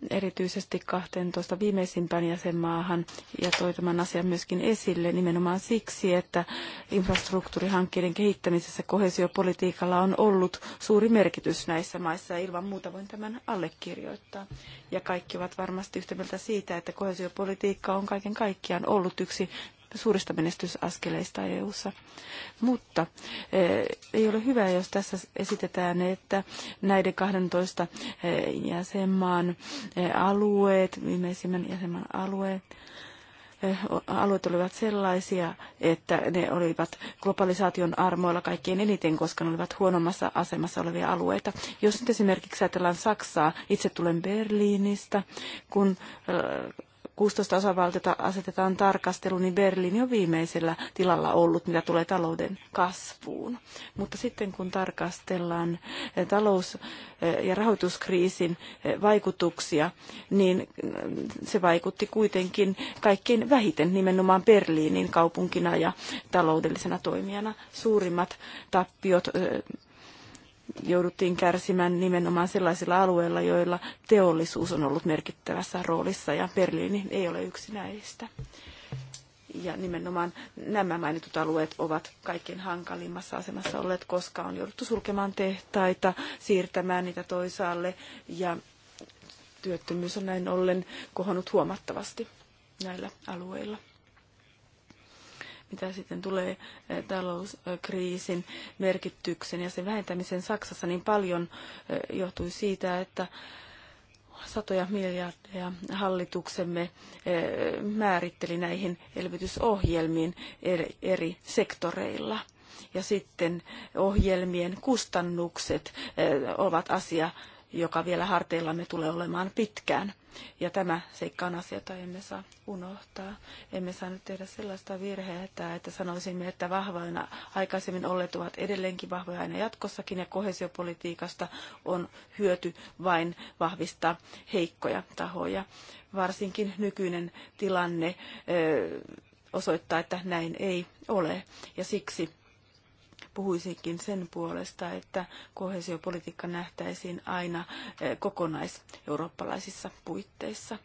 erityisesti 12 viimeisimpään jäsenmaahan ja toi tämän asian myöskin esille nimenomaan siksi, että infrastruktuurihankkeiden kehittämisessä kohesiopolitiikalla on ollut suuri merkitys näissä maissa ja ilman muuta voin tämän allekirjoittaa. Ja kaikki ovat varmasti yhtä mieltä siitä, että kohesiopolitiikka on kaiken kaikkiaan ollut yksi suurista menestysaskeleista EU-ssa. Mutta eh, ei ole hyvä, jos tässä esitetään, että näiden 12 eh, jäsenmaan eh, alueet, viimeisimmän jäsenmaan alueet, alueet olivat sellaisia, että ne olivat globalisaation armoilla kaikkein eniten, koska ne olivat huonommassa asemassa olevia alueita. Jos nyt esimerkiksi ajatellaan Saksaa, itse tulen Berliinistä, kun 16 osavaltiota asetetaan tarkasteluun, niin Berliini on viimeisellä tilalla ollut, mitä tulee talouden kasvuun. Mutta sitten kun tarkastellaan eh, talous- eh, ja rahoituskriisin eh, vaikutuksia, niin mm, se vaikutti kuitenkin kaikkein vähiten nimenomaan Berliinin kaupunkina ja taloudellisena toimijana. Suurimmat tappiot jouduttiin kärsimään nimenomaan sellaisilla alueilla, joilla teollisuus on ollut merkittävässä roolissa ja Berliini ei ole yksi näistä. Ja nimenomaan nämä mainitut alueet ovat kaikkein hankalimmassa asemassa olleet, koska on jouduttu sulkemaan tehtaita, siirtämään niitä toisaalle ja työttömyys on näin ollen kohonnut huomattavasti näillä alueilla mitä sitten tulee eh, talouskriisin merkityksen ja sen vähentämisen Saksassa, niin paljon eh, johtui siitä, että satoja miljardeja hallituksemme eh, määritteli näihin elvytysohjelmiin eri sektoreilla. Ja sitten ohjelmien kustannukset ovat asia, joka vielä harteillamme tulee olemaan pitkään. Ja tämä seikka on asia, jota emme saa unohtaa. Emme saa nyt tehdä sellaista virheä, että sanoisimme, että vahvoina aikaisemmin olleet ovat edelleenkin vahvoja aina jatkossakin, ja kohesiopolitiikasta on hyöty vain vahvistaa heikkoja tahoja. Varsinkin nykyinen tilanne osoittaa, että näin ei ole, ja siksi puhuisinkin sen puolesta, että kohesiopolitiikka nähtäisiin aina eh, kokonaiseurooppalaisissa puitteissa.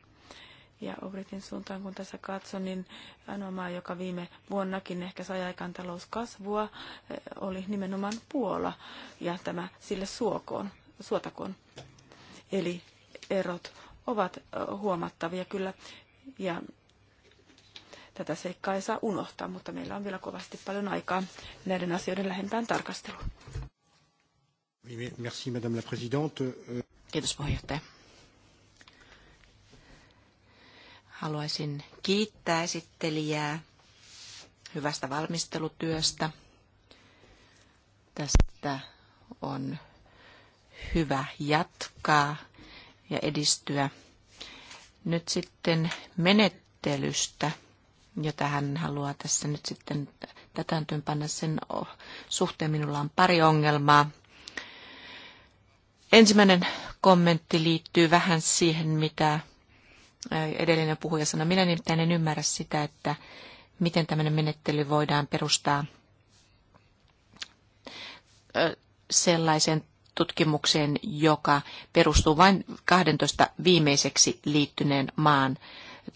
Ja Obritin suuntaan, kun tässä katson, niin ainoa maa, joka viime vuonnakin ehkä sai aikaan talouskasvua, eh, oli nimenomaan Puola, ja tämä sille suokoon, suotakoon. Eli erot ovat eh, huomattavia kyllä, ja Tätä seikkaa ei saa unohtaa, mutta meillä on vielä kovasti paljon aikaa näiden asioiden lähempään tarkasteluun. Merci, Madame la Présidente. Kiitos puheenjohtaja. Haluaisin kiittää esittelijää hyvästä valmistelutyöstä. Tästä on hyvä jatkaa ja edistyä. Nyt sitten menettelystä jota hän haluaa tässä nyt sitten täytäntöön panna sen suhteen. Minulla on pari ongelmaa. Ensimmäinen kommentti liittyy vähän siihen, mitä edellinen puhuja sanoi. Minä nimittäin en ymmärrä sitä, että miten tämmöinen menettely voidaan perustaa sellaisen tutkimukseen, joka perustuu vain 12 viimeiseksi liittyneen maan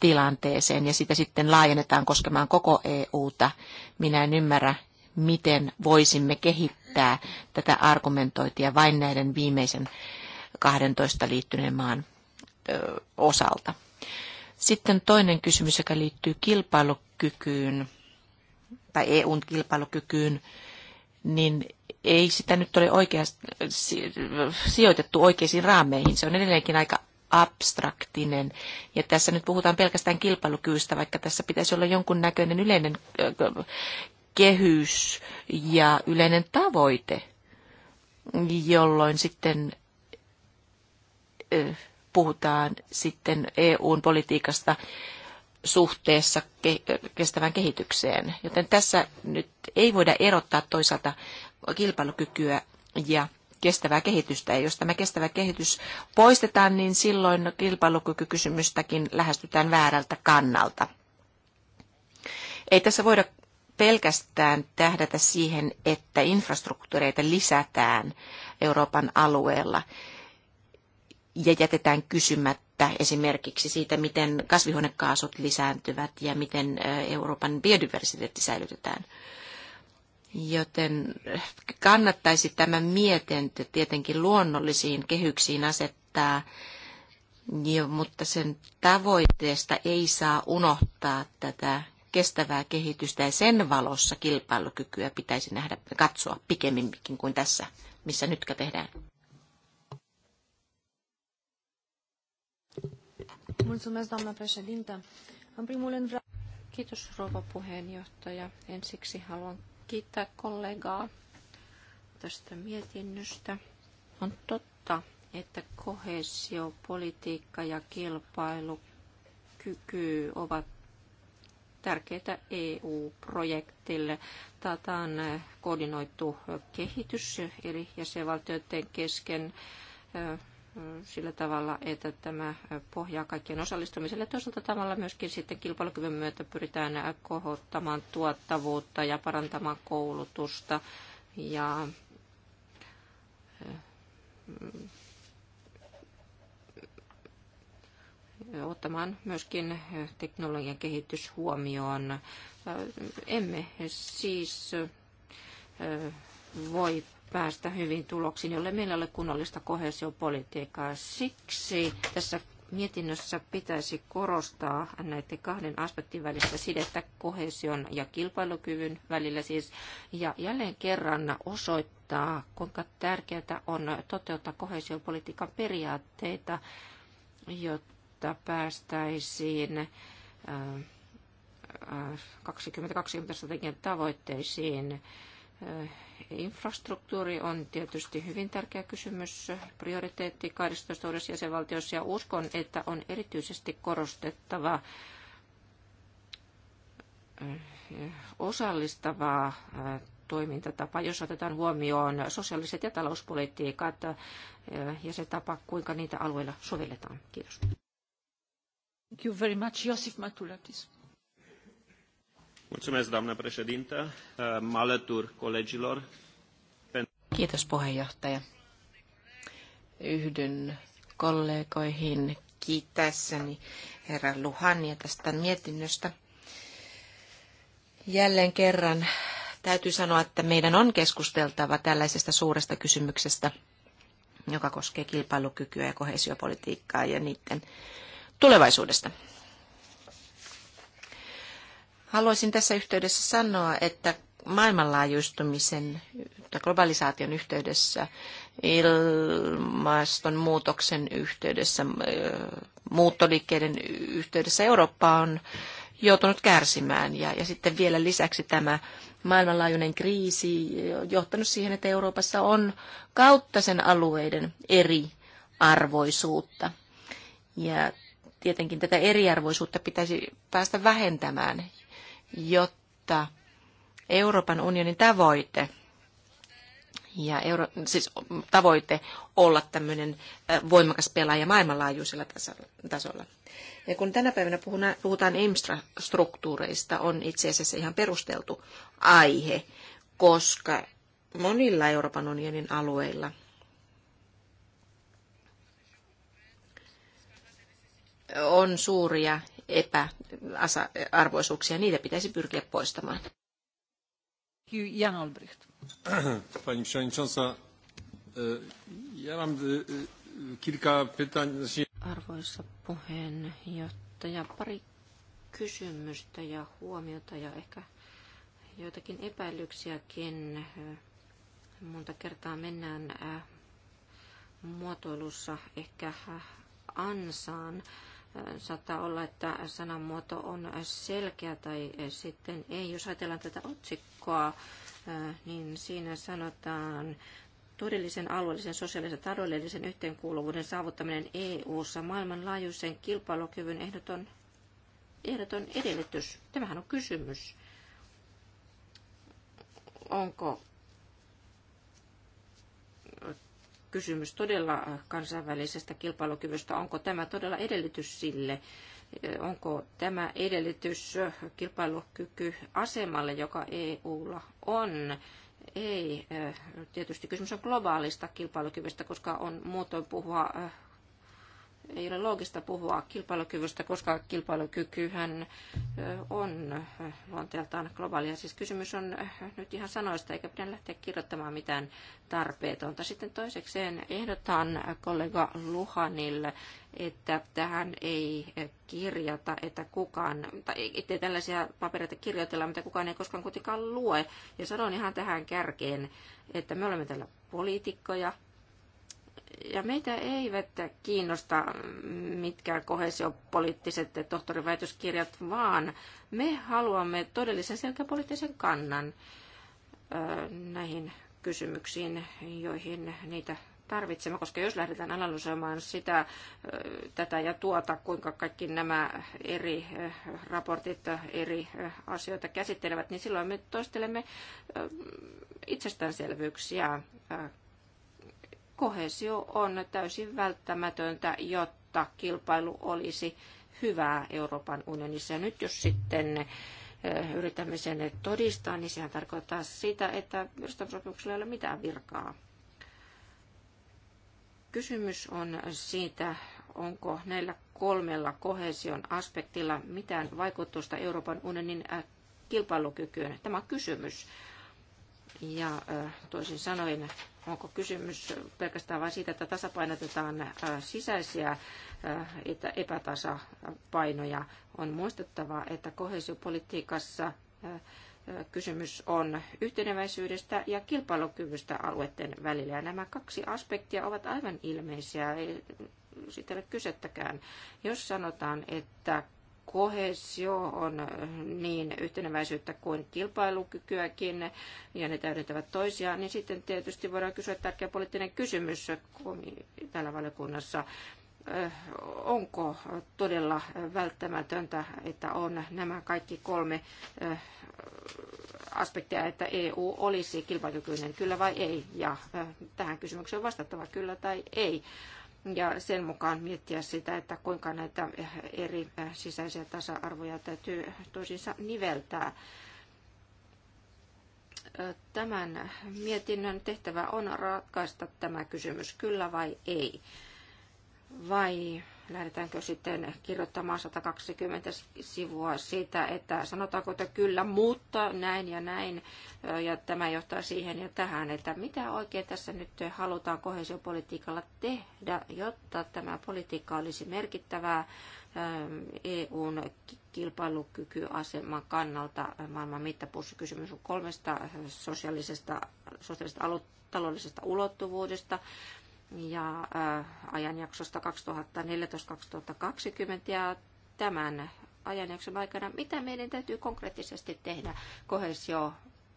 tilanteeseen ja sitä sitten laajennetaan koskemaan koko EUta. Minä en ymmärrä, miten voisimme kehittää tätä argumentointia vain näiden viimeisen 12 liittyneen maan osalta. Sitten toinen kysymys, joka liittyy kilpailukykyyn tai EUn kilpailukykyyn, niin ei sitä nyt ole oikeasti sijoitettu oikeisiin raameihin. Se on edelleenkin aika abstraktinen. Ja tässä nyt puhutaan pelkästään kilpailukyvystä, vaikka tässä pitäisi olla jonkun näköinen yleinen kehys ja yleinen tavoite, jolloin sitten puhutaan sitten EUn politiikasta suhteessa kestävään kehitykseen. Joten tässä nyt ei voida erottaa toisaalta kilpailukykyä ja kestävää kehitystä. Ja jos tämä kestävä kehitys poistetaan, niin silloin kilpailukykykysymystäkin lähestytään väärältä kannalta. Ei tässä voida pelkästään tähdätä siihen, että infrastruktuureita lisätään Euroopan alueella ja jätetään kysymättä esimerkiksi siitä, miten kasvihuonekaasut lisääntyvät ja miten Euroopan biodiversiteetti säilytetään. Joten kannattaisi tämä mietintö tietenkin luonnollisiin kehyksiin asettaa, mutta sen tavoitteesta ei saa unohtaa tätä kestävää kehitystä ja sen valossa kilpailukykyä pitäisi nähdä, katsoa pikemminkin kuin tässä, missä nytkä tehdään. Mulțumesc, doamna președintă. În primul rând vreau... Kiitos, rouva puheenjohtaja. Ensiksi haluan kiittää kollegaa tästä mietinnöstä. On totta, että politiikka ja kilpailukyky ovat tärkeitä EU-projektille. Tätä on koordinoitu kehitys eri jäsenvaltioiden kesken sillä tavalla, että tämä pohjaa kaikkien osallistumiselle. Toisaalta tavalla myöskin sitten kilpailukyvyn myötä pyritään kohottamaan tuottavuutta ja parantamaan koulutusta ja eh, ottamaan myöskin teknologian kehitys huomioon. Emme siis eh, voi päästä hyvin tuloksiin, jolle meillä ei ole kunnollista kohesiopolitiikkaa. Siksi tässä mietinnössä pitäisi korostaa näiden kahden aspektin välistä sidettä kohesion ja kilpailukyvyn välillä siis, ja jälleen kerran osoittaa, kuinka tärkeää on toteuttaa kohesiopolitiikan periaatteita, jotta päästäisiin 2020 äh, äh, strategian tavoitteisiin Infrastruktuuri on tietysti hyvin tärkeä kysymys, prioriteetti 12 uudessa jäsenvaltiossa ja uskon, että on erityisesti korostettava osallistavaa toimintatapa, jos otetaan huomioon sosiaaliset ja talouspolitiikat ja se tapa, kuinka niitä alueilla sovelletaan. Kiitos. Thank you very much. Josif Matulatis. Mulțumesc, doamnă președintă. Mă alătur colegilor. Kiitos puheenjohtaja. Yhdyn kollegoihin kiittäessäni herra Luhania tästä mietinnöstä. Jälleen kerran täytyy sanoa, että meidän on keskusteltava tällaisesta suuresta kysymyksestä, joka koskee kilpailukykyä ja kohesiopolitiikkaa ja niiden tulevaisuudesta. Haluaisin tässä yhteydessä sanoa, että maailmanlaajuistumisen tai globalisaation yhteydessä, ilmastonmuutoksen yhteydessä, muuttoliikkeiden yhteydessä Eurooppa on joutunut kärsimään. Ja, ja sitten vielä lisäksi tämä maailmanlaajuinen kriisi johtanut siihen, että Euroopassa on kautta sen alueiden eri arvoisuutta. Ja tietenkin tätä eriarvoisuutta pitäisi päästä vähentämään jotta Euroopan unionin tavoite ja euro, siis tavoite olla tämmöinen voimakas pelaaja maailmanlaajuisella tasolla. Ja kun tänä päivänä puhutaan infrastruktuureista, on itse asiassa ihan perusteltu aihe, koska monilla Euroopan unionin alueilla on suuria epäarvoisuuksia, niitä pitäisi pyrkiä poistamaan. Jan Olbricht. Pani przewodnicząca, e, ja mam e, e, kilka pytań. Arvoisa puheenjohtaja, pari kysymystä ja huomiota ja ehkä joitakin epäilyksiäkin. Monta kertaa mennään muotoilussa ehkä ansaan Saattaa olla, että sanamuoto on selkeä tai sitten ei. Jos ajatellaan tätä otsikkoa, niin siinä sanotaan todellisen alueellisen, sosiaalisen ja taloudellisen yhteenkuuluvuuden saavuttaminen EU-ssa maailmanlaajuisen kilpailukyvyn ehdoton, ehdoton edellytys. Tämähän on kysymys. Onko kysymys todella kansainvälisestä kilpailukyvystä. Onko tämä todella edellytys sille? Onko tämä edellytys kilpailukyky asemalle, joka EUlla on? Ei. Tietysti kysymys on globaalista kilpailukyvystä, koska on muutoin puhua ei ole loogista puhua kilpailukyvystä, koska kilpailukykyhän on luonteeltaan globaalia. Siis kysymys on nyt ihan sanoista, eikä pidä lähteä kirjoittamaan mitään tarpeetonta. Sitten toisekseen ehdotan kollega Luhanille, että tähän ei kirjata, että kukaan, tai ettei tällaisia papereita kirjoitella, mitä kukaan ei koskaan kuitenkaan lue. Ja sanon ihan tähän kärkeen, että me olemme täällä poliitikkoja, ja meitä eivät kiinnosta mitkään kohesiopoliittiset tohtoriväitöskirjat, vaan me haluamme todellisen selkäpoliittisen kannan näihin kysymyksiin, joihin niitä tarvitsemme, koska jos lähdetään analysoimaan sitä, tätä ja tuota, kuinka kaikki nämä eri raportit eri asioita käsittelevät, niin silloin me toistelemme itsestäänselvyyksiä kohesio on täysin välttämätöntä, jotta kilpailu olisi hyvää Euroopan unionissa. Ja nyt jos sitten eh, yritämme sen todistaa, niin sehän tarkoittaa sitä, että perustamisopimuksella ei ole mitään virkaa. Kysymys on siitä, onko näillä kolmella kohesion aspektilla mitään vaikutusta Euroopan unionin eh, kilpailukykyyn. Tämä on kysymys. Ja eh, toisin sanoen Onko kysymys pelkästään vain siitä, että tasapainotetaan äh, sisäisiä äh, epätasapainoja? On muistettava, että kohesiopolitiikassa äh, kysymys on yhteneväisyydestä ja kilpailukyvystä alueiden välillä. Ja nämä kaksi aspektia ovat aivan ilmeisiä, ei sitä ole kysettäkään. Jos sanotaan, että kohesio on niin yhteneväisyyttä kuin kilpailukykyäkin, ja ne täydentävät toisiaan, niin sitten tietysti voidaan kysyä tärkeä poliittinen kysymys tällä valiokunnassa, eh, onko todella välttämätöntä, että on nämä kaikki kolme eh, aspektia, että EU olisi kilpailukykyinen, kyllä vai ei, ja eh, tähän kysymykseen vastattava kyllä tai ei ja sen mukaan miettiä sitä, että kuinka näitä eri sisäisiä tasa-arvoja täytyy toisiinsa niveltää. Tämän mietinnön tehtävä on ratkaista tämä kysymys, kyllä vai ei. Vai lähdetäänkö sitten kirjoittamaan 120 sivua siitä, että sanotaanko, että kyllä, mutta näin ja näin, ja tämä johtaa siihen ja tähän, että mitä oikein tässä nyt halutaan kohesiopolitiikalla tehdä, jotta tämä politiikka olisi merkittävää EUn kilpailukykyaseman kannalta maailman mittapuussa. Kysymys on kolmesta sosiaalisesta, sosiaalisesta alu- taloudellisesta ulottuvuudesta, ja äh, ajanjaksosta 2014-2020 ja tämän ajanjakson aikana, mitä meidän täytyy konkreettisesti tehdä kohesio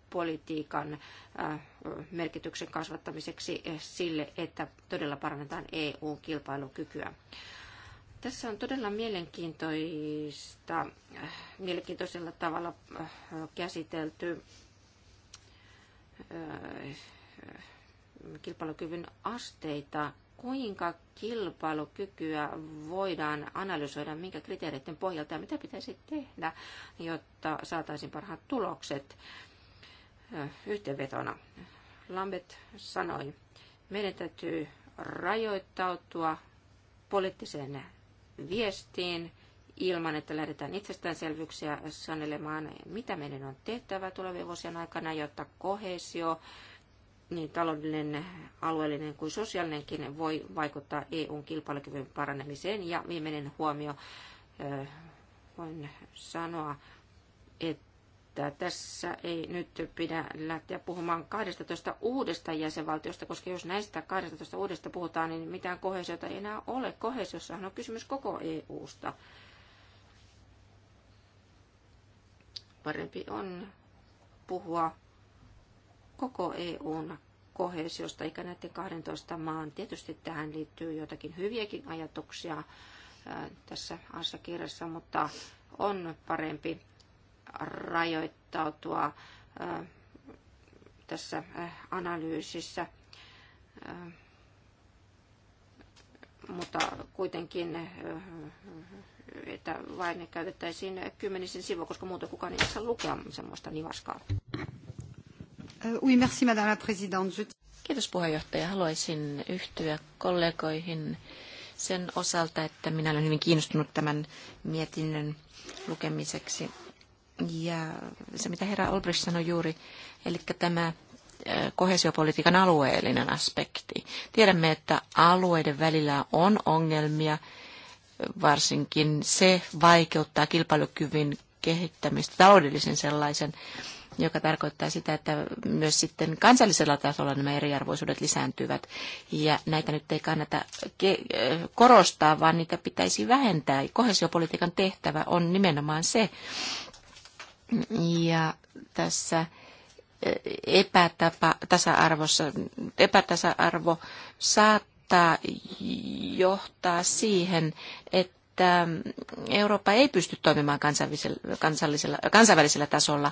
politiikan äh, merkityksen kasvattamiseksi sille, että todella parannetaan eu kilpailukykyä. Tässä on todella mielenkiintoista, äh, mielenkiintoisella tavalla käsitelty kilpailukyvyn asteita, kuinka kilpailukykyä voidaan analysoida, minkä kriteereiden pohjalta ja mitä pitäisi tehdä, jotta saataisiin parhaat tulokset yhteenvetona. Lambert sanoi, meidän täytyy rajoittautua poliittiseen viestiin ilman, että lähdetään itsestäänselvyyksiä sanelemaan, mitä meidän on tehtävä tulevien vuosien aikana, jotta kohesio niin taloudellinen, alueellinen kuin sosiaalinenkin voi vaikuttaa EUn kilpailukyvyn paranemiseen. Ja viimeinen huomio, voin sanoa, että tässä ei nyt pidä lähteä puhumaan 12 uudesta jäsenvaltiosta, koska jos näistä 12 uudesta puhutaan, niin mitään kohesiota ei enää ole. Kohesiossahan on kysymys koko EUsta. Parempi on puhua koko EUn kohesiosta, eikä näiden 12 maan. Tietysti tähän liittyy jotakin hyviäkin ajatuksia äh, tässä asiakirjassa, mutta on parempi rajoittautua äh, tässä äh, analyysissä. Mutta kuitenkin, että vain käytettäisiin kymmenisen sivua, koska muuten kukaan ei saa lukea semmoista nivaskaa. Euh, oui, merci, madame la présidente. Kiitos puheenjohtaja. Haluaisin yhtyä kollegoihin sen osalta, että minä olen hyvin kiinnostunut tämän mietinnön lukemiseksi. Ja se, mitä herra Olbrich sanoi juuri, eli tämä äh, kohesiopolitiikan alueellinen aspekti. Tiedämme, että alueiden välillä on ongelmia, varsinkin se vaikeuttaa kilpailukyvyn kehittämistä, taloudellisen sellaisen, joka tarkoittaa sitä, että myös sitten kansallisella tasolla nämä eriarvoisuudet lisääntyvät. Ja näitä nyt ei kannata korostaa, vaan niitä pitäisi vähentää. Kohesiopolitiikan tehtävä on nimenomaan se. Ja tässä e, epätasa arvossa epätasa-arvo saattaa johtaa siihen, että että Eurooppa ei pysty toimimaan kansallisella, kansainvälisellä tasolla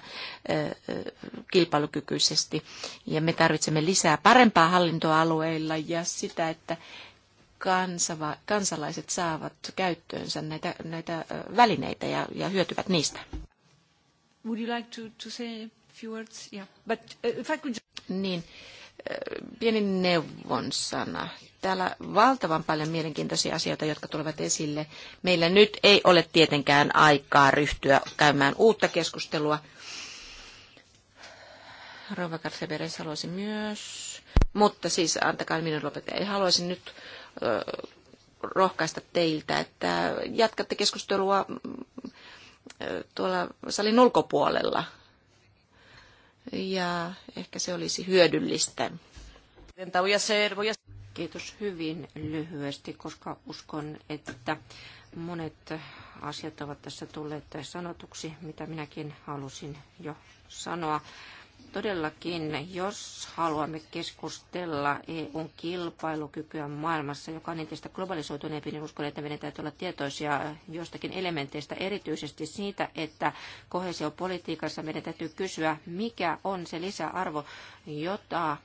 kilpailukykyisesti. Ja me tarvitsemme lisää parempaa hallintoa alueilla ja sitä, että kansava, kansalaiset saavat käyttöönsä näitä, näitä välineitä ja, ja hyötyvät niistä. Would you like to, to say a few words? Yeah. But, uh, if I could... Niin pieni neuvon sana. Täällä valtavan paljon mielenkiintoisia asioita, jotka tulevat esille. Meillä nyt ei ole tietenkään aikaa ryhtyä käymään uutta keskustelua. Rova Karseberes haluaisin myös, mutta siis antakaa minun lopettaa. Haluaisin nyt ö, rohkaista teiltä, että jatkatte keskustelua ö, tuolla salin ulkopuolella ja ehkä se olisi hyödyllistä. Kiitos hyvin lyhyesti, koska uskon, että monet asiat ovat tässä tulleet sanotuksi, mitä minäkin halusin jo sanoa. Todellakin, jos haluamme keskustella EUn kilpailukykyä maailmassa, joka on entistä globalisoituneempi, niin uskon, että meidän täytyy olla tietoisia jostakin elementeistä, erityisesti siitä, että kohesiopolitiikassa meidän täytyy kysyä, mikä on se lisäarvo, jota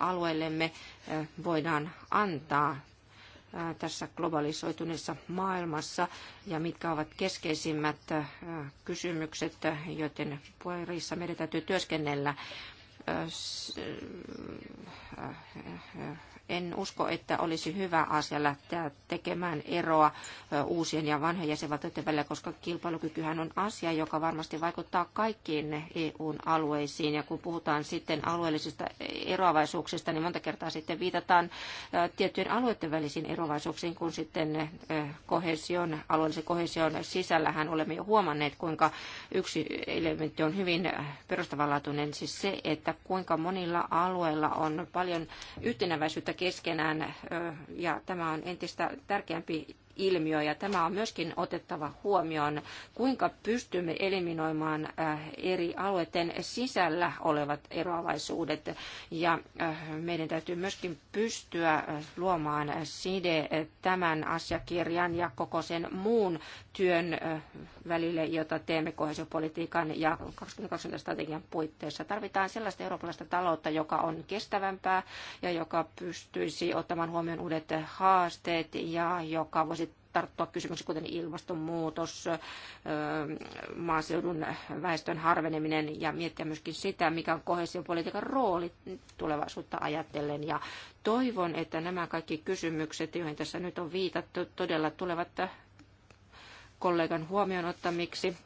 alueellemme eh, voidaan antaa tässä globalisoituneessa maailmassa ja mitkä ovat keskeisimmät kysymykset, joten puolissa meidän täytyy työskennellä en usko, että olisi hyvä asia lähteä tekemään eroa uusien ja vanhojen jäsenvaltioiden välillä, koska kilpailukykyhän on asia, joka varmasti vaikuttaa kaikkiin EUn alueisiin. Ja kun puhutaan sitten alueellisista eroavaisuuksista, niin monta kertaa sitten viitataan tiettyjen alueiden välisiin eroavaisuuksiin, kun sitten kohesion, alueellisen kohesion sisällähän olemme jo huomanneet, kuinka yksi elementti on hyvin perustavanlaatuinen, siis se, että kuinka monilla alueilla on paljon yhtenäväisyyttä keskenään ja tämä on entistä tärkeämpi ilmiö ja tämä on myöskin otettava huomioon, kuinka pystymme eliminoimaan eri alueiden sisällä olevat eroavaisuudet ja meidän täytyy myöskin pystyä luomaan side tämän asiakirjan ja koko sen muun työn välille, jota teemme kohesiopolitiikan ja 2020 strategian puitteissa. Tarvitaan sellaista eurooppalaista taloutta, joka on kestävämpää ja joka pystyisi ottamaan huomioon uudet haasteet ja joka voisi tarttua kysymyksiin, kuten ilmastonmuutos, maaseudun väestön harveneminen ja miettiä myöskin sitä, mikä on kohesiopolitiikan rooli tulevaisuutta ajatellen. Ja toivon, että nämä kaikki kysymykset, joihin tässä nyt on viitattu, todella tulevat kollegan huomioon ottamiksi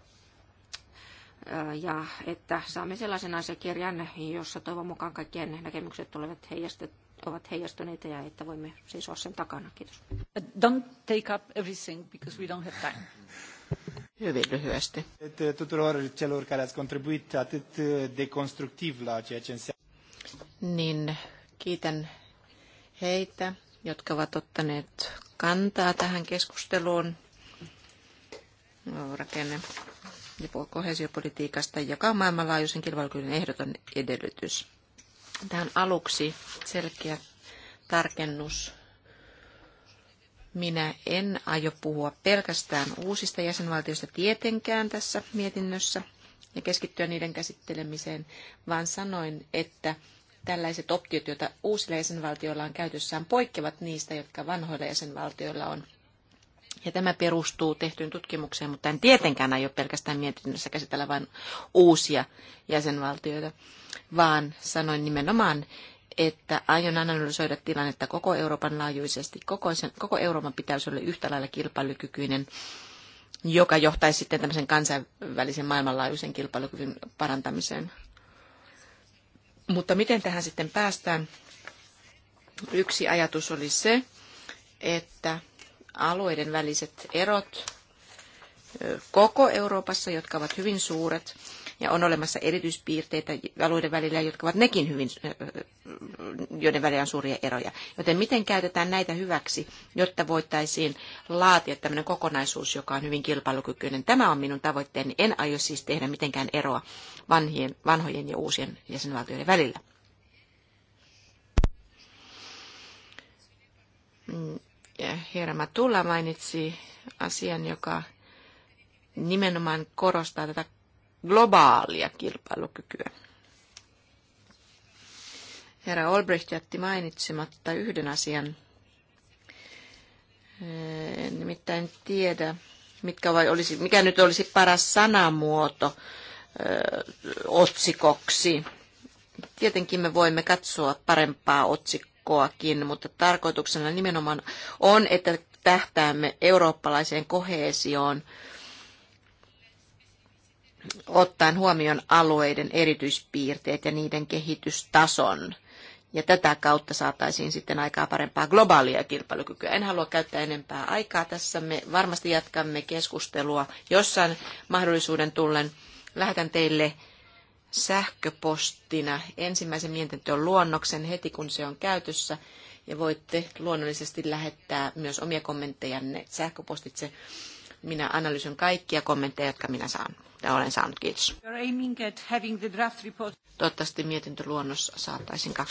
ja että saamme sellaisen asiakirjan, jossa toivon mukaan kaikkien näkemykset tulevat heijastet, ovat heijastuneita ja että voimme seisoa sen takana. Kiitos. Don't take up everything because we don't have time. Hyvin lyhyesti. Tuturor celor care ați contribuit atât de constructiv la ceea ce înseamnă. Niin kiitän heitä, jotka ovat ottaneet kantaa tähän keskusteluun rakenne ja kohesiopolitiikasta, joka on maailmanlaajuisen kilpailukyvyn ehdoton edellytys. Tähän aluksi selkeä tarkennus. Minä en aio puhua pelkästään uusista jäsenvaltioista tietenkään tässä mietinnössä ja keskittyä niiden käsittelemiseen, vaan sanoin, että tällaiset optiot, joita uusilla jäsenvaltioilla on käytössään, poikkeavat niistä, jotka vanhoilla jäsenvaltioilla on ja tämä perustuu tehtyyn tutkimukseen, mutta en tietenkään aio pelkästään mietinnössä käsitellä vain uusia jäsenvaltioita, vaan sanoin nimenomaan, että aion analysoida tilannetta koko Euroopan laajuisesti. Koko, sen, koko Euroopan pitäisi olla yhtä lailla kilpailukykyinen, joka johtaisi sitten tämmöisen kansainvälisen maailmanlaajuisen kilpailukyvyn parantamiseen. Mutta miten tähän sitten päästään? Yksi ajatus oli se, että alueiden väliset erot koko Euroopassa, jotka ovat hyvin suuret, ja on olemassa erityispiirteitä alueiden välillä, jotka ovat nekin hyvin, joiden välillä on suuria eroja. Joten miten käytetään näitä hyväksi, jotta voitaisiin laatia tämmöinen kokonaisuus, joka on hyvin kilpailukykyinen? Tämä on minun tavoitteeni. En aio siis tehdä mitenkään eroa vanhien, vanhojen ja uusien jäsenvaltioiden välillä. Mm, Herma tulla mainitsi asian, joka nimenomaan korostaa tätä globaalia kilpailukykyä. Herra Olbricht jätti mainitsematta yhden asian. En nimittäin tiedä, mitkä vai olisi, mikä nyt olisi paras sanamuoto ö, otsikoksi. Tietenkin me voimme katsoa parempaa otsikkoa jatkoakin, mutta tarkoituksena nimenomaan on, että tähtäämme eurooppalaiseen koheesioon ottaen huomioon alueiden erityispiirteet ja niiden kehitystason. Ja tätä kautta saataisiin sitten aikaa parempaa globaalia kilpailukykyä. En halua käyttää enempää aikaa tässä. Me varmasti jatkamme keskustelua jossain mahdollisuuden tullen. Lähetän teille sähköpostina ensimmäisen mietintöön luonnoksen heti, kun se on käytössä. Ja voitte luonnollisesti lähettää myös omia kommenttejanne sähköpostitse. Minä analysoin kaikkia kommentteja, jotka minä saan ja olen saanut. Kiitos. Toivottavasti mietintöluonnos saataisiin 26.–27.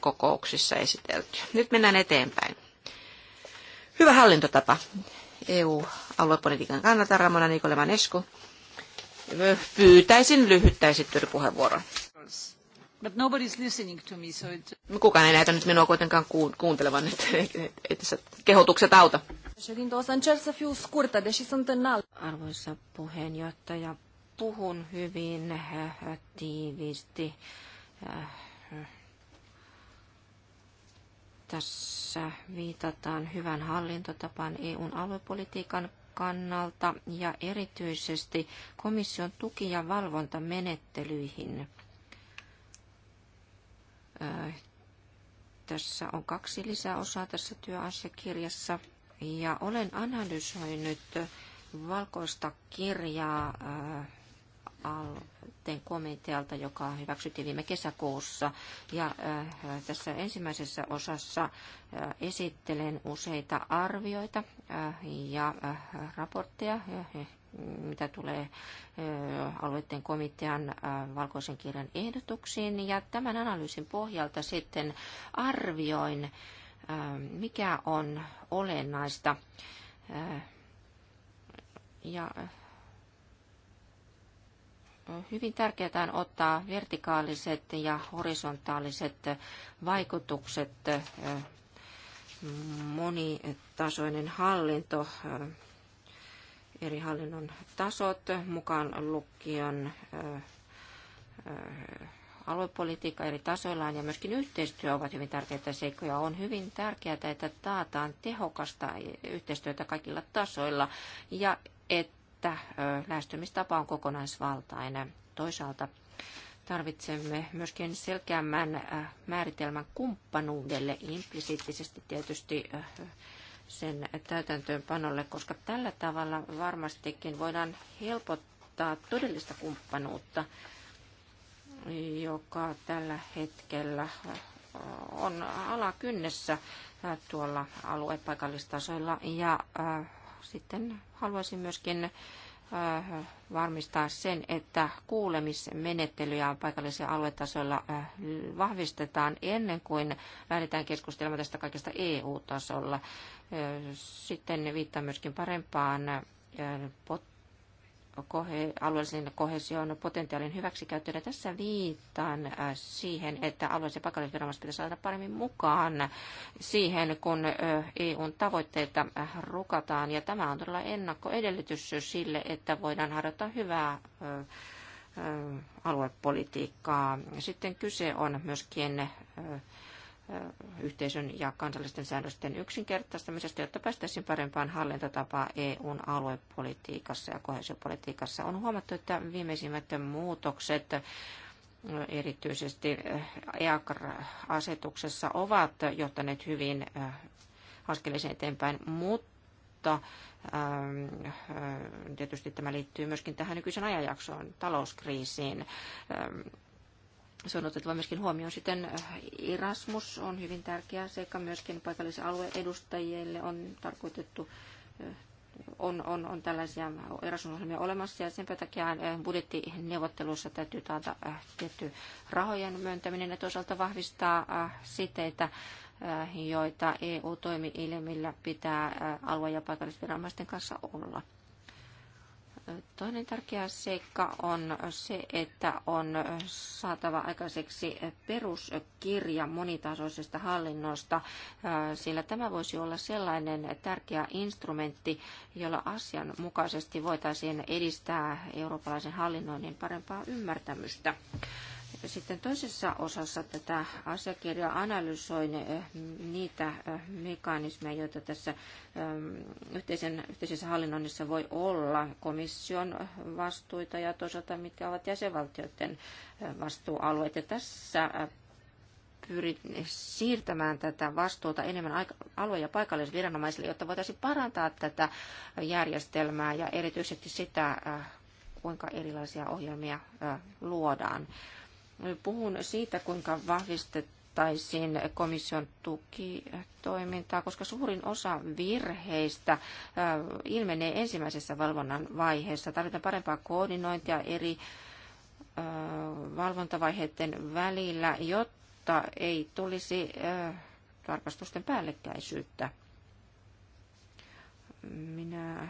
kokouksissa esiteltyä. Nyt mennään eteenpäin. Hyvä hallintotapa. EU-aluepolitiikan kannalta Ramona Nikoleman Esku pyytäisin lyhyttä esittelypuheenvuoroa. But nobody's listening to me, so it... Kukaan ei näytä nyt minua kuitenkaan kuuntelevan, että et, et, et, kehotukset auta. Arvoisa puheenjohtaja, puhun hyvin eh, eh, tiiviisti. Eh, tässä viitataan hyvän hallintotapaan EUn aluepolitiikan kannalta ja erityisesti komission tuki- ja valvontamenettelyihin. Tässä on kaksi lisäosaa tässä työasiakirjassa ja olen analysoinut valkoista kirjaa Alten komitealta, joka hyväksyttiin viime kesäkuussa. Ja äh, tässä ensimmäisessä osassa äh, esittelen useita arvioita äh, ja raportteja, mitä tulee alueiden komitean valkoisen kirjan ehdotuksiin. Ja tämän analyysin pohjalta sitten arvioin, mikä on olennaista ja hyvin tärkeää on ottaa vertikaaliset ja horisontaaliset vaikutukset, monitasoinen hallinto, eri hallinnon tasot, mukaan lukion aluepolitiikka eri tasoillaan ja myöskin yhteistyö ovat hyvin tärkeitä seikkoja. On hyvin tärkeää, että taataan tehokasta yhteistyötä kaikilla tasoilla ja että että lähestymistapa on kokonaisvaltainen. Toisaalta tarvitsemme myöskin selkeämmän määritelmän kumppanuudelle implisiittisesti tietysti sen täytäntöönpanolle, koska tällä tavalla varmastikin voidaan helpottaa todellista kumppanuutta, joka tällä hetkellä on alakynnessä tuolla aluepaikallistasoilla ja sitten haluaisin myöskin äh, varmistaa sen, että kuulemismenettelyjä paikallisella aluetasolla äh, vahvistetaan ennen kuin lähdetään keskustelemaan tästä kaikesta EU-tasolla. Äh, sitten viittaa myöskin parempaan kohe, alueellisen kohesion potentiaalin hyväksikäyttöön. Tässä viittaan äh, siihen, että alueellisen ja paikallisviranomaiset pitäisi saada paremmin mukaan siihen, kun EUn tavoitteita äh, rukataan. Ja tämä on todella ennakkoedellytys sille, että voidaan harjoittaa hyvää aluepolitiikkaa. Sitten kyse on myöskin yhteisön ja kansallisten säännösten yksinkertaistamisesta, jotta päästäisiin parempaan hallintotapaan EUn aluepolitiikassa ja kohesiopolitiikassa. On huomattu, että viimeisimmät muutokset erityisesti eakr asetuksessa ovat johtaneet hyvin askeleeseen eteenpäin, mutta tietysti tämä liittyy myöskin tähän nykyisen ajanjaksoon, talouskriisiin se on otettava myöskin huomioon. Sitten äh, Erasmus on hyvin tärkeä sekä myöskin paikallisalueen edustajille on tarkoitettu äh, on, on, on tällaisia Erasmus-ohjelmia olemassa ja sen takia äh, budjettineuvotteluissa täytyy taata tietty rahojen myöntäminen ja toisaalta vahvistaa siteitä, joita EU-toimielimillä pitää alue- ja paikallisviranomaisten kanssa olla. Toinen tärkeä seikka on se, että on saatava aikaiseksi peruskirja monitasoisesta hallinnosta, äh, sillä tämä voisi olla sellainen tärkeä instrumentti, jolla asianmukaisesti voitaisiin edistää eurooppalaisen hallinnoinnin parempaa ymmärtämystä. Sitten toisessa osassa tätä asiakirjaa analysoin eh, niitä eh, mekanismeja, joita tässä ehm, yhteisen, yhteisessä hallinnoinnissa voi olla, komission vastuita ja toisaalta mitkä ovat jäsenvaltioiden eh, vastuualueet. Ja tässä pyrin siirtämään tätä vastuuta enemmän alue- ja paikallisviranomaisille, jotta voitaisiin parantaa tätä järjestelmää ja erityisesti sitä, kuinka erilaisia ohjelmia luodaan. Puhun siitä, kuinka vahvistettaisiin komission tukitoimintaa, koska suurin osa virheistä ilmenee ensimmäisessä valvonnan vaiheessa. Tarvitaan parempaa koordinointia eri valvontavaiheiden välillä, jotta ei tulisi tarkastusten päällekkäisyyttä. Minä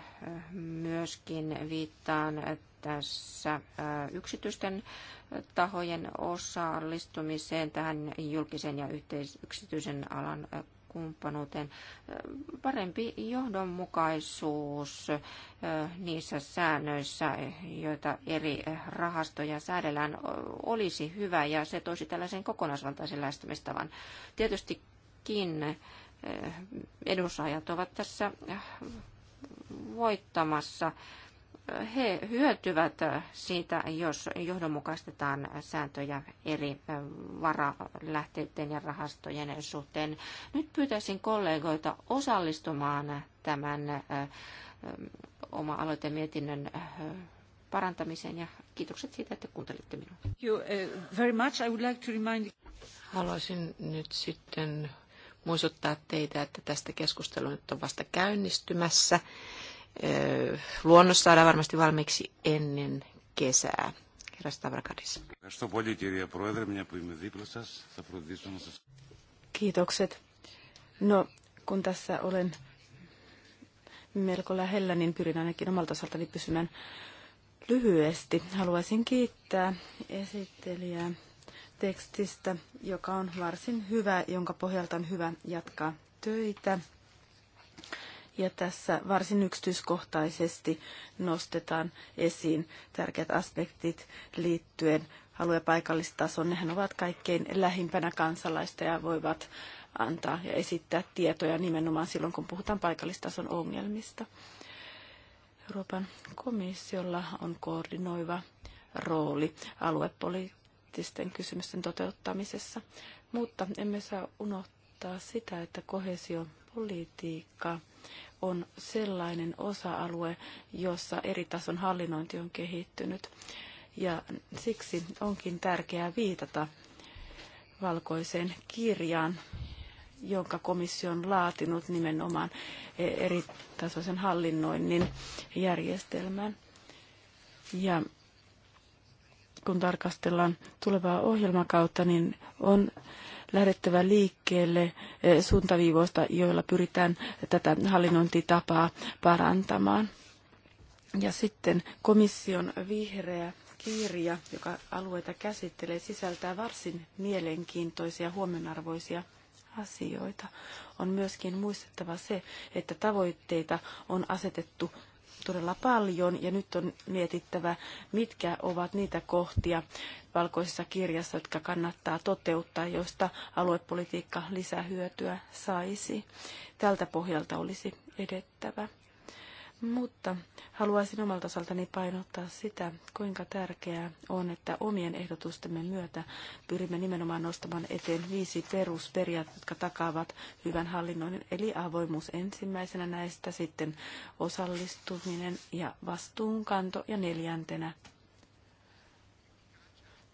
myöskin viittaan tässä äh, yksityisten äh, tahojen osallistumiseen tähän julkisen ja yksityisen alan äh, kumppanuuteen. Parempi johdonmukaisuus niissä säännöissä, joita eri rahastoja säädellään, olisi hyvä ja se toisi tällaisen kokonaisvaltaisen lähestymistavan. Tietystikin edusajat ovat tässä voittamassa he hyötyvät siitä, jos johdonmukaistetaan sääntöjä eri varalähteiden ja rahastojen suhteen. Nyt pyytäisin kollegoita osallistumaan tämän oma aloitemietinnön parantamiseen ja kiitokset siitä, että kuuntelitte minua. You, eh, very much. I would like to remind... Haluaisin nyt sitten muistuttaa teitä, että tästä keskustelu nyt on vasta käynnistymässä luonnos saadaan varmasti valmiiksi ennen kesää. Herra Stavrakadis. Kiitokset. No, kun tässä olen melko lähellä, niin pyrin ainakin omalta osaltani pysymään lyhyesti. Haluaisin kiittää esittelijää tekstistä, joka on varsin hyvä, jonka pohjalta on hyvä jatkaa töitä ja tässä varsin yksityiskohtaisesti nostetaan esiin tärkeät aspektit liittyen alue- ja paikallistason. Nehän ovat kaikkein lähimpänä kansalaista ja voivat antaa ja esittää tietoja nimenomaan silloin, kun puhutaan paikallistason ongelmista. Euroopan komissiolla on koordinoiva rooli aluepoliittisten kysymysten toteuttamisessa, mutta emme saa unohtaa sitä, että kohesio politiikka on sellainen osa-alue, jossa eri tason hallinnointi on kehittynyt. Ja siksi onkin tärkeää viitata valkoiseen kirjaan, jonka komissio on laatinut nimenomaan eri tasoisen hallinnoinnin järjestelmään. Ja kun tarkastellaan tulevaa ohjelmakautta, niin on lähdettävä liikkeelle eh, suuntaviivoista, joilla pyritään tätä hallinnointitapaa parantamaan. Ja sitten komission vihreä kirja, joka alueita käsittelee, sisältää varsin mielenkiintoisia huomenarvoisia asioita. On myöskin muistettava se, että tavoitteita on asetettu todella paljon ja nyt on mietittävä, mitkä ovat niitä kohtia valkoisessa kirjassa, jotka kannattaa toteuttaa, joista aluepolitiikka lisähyötyä saisi. Tältä pohjalta olisi edettävä. Mutta haluaisin omalta osaltani painottaa sitä, kuinka tärkeää on, että omien ehdotustemme myötä pyrimme nimenomaan nostamaan eteen viisi perusperiaatetta, jotka takaavat hyvän hallinnoinnin, eli avoimuus ensimmäisenä näistä, sitten osallistuminen ja vastuunkanto ja neljäntenä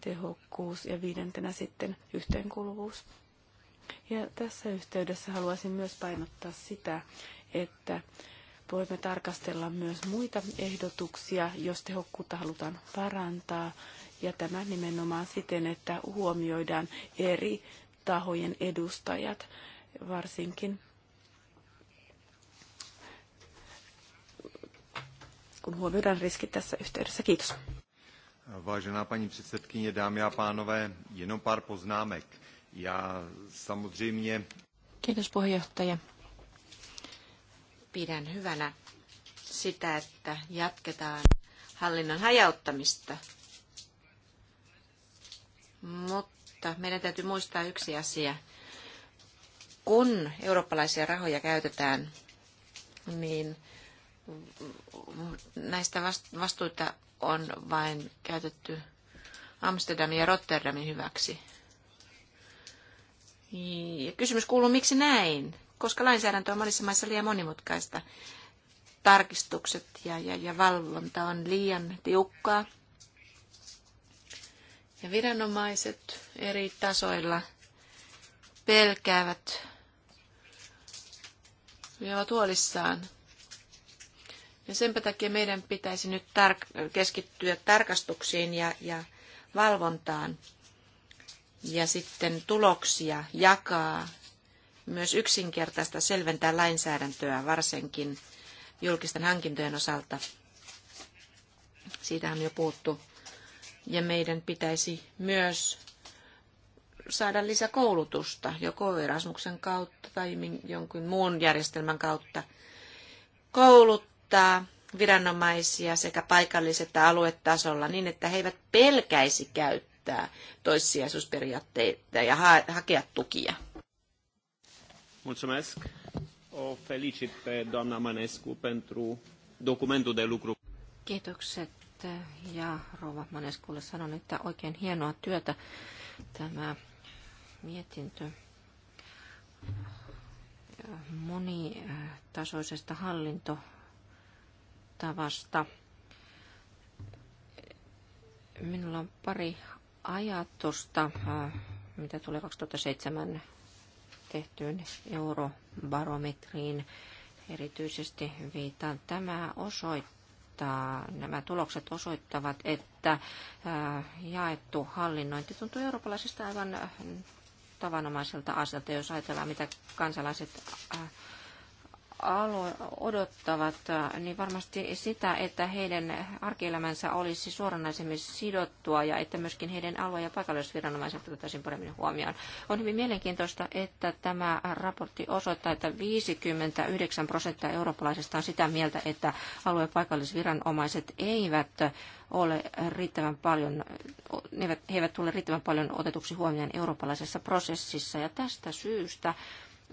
tehokkuus ja viidentenä sitten yhteenkuuluvuus. Ja tässä yhteydessä haluaisin myös painottaa sitä, että voimme tarkastella myös muita ehdotuksia, jos tehokkuutta halutaan parantaa. Ja tämä nimenomaan siten, että huomioidaan eri tahojen edustajat, varsinkin kun huomioidaan riskit tässä yhteydessä. Kiitos. Vážená paní předsedkyně, dámy a pánové, jenom pár poznámek. Já samozřejmě... Kiitos puheenjohtaja pidän hyvänä sitä, että jatketaan hallinnon hajauttamista. Mutta meidän täytyy muistaa yksi asia. Kun eurooppalaisia rahoja käytetään, niin näistä vastuita on vain käytetty Amsterdamin ja Rotterdamin hyväksi. Ja kysymys kuuluu, miksi näin? koska lainsäädäntö on monissa maissa liian monimutkaista. Tarkistukset ja, ja, ja valvonta on liian tiukkaa. Ja viranomaiset eri tasoilla pelkäävät ja ovat huolissaan. Ja senpä takia meidän pitäisi nyt tar- keskittyä tarkastuksiin ja, ja valvontaan ja sitten tuloksia jakaa myös yksinkertaista selventää lainsäädäntöä, varsinkin julkisten hankintojen osalta. Siitä on jo puhuttu. Ja meidän pitäisi myös saada lisäkoulutusta, joko Erasmuksen kautta tai jonkun muun järjestelmän kautta. Kouluttaa viranomaisia sekä paikallis- että aluetasolla niin, että he eivät pelkäisi käyttää toissijaisuusperiaatteita ja ha- hakea tukia. Mulțumesc. O felicit pe doamna Manescu pentru documentul de lucru. Kiitokset ja Rova Maneskulle sanon, että oikein hienoa työtä tämä mietintö monitasoisesta hallintotavasta. Minulla on pari ajatusta, mitä tulee 2007 tehtyyn eurobarometriin erityisesti viitaan. Tämä osoittaa, nämä tulokset osoittavat, että äh, jaettu hallinnointi tuntuu eurooppalaisista aivan äh, tavanomaiselta asialta, jos ajatellaan, mitä kansalaiset äh, odottavat, niin varmasti sitä, että heidän arkielämänsä olisi suoranaisemmin sidottua ja että myöskin heidän alue- ja paikallisviranomaiset otettaisiin paremmin huomioon. On hyvin mielenkiintoista, että tämä raportti osoittaa, että 59 prosenttia eurooppalaisista on sitä mieltä, että alue- ja paikallisviranomaiset eivät ole riittävän paljon, ne eivät, he eivät tule riittävän paljon otetuksi huomioon eurooppalaisessa prosessissa. Ja tästä syystä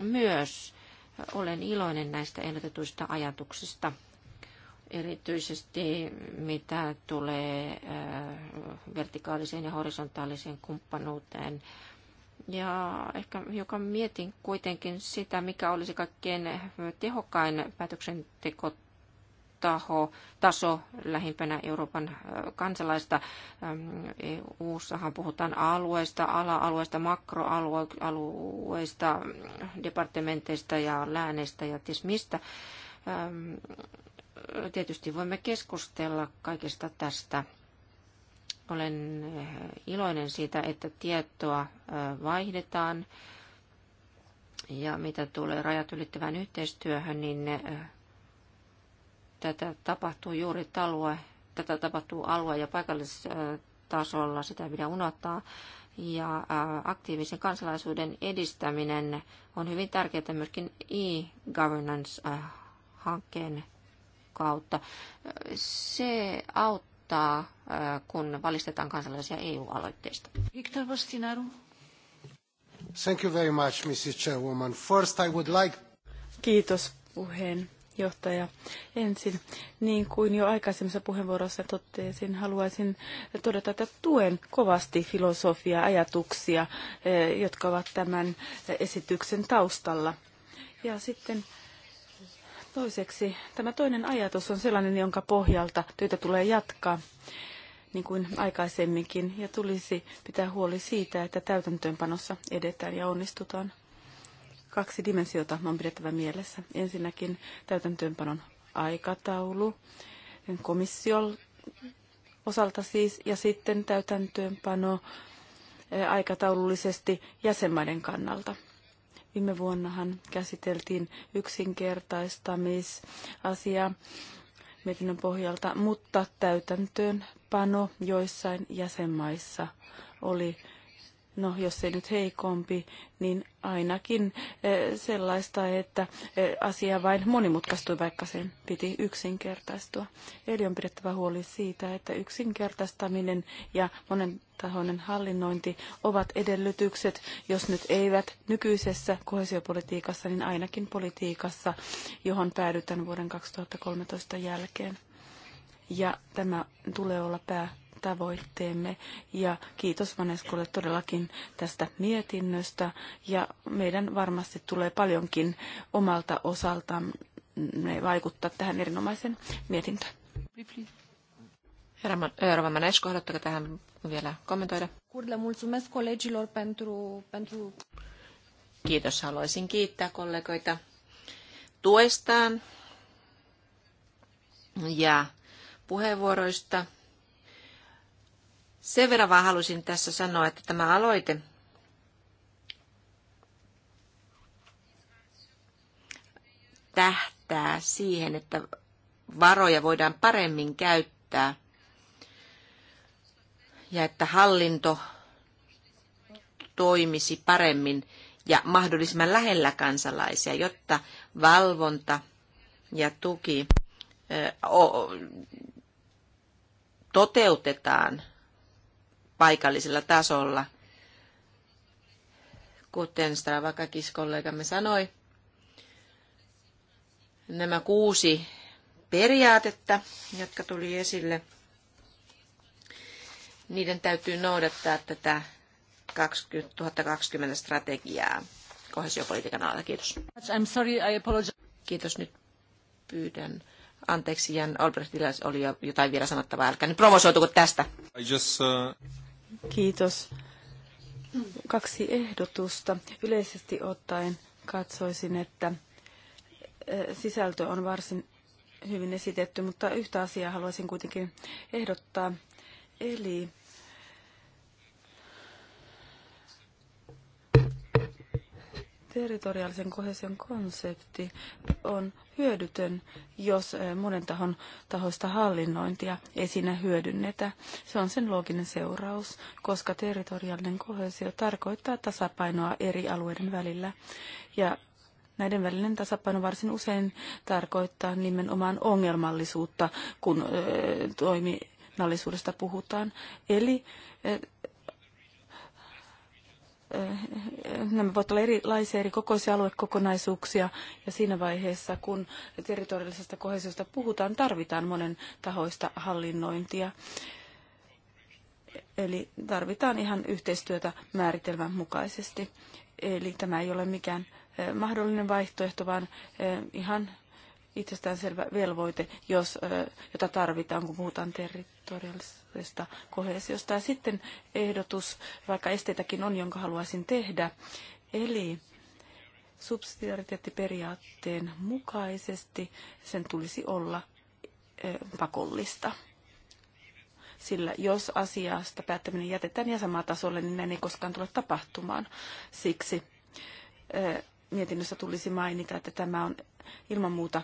myös olen iloinen näistä ehdotetuista ajatuksista erityisesti mitä tulee äh, vertikaaliseen ja horisontaaliseen kumppanuuteen. Ja ehkä hiukan mietin kuitenkin sitä, mikä olisi kaikkein tehokkain päätöksenteko taho, taso lähimpänä Euroopan kansalaista. EU-sahan puhutaan alueista, ala-alueista, makroalueista, departementeista ja lääneistä ja ties mistä. Tietysti voimme keskustella kaikesta tästä. Olen äh, iloinen siitä, että tietoa äh, vaihdetaan. Ja mitä tulee rajat ylittävään yhteistyöhön, niin äh, Tätä tapahtuu juuri talue, tätä tapahtuu alue- ja paikallistasolla, sitä ei pidä unohtaa. Ja aktiivisen kansalaisuuden edistäminen on hyvin tärkeää myöskin e-governance-hankkeen kautta. Se auttaa, kun valistetaan kansalaisia EU-aloitteista. Viktor Vostinaru. Thank you very much, Mrs. Chairwoman. First I would like... Kiitos puheen johtaja. Ensin, niin kuin jo aikaisemmissa puheenvuorossa totesin, haluaisin todeta, että tuen kovasti filosofiaa, ajatuksia, eh, jotka ovat tämän esityksen taustalla. Ja sitten toiseksi, tämä toinen ajatus on sellainen, jonka pohjalta työtä tulee jatkaa niin kuin aikaisemminkin, ja tulisi pitää huoli siitä, että täytäntöönpanossa edetään ja onnistutaan. Kaksi dimensiota on pidettävä mielessä. Ensinnäkin täytäntöönpanon aikataulu komission osalta siis, ja sitten täytäntöönpano eh, aikataulullisesti jäsenmaiden kannalta. Viime vuonnahan käsiteltiin yksinkertaistamisasia mietinnön pohjalta, mutta täytäntöönpano joissain jäsenmaissa oli no jos ei nyt heikompi, niin ainakin eh, sellaista, että eh, asia vain monimutkaistui, vaikka sen piti yksinkertaistua. Eli on pidettävä huoli siitä, että yksinkertaistaminen ja monen tahoinen hallinnointi ovat edellytykset, jos nyt eivät nykyisessä kohesiopolitiikassa, niin ainakin politiikassa, johon päädytään vuoden 2013 jälkeen. Ja tämä tulee olla pää tavoitteemme ja kiitos Vaneskolle todellakin tästä mietinnöstä ja meidän varmasti tulee paljonkin omalta osaltamme vaikuttaa tähän erinomaisen mietintöön. Herra äh, Manesko, haluatteko tähän vielä kommentoida? Kiitos, haluaisin kiittää kollegoita tuestaan ja puheenvuoroista. Sen verran vaan halusin tässä sanoa, että tämä aloite tähtää siihen, että varoja voidaan paremmin käyttää ja että hallinto toimisi paremmin ja mahdollisimman lähellä kansalaisia, jotta valvonta ja tuki toteutetaan paikallisella tasolla. Kuten Stravakakis kollegamme sanoi, nämä kuusi periaatetta, jotka tuli esille, niiden täytyy noudattaa tätä 2020 strategiaa kohesiopolitiikan alalla. Kiitos. I'm sorry, I apologize. Kiitos nyt pyydän. Anteeksi, Jan Olbrechtilla oli jo jotain vielä sanottavaa. Älkää nyt provosoituko tästä. I just, uh... Kiitos. Kaksi ehdotusta. Yleisesti ottaen katsoisin, että eh, sisältö on varsin hyvin esitetty, mutta yhtä asiaa haluaisin kuitenkin ehdottaa. Eli territoriaalisen kohesion konsepti on hyödytön, jos eh, monen tahon tahoista hallinnointia ei siinä hyödynnetä. Se on sen looginen seuraus, koska territoriaalinen kohesio tarkoittaa tasapainoa eri alueiden välillä. Ja näiden välinen tasapaino varsin usein tarkoittaa nimenomaan ongelmallisuutta, kun eh, toiminnallisuudesta puhutaan. Eli eh, nämä voivat olla erilaisia, eri kokoisia aluekokonaisuuksia, ja siinä vaiheessa, kun territoriallisesta kohesiosta puhutaan, tarvitaan monen tahoista hallinnointia. Eli tarvitaan ihan yhteistyötä määritelmän mukaisesti. Eli tämä ei ole mikään mahdollinen vaihtoehto, vaan ihan itsestäänselvä velvoite, jos, jota tarvitaan, kun puhutaan territoriaalisesta kohesiosta. Ja sitten ehdotus, vaikka esteitäkin on, jonka haluaisin tehdä, eli subsidiariteettiperiaatteen mukaisesti sen tulisi olla pakollista. Sillä jos asiasta päättäminen jätetään samaa tasolle, niin näin ei koskaan tule tapahtumaan. Siksi mietinnössä tulisi mainita, että tämä on ilman muuta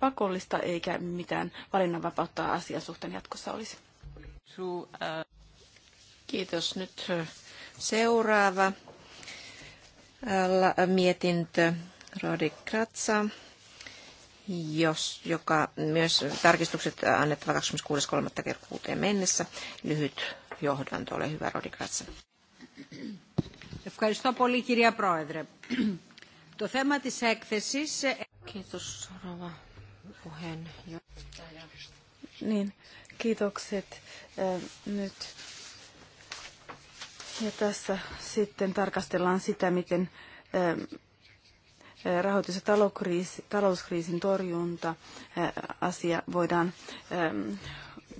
pakollista eikä mitään valinnanvapautta asian suhteen jatkossa olisi. Kiitos. Nyt seuraava mietintö Rodi Kratsa, jos, joka myös tarkistukset annettava 26.3. kerkuuteen mennessä. Lyhyt johdanto, ole hyvä Rodi Kratsa. Ευχαριστώ πολύ κυρία Πρόεδρε. Το θέμα της έκθεσης... Kiitos, rouva puheenjohtaja. Niin, kiitokset nyt. Ja tässä sitten tarkastellaan sitä, miten rahoitus- ja talouskriisin torjunta-asia voidaan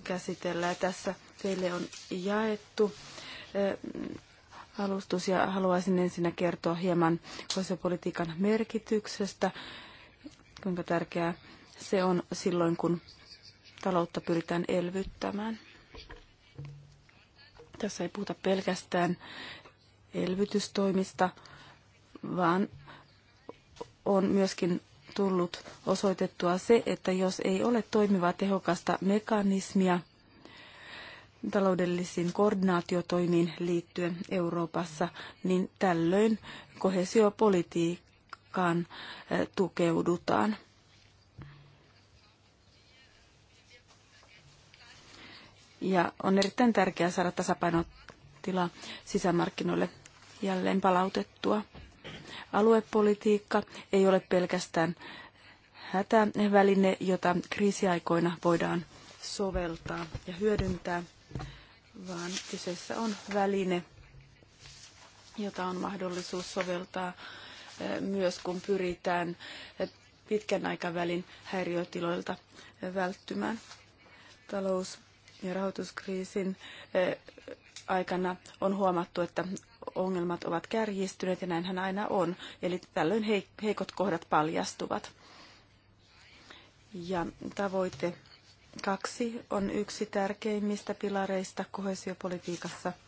käsitellä. Ja tässä teille on jaettu alustus ja haluaisin ensinnä kertoa hieman koisopolitiikan merkityksestä kuinka tärkeää se on silloin, kun taloutta pyritään elvyttämään. Tässä ei puhuta pelkästään elvytystoimista, vaan on myöskin tullut osoitettua se, että jos ei ole toimivaa tehokasta mekanismia taloudellisiin koordinaatiotoimiin liittyen Euroopassa, niin tällöin kohesiopolitiikka velkaan eh, tukeudutaan. Ja on erittäin tärkeää saada tasapainotila sisämarkkinoille jälleen palautettua. Aluepolitiikka ei ole pelkästään hätäväline, jota kriisiaikoina voidaan soveltaa ja hyödyntää, vaan kyseessä on väline, jota on mahdollisuus soveltaa myös, kun pyritään pitkän aikavälin häiriötiloilta välttymään. Talous- ja rahoituskriisin eh, aikana on huomattu, että ongelmat ovat kärjistyneet ja näinhän aina on. Eli tällöin heikot kohdat paljastuvat. Ja tavoite kaksi on yksi tärkeimmistä pilareista kohesiopolitiikassa –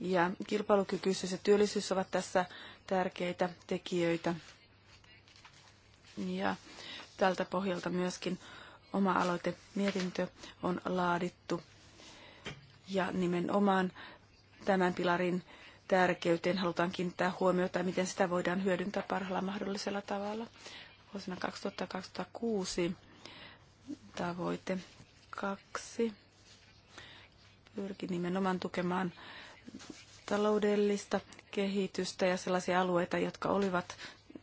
ja kilpailukykyisyys ja työllisyys ovat tässä tärkeitä tekijöitä. Ja tältä pohjalta myöskin oma aloite mietintö on laadittu. Ja nimenomaan tämän pilarin tärkeyteen halutaan kiinnittää huomiota, miten sitä voidaan hyödyntää parhaalla mahdollisella tavalla. Vuosina 2006 tavoite kaksi pyrki nimenomaan tukemaan taloudellista kehitystä ja sellaisia alueita, jotka olivat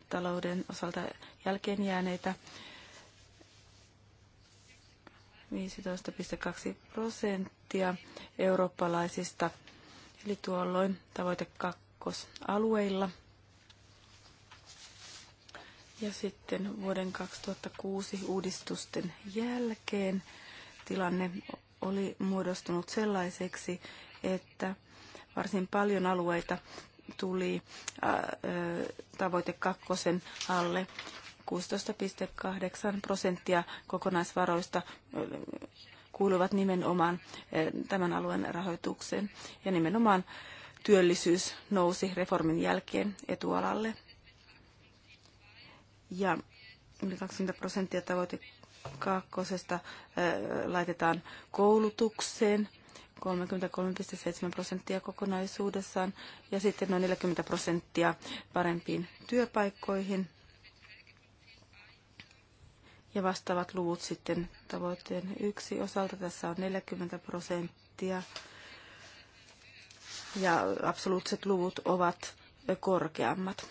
talouden osalta jälkeenjääneitä. 15,2 prosenttia eurooppalaisista, eli tuolloin tavoite kakkosalueilla. Ja sitten vuoden 2006 uudistusten jälkeen tilanne oli muodostunut sellaiseksi, että varsin paljon alueita tuli tavoite kakkosen alle. 16,8 prosenttia kokonaisvaroista kuuluvat nimenomaan tämän alueen rahoitukseen ja nimenomaan työllisyys nousi reformin jälkeen etualalle. Ja yli 20 prosenttia tavoite kakkosesta laitetaan koulutukseen – 33,7 prosenttia kokonaisuudessaan ja sitten noin 40 prosenttia parempiin työpaikkoihin. Ja vastaavat luvut sitten tavoitteen yksi osalta. Tässä on 40 prosenttia ja absoluuttiset luvut ovat korkeammat.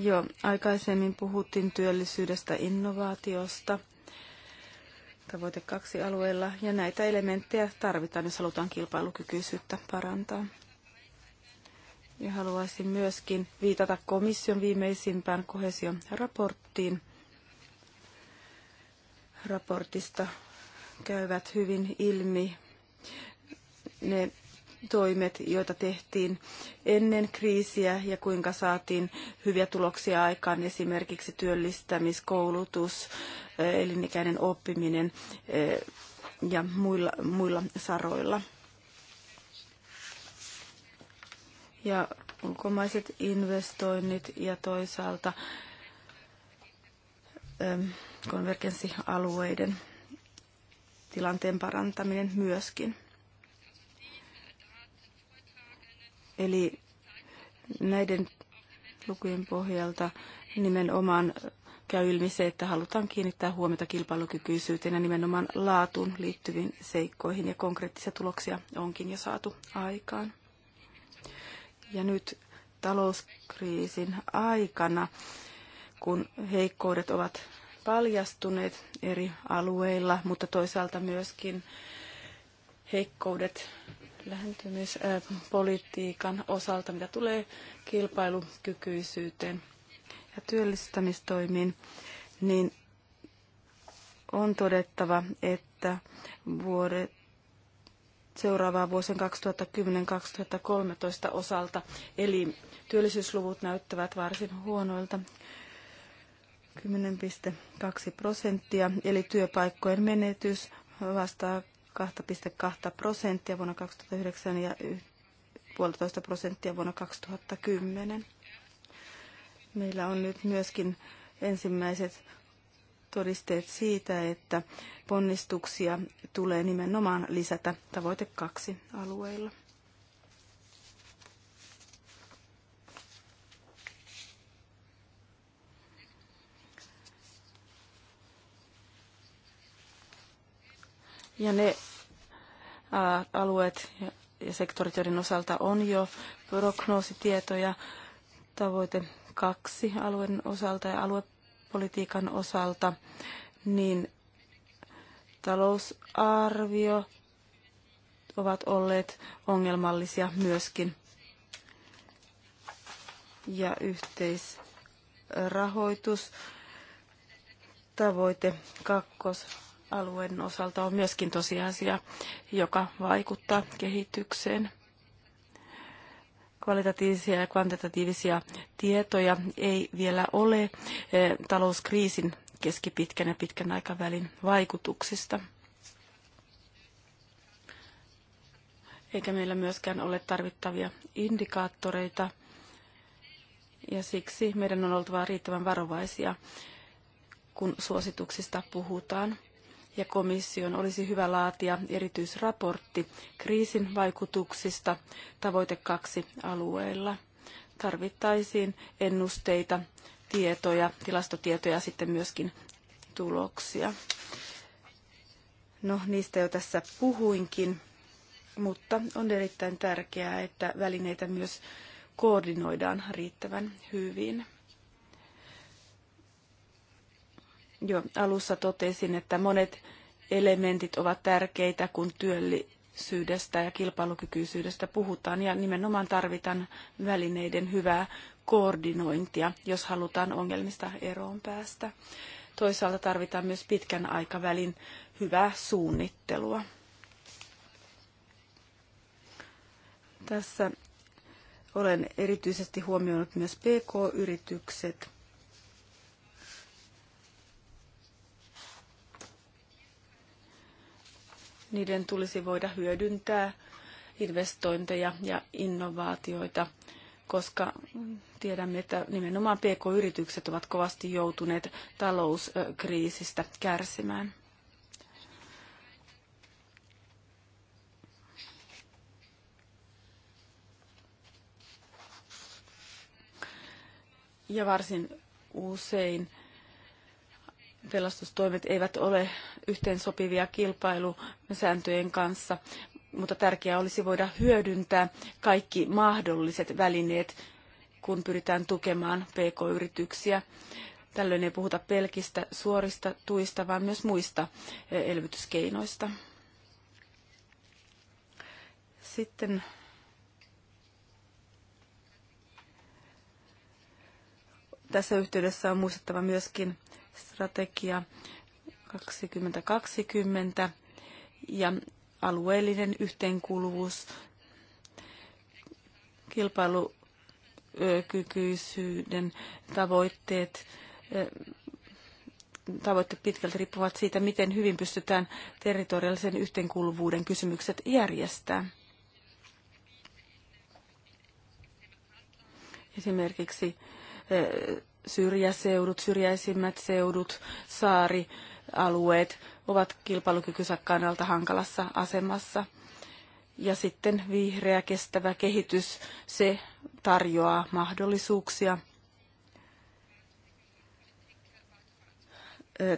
Jo aikaisemmin puhuttiin työllisyydestä, innovaatiosta, tavoite kaksi alueella, ja näitä elementtejä tarvitaan, jos halutaan kilpailukykyisyyttä parantaa. Ja haluaisin myöskin viitata komission viimeisimpään raporttiin. Raportista käyvät hyvin ilmi ne toimet, joita tehtiin ennen kriisiä ja kuinka saatiin hyviä tuloksia aikaan esimerkiksi työllistämiskoulutus, elinikäinen oppiminen eh, ja muilla, muilla saroilla. Ja ulkomaiset investoinnit ja toisaalta eh, konvergenssialueiden tilanteen parantaminen myöskin. Eli näiden lukujen pohjalta nimenomaan käy ilmi se, että halutaan kiinnittää huomiota kilpailukykyisyyteen ja nimenomaan laatuun liittyviin seikkoihin ja konkreettisia tuloksia onkin jo saatu aikaan. Ja nyt talouskriisin aikana, kun heikkoudet ovat paljastuneet eri alueilla, mutta toisaalta myöskin heikkoudet lähentymispolitiikan osalta, mitä tulee kilpailukykyisyyteen ja työllistämistoimiin, niin on todettava, että vuodet seuraavaa vuosien 2010-2013 osalta, eli työllisyysluvut näyttävät varsin huonoilta. 10,2 prosenttia, eli työpaikkojen menetys vastaa 2,2 prosenttia vuonna 2009 ja 1,5 prosenttia vuonna 2010. Meillä on nyt myöskin ensimmäiset todisteet siitä, että ponnistuksia tulee nimenomaan lisätä tavoite kaksi alueilla. Ja ne alueet ja sektorit, joiden osalta on jo prognoositietoja, tavoite kaksi alueen osalta ja aluepolitiikan osalta, niin talousarvio ovat olleet ongelmallisia myöskin. Ja yhteisrahoitus, tavoite kakkos alueen osalta on myöskin tosiasia, joka vaikuttaa kehitykseen. Kvalitatiivisia ja kvantitatiivisia tietoja ei vielä ole eh, talouskriisin keskipitkän ja pitkän aikavälin vaikutuksista. Eikä meillä myöskään ole tarvittavia indikaattoreita, ja siksi meidän on oltava riittävän varovaisia, kun suosituksista puhutaan ja komission olisi hyvä laatia erityisraportti kriisin vaikutuksista tavoite kaksi alueella. Tarvittaisiin ennusteita, tietoja, tilastotietoja ja sitten myöskin tuloksia. No, niistä jo tässä puhuinkin, mutta on erittäin tärkeää, että välineitä myös koordinoidaan riittävän hyvin. jo alussa totesin, että monet elementit ovat tärkeitä, kun työllisyydestä ja kilpailukykyisyydestä puhutaan, ja nimenomaan tarvitaan välineiden hyvää koordinointia, jos halutaan ongelmista eroon päästä. Toisaalta tarvitaan myös pitkän aikavälin hyvää suunnittelua. Tässä olen erityisesti huomioinut myös PK-yritykset – Niiden tulisi voida hyödyntää investointeja ja innovaatioita, koska tiedämme, että nimenomaan PK-yritykset ovat kovasti joutuneet talouskriisistä kärsimään. Ja varsin usein pelastustoimet eivät ole yhteensopivia kilpailusääntöjen kanssa, mutta tärkeää olisi voida hyödyntää kaikki mahdolliset välineet, kun pyritään tukemaan pk-yrityksiä. Tällöin ei puhuta pelkistä suorista tuista, vaan myös muista eh, elvytyskeinoista. Sitten tässä yhteydessä on muistettava myöskin strategia 2020 ja alueellinen yhteenkuuluvuus, kilpailukykyisyyden tavoitteet, tavoitteet pitkälti riippuvat siitä, miten hyvin pystytään territoriallisen yhteenkuuluvuuden kysymykset järjestämään. Esimerkiksi syrjäseudut, syrjäisimmät seudut, saarialueet ovat kilpailukykynsä kannalta hankalassa asemassa. Ja sitten vihreä kestävä kehitys, se tarjoaa mahdollisuuksia.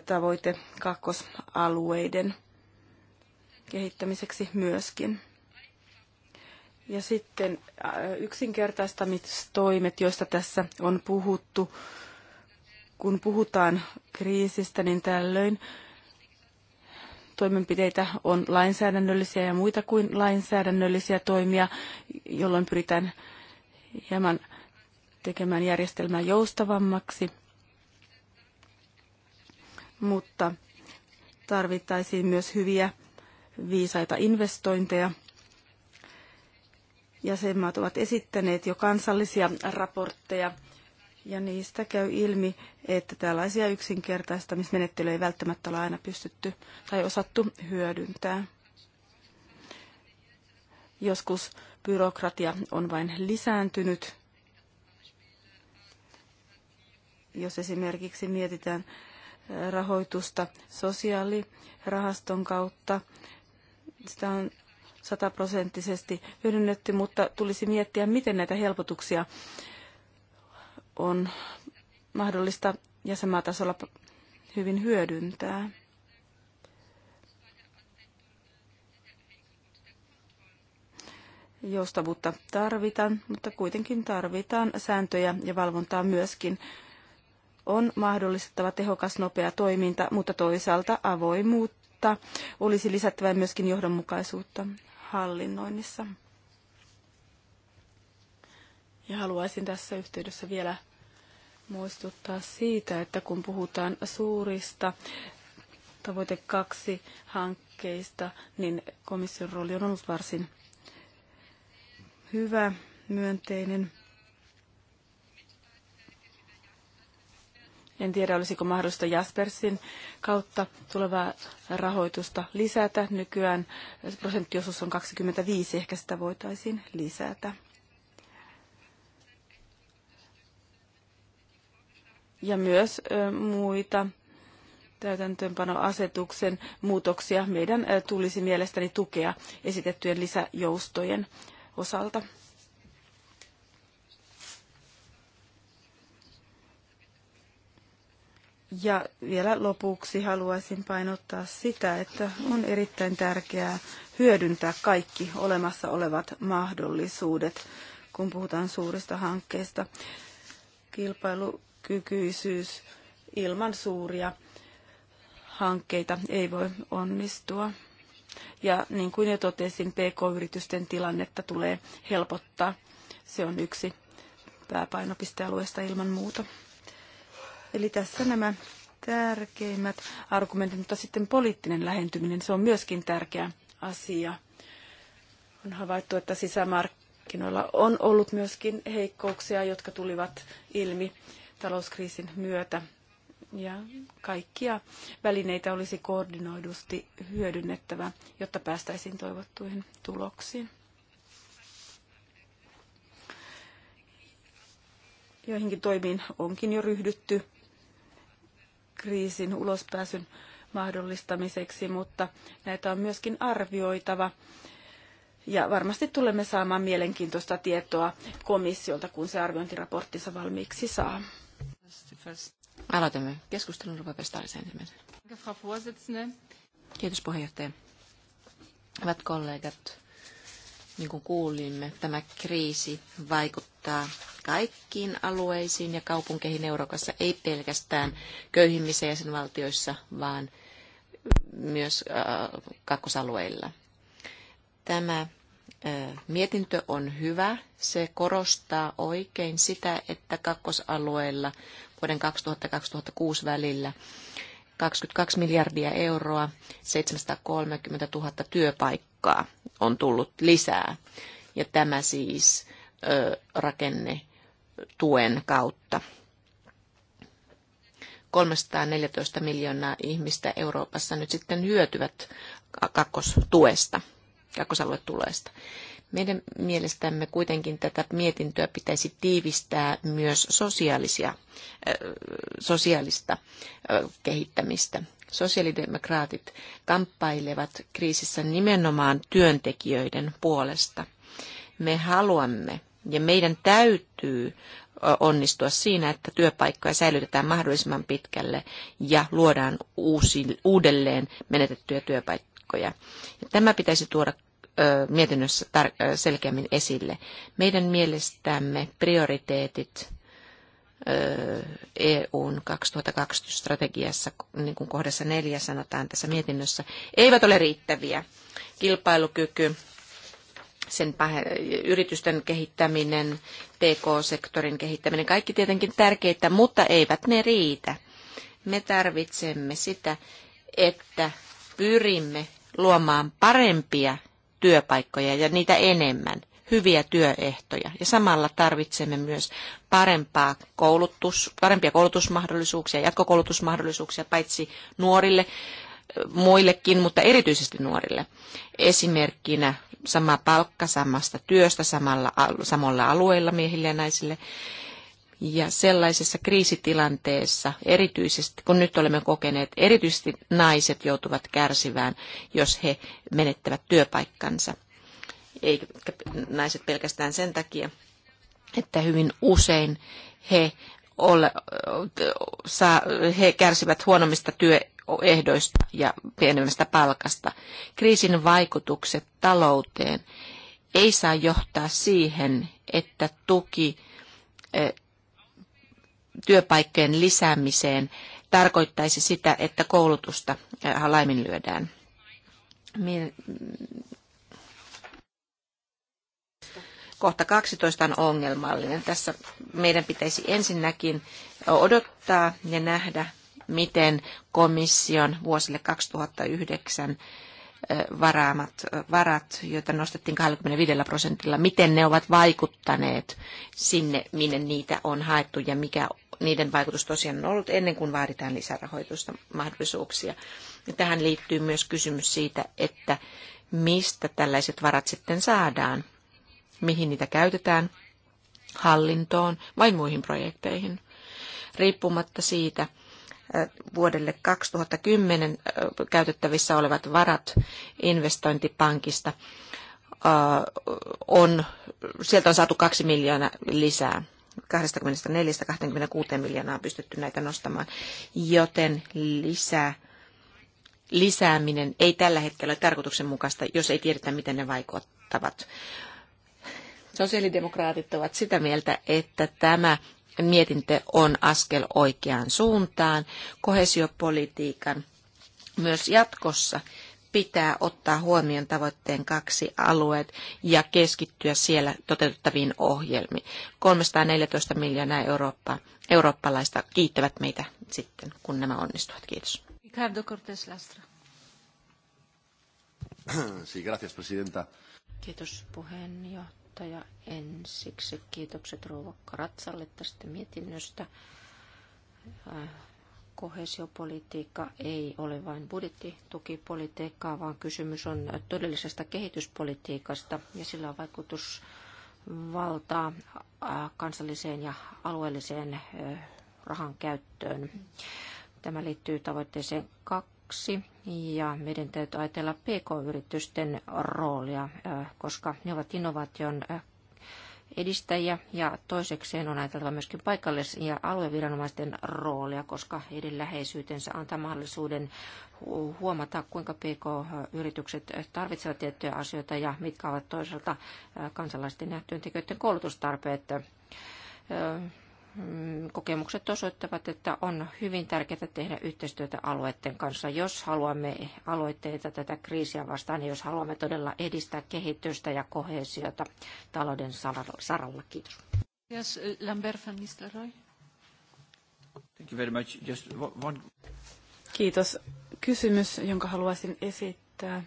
Tavoite kakkosalueiden kehittämiseksi myöskin. Ja sitten äh, yksinkertaistamistoimet, joista tässä on puhuttu. Kun puhutaan kriisistä, niin tällöin toimenpiteitä on lainsäädännöllisiä ja muita kuin lainsäädännöllisiä toimia, jolloin pyritään hieman tekemään järjestelmää joustavammaksi. Mutta tarvittaisiin myös hyviä viisaita investointeja Jäsenmaat ovat esittäneet jo kansallisia raportteja ja niistä käy ilmi, että tällaisia yksinkertaistamismenettelyjä ei välttämättä ole aina pystytty tai osattu hyödyntää. Joskus byrokratia on vain lisääntynyt. Jos esimerkiksi mietitään äh, rahoitusta sosiaalirahaston kautta, sitä on sataprosenttisesti hyödynnetty, mutta tulisi miettiä, miten näitä helpotuksia on mahdollista jäsenmaatasolla hyvin hyödyntää. Joustavuutta tarvitaan, mutta kuitenkin tarvitaan sääntöjä ja valvontaa myöskin. On mahdollistettava tehokas nopea toiminta, mutta toisaalta avoimuutta olisi lisättävä myöskin johdonmukaisuutta hallinnoinnissa. Ja haluaisin tässä yhteydessä vielä muistuttaa siitä, että kun puhutaan suurista tavoite kaksi hankkeista, niin komission rooli on ollut varsin hyvä, myönteinen. En tiedä, olisiko mahdollista Jaspersin kautta tulevaa rahoitusta lisätä. Nykyään prosenttiosuus on 25, ehkä sitä voitaisiin lisätä. Ja myös muita täytäntöönpanoasetuksen muutoksia meidän tulisi mielestäni tukea esitettyjen lisäjoustojen osalta. Ja vielä lopuksi haluaisin painottaa sitä, että on erittäin tärkeää hyödyntää kaikki olemassa olevat mahdollisuudet, kun puhutaan suurista hankkeista. Kilpailukykyisyys ilman suuria hankkeita ei voi onnistua. Ja niin kuin jo totesin, PK-yritysten tilannetta tulee helpottaa. Se on yksi pääpainopistealueesta ilman muuta. Eli tässä nämä tärkeimmät argumentit, mutta sitten poliittinen lähentyminen, se on myöskin tärkeä asia. On havaittu, että sisämarkkinoilla on ollut myöskin heikkouksia, jotka tulivat ilmi talouskriisin myötä. Ja kaikkia välineitä olisi koordinoidusti hyödynnettävä, jotta päästäisiin toivottuihin tuloksiin. Joihinkin toimiin onkin jo ryhdytty kriisin ulospääsyn mahdollistamiseksi, mutta näitä on myöskin arvioitava. Ja varmasti tulemme saamaan mielenkiintoista tietoa komissiolta, kun se arviointiraporttinsa valmiiksi saa. Aloitamme keskustelun Rupapestaarissa ensimmäisenä. Kiitos puheenjohtaja. Hyvät kollegat, niin kuin kuulimme, tämä kriisi vaikuttaa kaikkiin alueisiin ja kaupunkeihin Euroopassa, ei pelkästään köyhimmissä jäsenvaltioissa, vaan myös äh, kakkosalueilla. Tämä äh, mietintö on hyvä. Se korostaa oikein sitä, että kakkosalueilla vuoden 2000-2006 välillä 22 miljardia euroa, 730 000 työpaikkaa on tullut lisää. Ja tämä siis rakenne tuen kautta. 314 miljoonaa ihmistä Euroopassa nyt sitten hyötyvät kakkostuesta, kakkosaluetuloista. Meidän mielestämme kuitenkin tätä mietintöä pitäisi tiivistää myös sosiaalisia, sosiaalista kehittämistä. Sosiaalidemokraatit kamppailevat kriisissä nimenomaan työntekijöiden puolesta. Me haluamme ja meidän täytyy onnistua siinä, että työpaikkoja säilytetään mahdollisimman pitkälle ja luodaan uusi, uudelleen menetettyjä työpaikkoja. Ja tämä pitäisi tuoda mietinnössä tar- selkeämmin esille. Meidän mielestämme prioriteetit EUn 2020 strategiassa, niin kuin kohdassa neljä sanotaan tässä mietinnössä, eivät ole riittäviä. Kilpailukyky, sen yritysten kehittäminen, PK-sektorin kehittäminen, kaikki tietenkin tärkeitä, mutta eivät ne riitä. Me tarvitsemme sitä, että pyrimme luomaan parempia työpaikkoja ja niitä enemmän, hyviä työehtoja. Ja samalla tarvitsemme myös parempaa koulutus, parempia koulutusmahdollisuuksia, jatkokoulutusmahdollisuuksia paitsi nuorille, muillekin, mutta erityisesti nuorille. Esimerkkinä sama palkka samasta työstä samalla, samalla alueella miehille ja naisille. Ja sellaisessa kriisitilanteessa, erityisesti kun nyt olemme kokeneet, erityisesti naiset joutuvat kärsivään, jos he menettävät työpaikkansa. Eikä naiset pelkästään sen takia, että hyvin usein he, ole, saa, he kärsivät huonommista työ ehdoista ja pienemmästä palkasta. Kriisin vaikutukset talouteen ei saa johtaa siihen, että tuki eh, työpaikkojen lisäämiseen tarkoittaisi sitä, että koulutusta eh, laiminlyödään. Kohta 12 on ongelmallinen. Tässä meidän pitäisi ensinnäkin odottaa ja nähdä, miten komission vuosille 2009 varaamat, varat, joita nostettiin 25 prosentilla, miten ne ovat vaikuttaneet sinne, minne niitä on haettu ja mikä niiden vaikutus tosiaan on ollut ennen kuin vaaditaan lisärahoitusta mahdollisuuksia. Ja tähän liittyy myös kysymys siitä, että mistä tällaiset varat sitten saadaan, mihin niitä käytetään, hallintoon vai muihin projekteihin, riippumatta siitä, vuodelle 2010 käytettävissä olevat varat investointipankista on, sieltä on saatu kaksi miljoonaa lisää. 24-26 miljoonaa on pystytty näitä nostamaan, joten lisää lisääminen ei tällä hetkellä ole tarkoituksenmukaista, jos ei tiedetä, miten ne vaikuttavat. Sosiaalidemokraatit ovat sitä mieltä, että tämä mietintö on askel oikeaan suuntaan. Kohesiopolitiikan myös jatkossa pitää ottaa huomioon tavoitteen kaksi alueet ja keskittyä siellä toteutettaviin ohjelmiin. 314 miljoonaa Eurooppa, eurooppalaista kiittävät meitä sitten, kun nämä onnistuvat. Kiitos. Ricardo Cortés Lastra. Sí, gracias, presidenta. Kiitos puheenjohtaja ja Ensiksi kiitokset Rouva Karatsalle tästä mietinnöstä. Äh, Kohesiopolitiikka ei ole vain budjettitukipolitiikkaa, vaan kysymys on todellisesta kehityspolitiikasta ja sillä on vaikutus valtaa äh, kansalliseen ja alueelliseen äh, rahan käyttöön. Tämä liittyy tavoitteeseen kaksi kaksi Ja meidän täytyy ajatella PK-yritysten roolia, koska ne ovat innovaation edistäjiä ja toisekseen on ajateltava myöskin paikallis- ja alueviranomaisten roolia, koska heidän läheisyytensä antaa mahdollisuuden huomata, kuinka PK-yritykset tarvitsevat tiettyjä asioita ja mitkä ovat toisaalta kansalaisten ja työntekijöiden koulutustarpeet. Mm, kokemukset osoittavat, että on hyvin tärkeää tehdä yhteistyötä alueiden kanssa, jos haluamme aloitteita tätä kriisiä vastaan, niin jos haluamme todella edistää kehitystä ja kohesiota talouden saralla. Kiitos. Yes, Lambert van Nistelrooy. Thank you very much. Just one... Kiitos. Kysymys, jonka haluaisin esittää.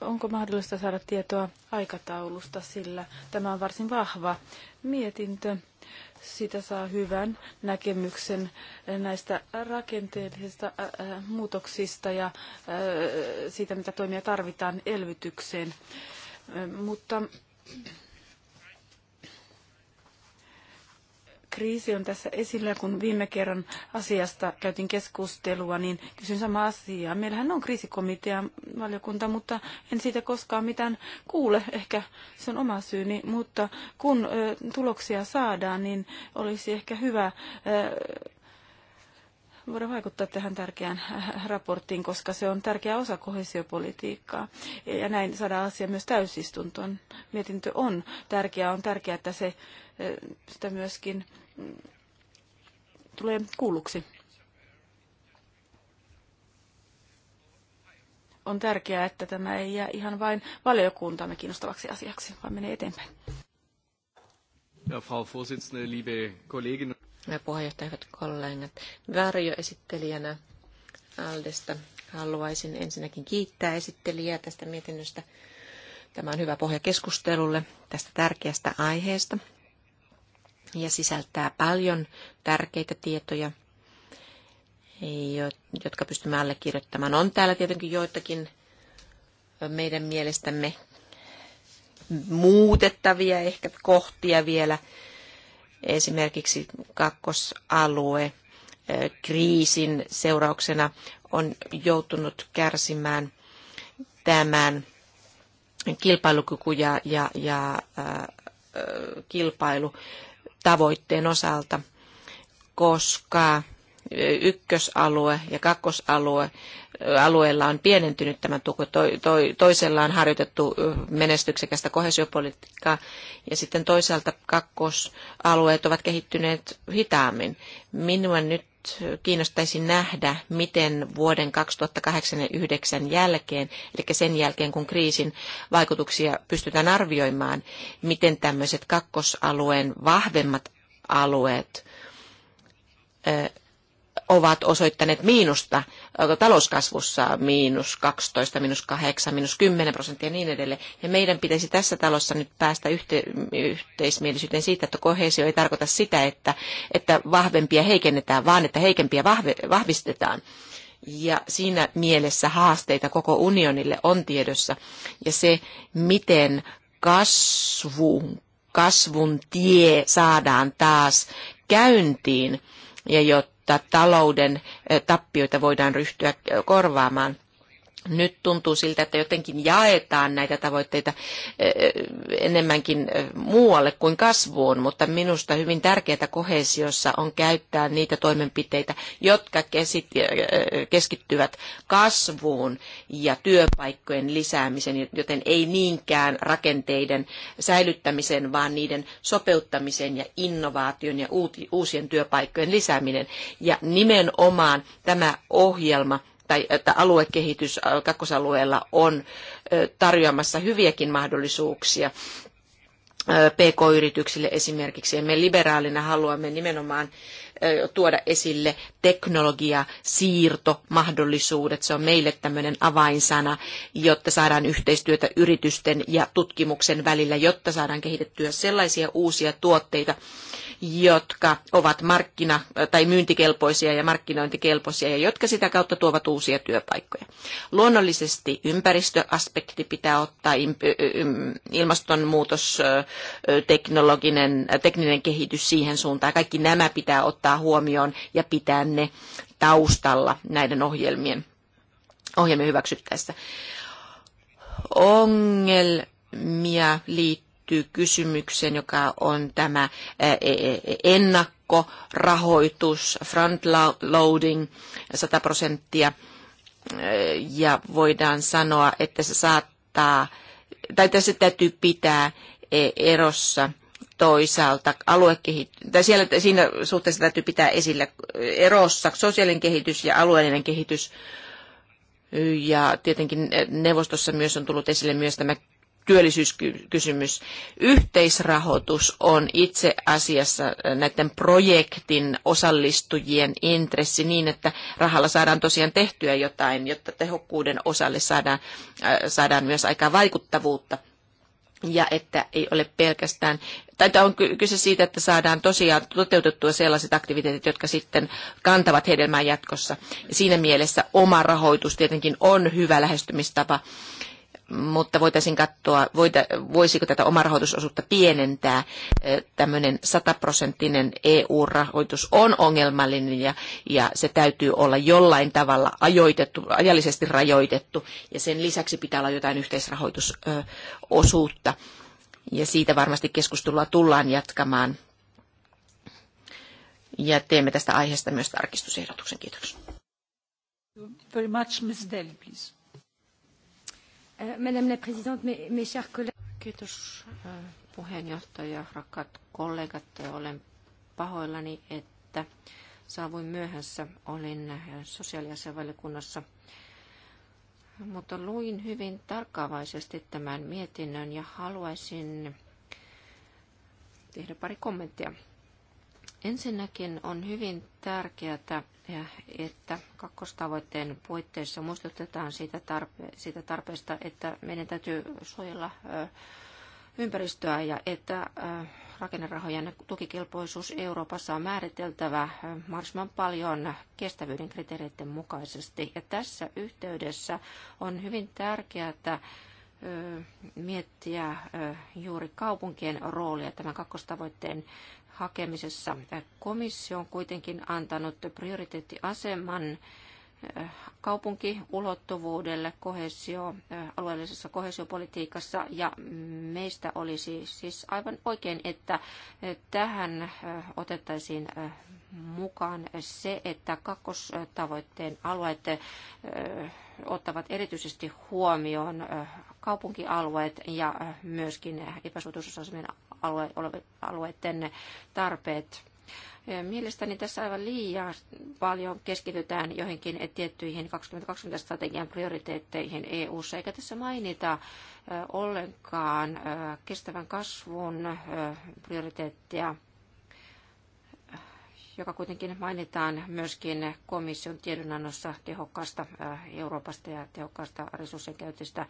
Onko mahdollista saada tietoa aikataulusta, sillä tämä on varsin vahva mietintö siitä saa hyvän näkemyksen näistä rakenteellisista muutoksista ja siitä, mitä toimia tarvitaan elvytykseen. Mutta kriisi on tässä esillä. Kun viime kerran asiasta käytiin keskustelua, niin kysyn sama asiaa. Meillähän on kriisikomitea valiokunta, mutta en siitä koskaan mitään kuule. Ehkä se on oma syyni, mutta kun tuloksia saadaan, niin olisi ehkä hyvä voidaan vaikuttaa tähän tärkeään raporttiin, koska se on tärkeä osa kohesiopolitiikkaa. Ja näin saadaan asia myös täysistuntoon. Mietintö on tärkeää, On tärkeää, että se sitä myöskin tulee kuulluksi. On tärkeää, että tämä ei jää ihan vain valiokuntamme kiinnostavaksi asiaksi, vaan menee eteenpäin. Ja, Frau Vorsitzende, liebe Kollegin. Ja puheenjohtaja, hyvät kollegat. Varjoesittelijänä Aldesta haluaisin ensinnäkin kiittää esittelijää tästä mietinnöstä. Tämä on hyvä pohja keskustelulle tästä tärkeästä aiheesta ja sisältää paljon tärkeitä tietoja, jotka pystymme allekirjoittamaan. On täällä tietenkin joitakin meidän mielestämme muutettavia ehkä kohtia vielä, esimerkiksi kakkosalue kriisin seurauksena on joutunut kärsimään tämän kilpailukyky ja, ja, ja äh, kilpailu tavoitteen osalta, koska ykkösalue ja kakkosalue alueella on pienentynyt tämän tuku. toisella on harjoitettu menestyksekästä kohesiopolitiikkaa ja sitten toisaalta kakkosalueet ovat kehittyneet hitaammin. Minua nyt kiinnostaisi nähdä, miten vuoden 2008 ja jälkeen, eli sen jälkeen kun kriisin vaikutuksia pystytään arvioimaan, miten tämmöiset kakkosalueen vahvemmat alueet ovat osoittaneet miinusta talouskasvussa, miinus 12, miinus 8, miinus 10 prosenttia ja niin edelleen. Ja meidän pitäisi tässä talossa nyt päästä yhte- yhteismielisyyteen siitä, että kohesio ei tarkoita sitä, että, että vahvempia heikennetään, vaan että heikempiä vahve- vahvistetaan. Ja siinä mielessä haasteita koko unionille on tiedossa. Ja se, miten kasvun, kasvun tie saadaan taas käyntiin, ja jotta jotta talouden tappioita voidaan ryhtyä korvaamaan nyt tuntuu siltä, että jotenkin jaetaan näitä tavoitteita eh, enemmänkin eh, muualle kuin kasvuun, mutta minusta hyvin tärkeää kohesiossa on käyttää niitä toimenpiteitä, jotka eh, keskittyvät kasvuun ja työpaikkojen lisäämiseen, joten ei niinkään rakenteiden säilyttämiseen, vaan niiden sopeuttamiseen ja innovaation ja uusien työpaikkojen lisääminen. Ja nimenomaan tämä ohjelma tai että aluekehitys kakkosalueella on tarjoamassa hyviäkin mahdollisuuksia PK-yrityksille esimerkiksi. Ja me liberaalina haluamme nimenomaan tuoda esille teknologia, siirto, mahdollisuudet. Se on meille tämmöinen avainsana, jotta saadaan yhteistyötä yritysten ja tutkimuksen välillä, jotta saadaan kehitettyä sellaisia uusia tuotteita, jotka ovat markkina- tai myyntikelpoisia ja markkinointikelpoisia ja jotka sitä kautta tuovat uusia työpaikkoja. Luonnollisesti ympäristöaspekti pitää ottaa ilmastonmuutos, teknologinen, tekninen kehitys siihen suuntaan. Kaikki nämä pitää ottaa huomioon ja pitää ne taustalla näiden ohjelmien, ohjelmien hyväksyttäessä. Ongelmia liittyy liittyy kysymykseen, joka on tämä e, e, ennakkorahoitus, front loading, 100 prosenttia. Ja voidaan sanoa, että se saattaa, tai tässä täytyy pitää e, erossa toisaalta aluekehitys, tai siellä, siinä suhteessa täytyy pitää esillä erossa sosiaalinen kehitys ja alueellinen kehitys. Ja tietenkin neuvostossa myös on tullut esille myös tämä työllisyyskysymys. Yhteisrahoitus on itse asiassa näiden projektin osallistujien intressi niin, että rahalla saadaan tosiaan tehtyä jotain, jotta tehokkuuden osalle saadaan, saadaan myös aikaa vaikuttavuutta ja että ei ole pelkästään, tai on kyse siitä, että saadaan tosiaan toteutettua sellaiset aktiviteetit, jotka sitten kantavat hedelmää jatkossa. Siinä mielessä oma rahoitus tietenkin on hyvä lähestymistapa mutta voitaisiin katsoa, voita, voisiko tätä omarahoitusosuutta pienentää. Tämmöinen sataprosenttinen EU-rahoitus on ongelmallinen ja, ja se täytyy olla jollain tavalla ajoitettu, ajallisesti rajoitettu ja sen lisäksi pitää olla jotain yhteisrahoitusosuutta. Ja siitä varmasti keskustelua tullaan jatkamaan. Ja teemme tästä aiheesta myös tarkistusehdotuksen. Kiitoksia. Very much, Ms. please. Euh, Madame la Présidente, mes chers collègues. Kiitos äh, puheenjohtaja, rakkaat kollegat. Olen pahoillani, että saavuin myöhässä. Olin äh, sosiaaliasianvaliokunnassa mutta luin hyvin tarkkaavaisesti tämän mietinnön ja haluaisin tehdä pari kommenttia. Ensinnäkin on hyvin tärkeää, että kakkostavoitteen puitteissa muistutetaan siitä, tarpe- siitä tarpeesta, että meidän täytyy suojella ympäristöä ja että rakennerahojen tukikelpoisuus Euroopassa on määriteltävä mahdollisimman paljon kestävyyden kriteereiden mukaisesti. Ja tässä yhteydessä on hyvin tärkeää, että miettiä juuri kaupunkien roolia tämän kakkostavoitteen hakemisessa. Komissio on kuitenkin antanut prioriteettiaseman eh, kaupunkiulottuvuudelle kohesio, eh, alueellisessa kohesiopolitiikassa ja meistä olisi siis aivan oikein, että eh, tähän otettaisiin mukaan se, että kakkostavoitteen alueet ottavat erityisesti huomioon kaupunkialueet ja myöskin epäsuotuisuusasemien alueiden tarpeet. Mielestäni tässä aivan liian paljon keskitytään joihinkin tiettyihin 2020-strategian prioriteetteihin eu eikä tässä mainita ollenkaan kestävän kasvun prioriteettia joka kuitenkin mainitaan myöskin komission tiedonannossa tehokkaasta Euroopasta ja tehokkaasta resurssien käytöstä.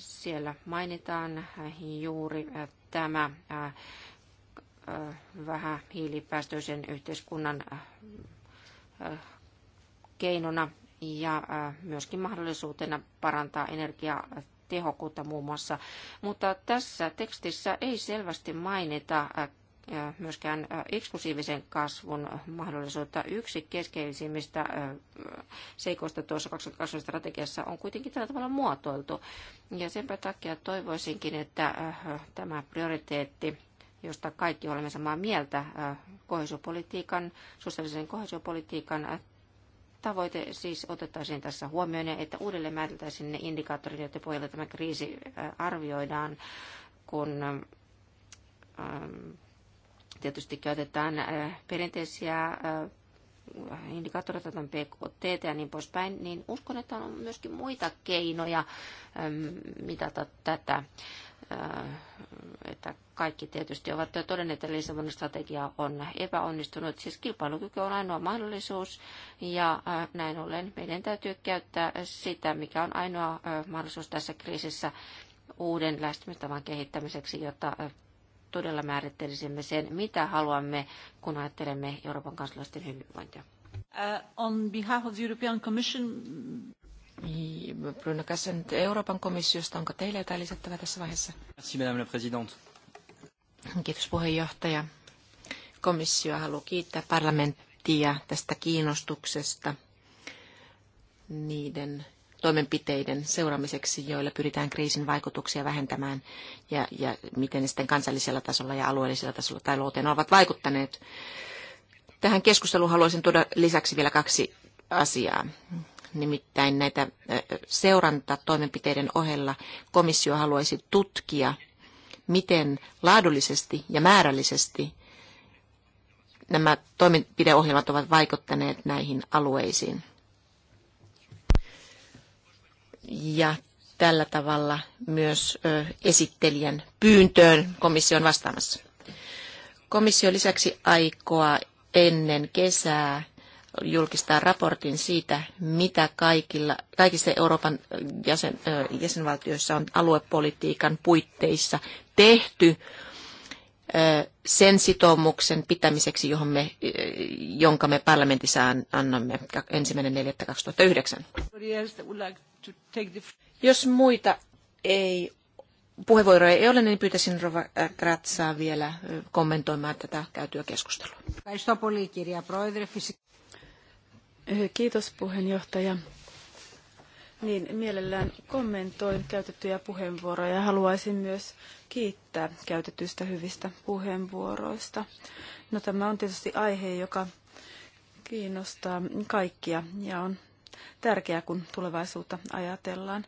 Siellä mainitaan juuri äh, tämä äh, äh, vähän hiilipäästöisen yhteiskunnan keinona ja myöskin mahdollisuutena parantaa energiatehokkuutta muun muassa. Mutta tässä tekstissä ei selvästi mainita myöskään eksklusiivisen kasvun mahdollisuutta. Yksi keskeisimmistä seikoista tuossa 2020 strategiassa on kuitenkin tällä tavalla muotoiltu. Ja senpä takia toivoisinkin, että tämä prioriteetti josta kaikki olemme samaa mieltä, kohesiopolitiikan, sosiaalisen kohesiopolitiikan tavoite siis otettaisiin tässä huomioon ja että uudelleen määriteltäisiin ne indikaattorit, joiden pohjalta tämä kriisi arvioidaan, kun Tietysti käytetään äh, perinteisiä äh, indikaattoreita, tämän PKT ja niin poispäin, niin uskon, että on myöskin muita keinoja ähm, mitata tätä. Äh, että kaikki tietysti ovat todenneet, että Lissabonin strategia on epäonnistunut. Siis kilpailukyky on ainoa mahdollisuus ja näin ollen meidän täytyy käyttää sitä, mikä on ainoa mahdollisuus tässä kriisissä uuden lähestymistavan kehittämiseksi, jotta todella määrittelisimme sen, mitä haluamme, kun ajattelemme Euroopan kansalaisten hyvinvointia. Uh, on behalf of the European Commission... Bruno Kassen, Euroopan komissiosta, onko teillä jotain lisättävää tässä vaiheessa? Merci, madame la présidente. Kiitos puheenjohtaja. Komissio haluaa kiittää parlamenttia tästä kiinnostuksesta niiden toimenpiteiden seuraamiseksi, joilla pyritään kriisin vaikutuksia vähentämään ja, ja miten ne sitten kansallisella tasolla ja alueellisella tasolla tai luoteen ovat vaikuttaneet. Tähän keskusteluun haluaisin tuoda lisäksi vielä kaksi asiaa. Nimittäin näitä seurantatoimenpiteiden ohella komissio haluaisi tutkia, miten laadullisesti ja määrällisesti nämä toimenpideohjelmat ovat vaikuttaneet näihin alueisiin ja tällä tavalla myös esittelijän pyyntöön komission vastaamassa. Komissio lisäksi aikoa ennen kesää julkistaa raportin siitä, mitä kaikilla, kaikissa Euroopan jäsen, jäsenvaltioissa on aluepolitiikan puitteissa tehty sen sitoumuksen pitämiseksi, johon me, jonka me parlamentissa annamme ensimmäinen 1.4.2009. Jos muita ei, puheenvuoroja ei ole, niin pyytäisin Rova Kratsaa vielä kommentoimaan tätä käytyä keskustelua. Kiitos puheenjohtaja. Niin, mielellään kommentoin käytettyjä puheenvuoroja ja haluaisin myös kiittää käytetyistä hyvistä puheenvuoroista. No tämä on tietysti aihe, joka kiinnostaa kaikkia ja on tärkeää, kun tulevaisuutta ajatellaan.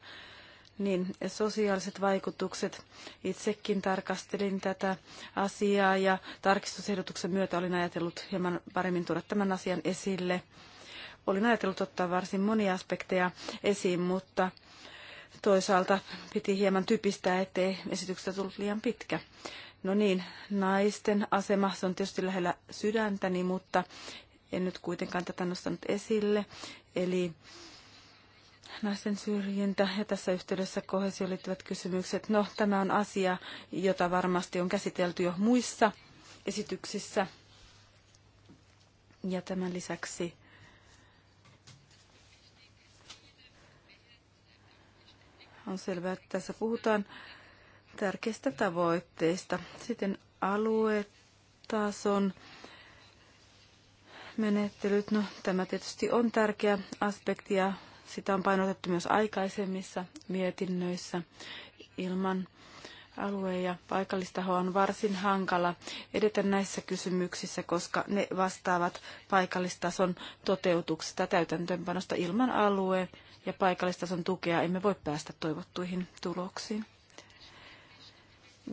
Niin, sosiaaliset vaikutukset. Itsekin tarkastelin tätä asiaa ja tarkistusehdotuksen myötä olin ajatellut hieman paremmin tuoda tämän asian esille. Olin ajatellut ottaa varsin monia aspekteja esiin, mutta toisaalta piti hieman typistää, ettei esityksestä tullut liian pitkä. No niin, naisten asema, se on tietysti lähellä sydäntäni, mutta en nyt kuitenkaan tätä nostanut esille. Eli naisten syrjintä ja tässä yhteydessä kohesioon liittyvät kysymykset. No, tämä on asia, jota varmasti on käsitelty jo muissa esityksissä. Ja tämän lisäksi On selvää, että tässä puhutaan tärkeistä tavoitteista. Sitten aluetason menettelyt. No, tämä tietysti on tärkeä aspekti ja sitä on painotettu myös aikaisemmissa mietinnöissä ilman alue- ja paikallistaho on varsin hankala edetä näissä kysymyksissä, koska ne vastaavat paikallistason toteutuksesta täytäntöönpanosta ilman alue- ja paikallistason tukea emme voi päästä toivottuihin tuloksiin.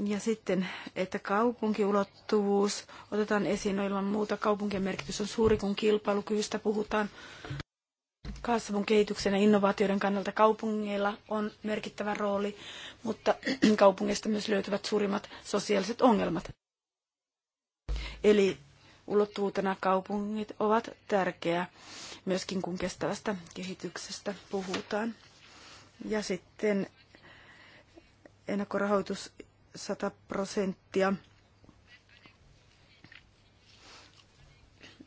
Ja sitten, että kaupunkiulottuvuus otetaan esiin, no ilman muuta kaupunkien merkitys on suuri, kun kilpailukyvystä puhutaan. Kasvun kehityksen ja innovaatioiden kannalta kaupungeilla on merkittävä rooli, mutta kaupungeista myös löytyvät suurimmat sosiaaliset ongelmat. Eli ulottuvuutena kaupungit ovat tärkeä myöskin kun kestävästä kehityksestä puhutaan. Ja sitten ennakkorahoitus 100 prosenttia.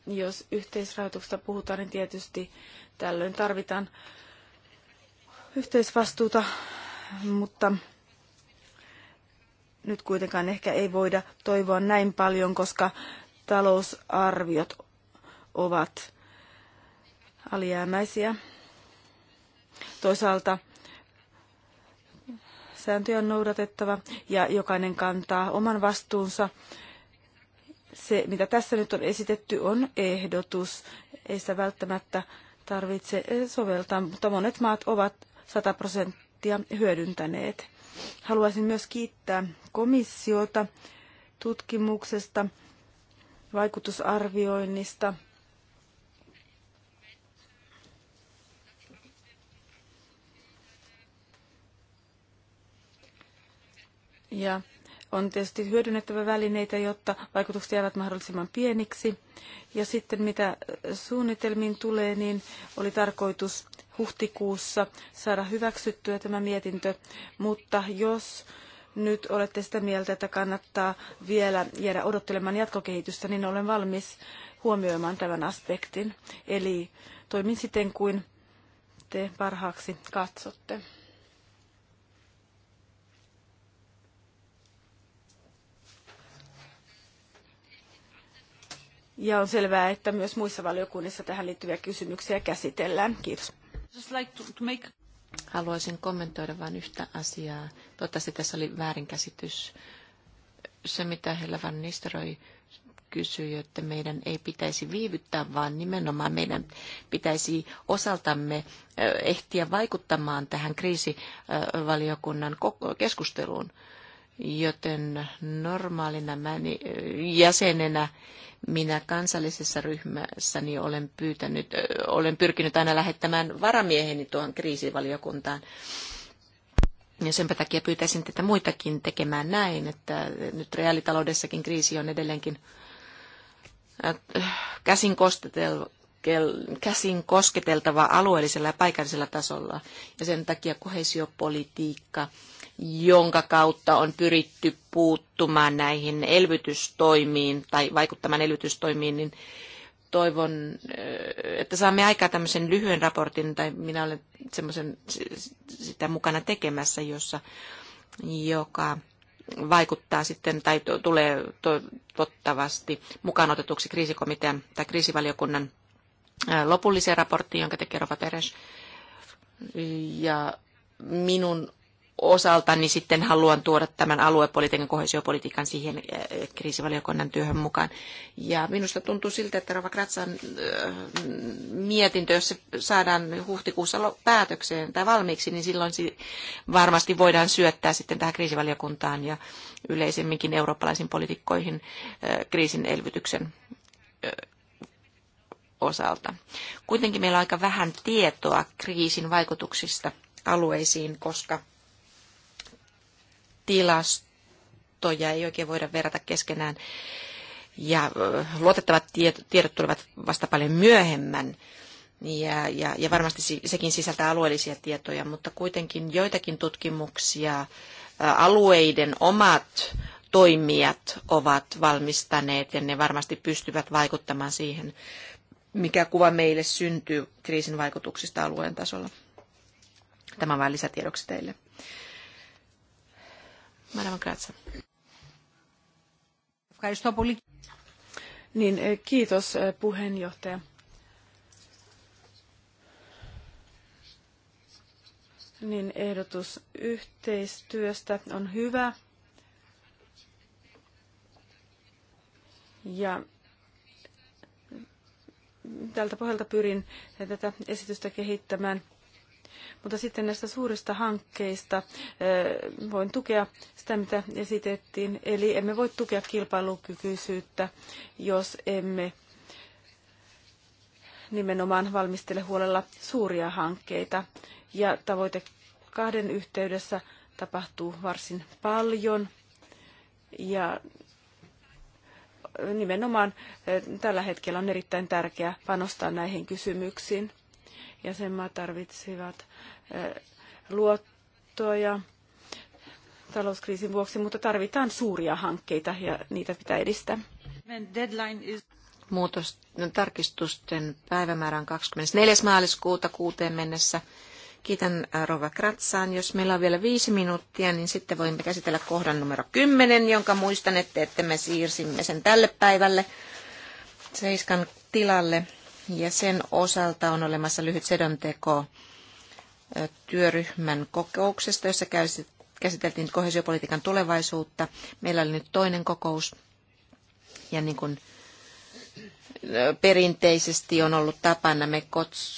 Jos yhteisrahoituksesta puhutaan, niin tietysti tällöin tarvitaan yhteisvastuuta, mutta nyt kuitenkaan ehkä ei voida toivoa näin paljon, koska talousarviot ovat alijäämäisiä. Toisaalta sääntöjä on noudatettava ja jokainen kantaa oman vastuunsa. Se, mitä tässä nyt on esitetty, on ehdotus. Ei sitä välttämättä tarvitse soveltaa, mutta monet maat ovat 100 prosenttia hyödyntäneet. Haluaisin myös kiittää komissiota tutkimuksesta, vaikutusarvioinnista – Ja on tietysti hyödynnettävä välineitä, jotta vaikutukset jäävät mahdollisimman pieniksi. Ja sitten mitä äh, suunnitelmiin tulee, niin oli tarkoitus huhtikuussa saada hyväksyttyä tämä mietintö, mutta jos nyt olette sitä mieltä, että kannattaa vielä jäädä odottelemaan jatkokehitystä, niin olen valmis huomioimaan tämän aspektin. Eli toimin siten kuin te parhaaksi katsotte. Ja on selvää, että myös muissa valiokunnissa tähän liittyviä kysymyksiä käsitellään. Kiitos. Haluaisin kommentoida vain yhtä asiaa. Toivottavasti tässä oli väärinkäsitys. Se, mitä Hella Van Nisteroi kysyi, että meidän ei pitäisi viivyttää, vaan nimenomaan meidän pitäisi osaltamme ehtiä vaikuttamaan tähän kriisivaliokunnan keskusteluun. Joten normaalina jäsenenä minä kansallisessa ryhmässäni olen, pyytänyt, olen pyrkinyt aina lähettämään varamieheni tuohon kriisivaliokuntaan. Ja senpä takia pyytäisin tätä muitakin tekemään näin, että nyt reaalitaloudessakin kriisi on edelleenkin käsin kostetel, käsin kosketeltava alueellisella ja paikallisella tasolla. Ja sen takia kohesiopolitiikka jonka kautta on pyritty puuttumaan näihin elvytystoimiin tai vaikuttamaan elvytystoimiin, niin toivon, että saamme aikaa tämmöisen lyhyen raportin, tai minä olen semmoisen sitä mukana tekemässä, jossa, joka vaikuttaa sitten tai tulee toivottavasti mukaan otetuksi kriisikomitean tai kriisivaliokunnan lopulliseen raporttiin, jonka tekee Rova Peres. Ja minun osalta, niin sitten haluan tuoda tämän aluepolitiikan, kohesiopolitiikan siihen eh, kriisivaliokunnan työhön mukaan. Ja minusta tuntuu siltä, että Rova Kratsan eh, mietintö, jos se saadaan huhtikuussa päätökseen tai valmiiksi, niin silloin varmasti voidaan syöttää sitten tähän kriisivaliokuntaan ja yleisemminkin eurooppalaisiin poliitikkoihin eh, kriisin elvytyksen osalta. Kuitenkin meillä on aika vähän tietoa kriisin vaikutuksista alueisiin, koska tilastoja ei oikein voida verrata keskenään. Ja luotettavat tiedot tulevat vasta paljon myöhemmän. Ja, ja, ja varmasti sekin sisältää alueellisia tietoja, mutta kuitenkin joitakin tutkimuksia alueiden omat toimijat ovat valmistaneet ja ne varmasti pystyvät vaikuttamaan siihen, mikä kuva meille syntyy kriisin vaikutuksista alueen tasolla. Tämä vain lisätiedoksi teille. Madame Kratsa. Niin, eh, kiitos eh, puheenjohtaja. Niin, ehdotus yhteistyöstä on hyvä. Ja tältä pohjalta pyrin tätä esitystä kehittämään mutta sitten näistä suurista hankkeista voin tukea sitä, mitä esitettiin. Eli emme voi tukea kilpailukykyisyyttä, jos emme nimenomaan valmistele huolella suuria hankkeita. Ja tavoite kahden yhteydessä tapahtuu varsin paljon. Ja nimenomaan tällä hetkellä on erittäin tärkeää panostaa näihin kysymyksiin jäsenmaat tarvitsivat luottoja talouskriisin vuoksi, mutta tarvitaan suuria hankkeita ja niitä pitää edistää. Muutos, no, tarkistusten päivämäärän 24. maaliskuuta kuuteen mennessä. Kiitän Rova Kratsaan. Jos meillä on vielä viisi minuuttia, niin sitten voimme käsitellä kohdan numero 10, jonka muistan, että me siirsimme sen tälle päivälle Seiskan tilalle. Ja sen osalta on olemassa lyhyt sedonteko työryhmän kokouksesta, jossa käsiteltiin kohesiopolitiikan tulevaisuutta. Meillä oli nyt toinen kokous. Ja niin kuin perinteisesti on ollut tapana, me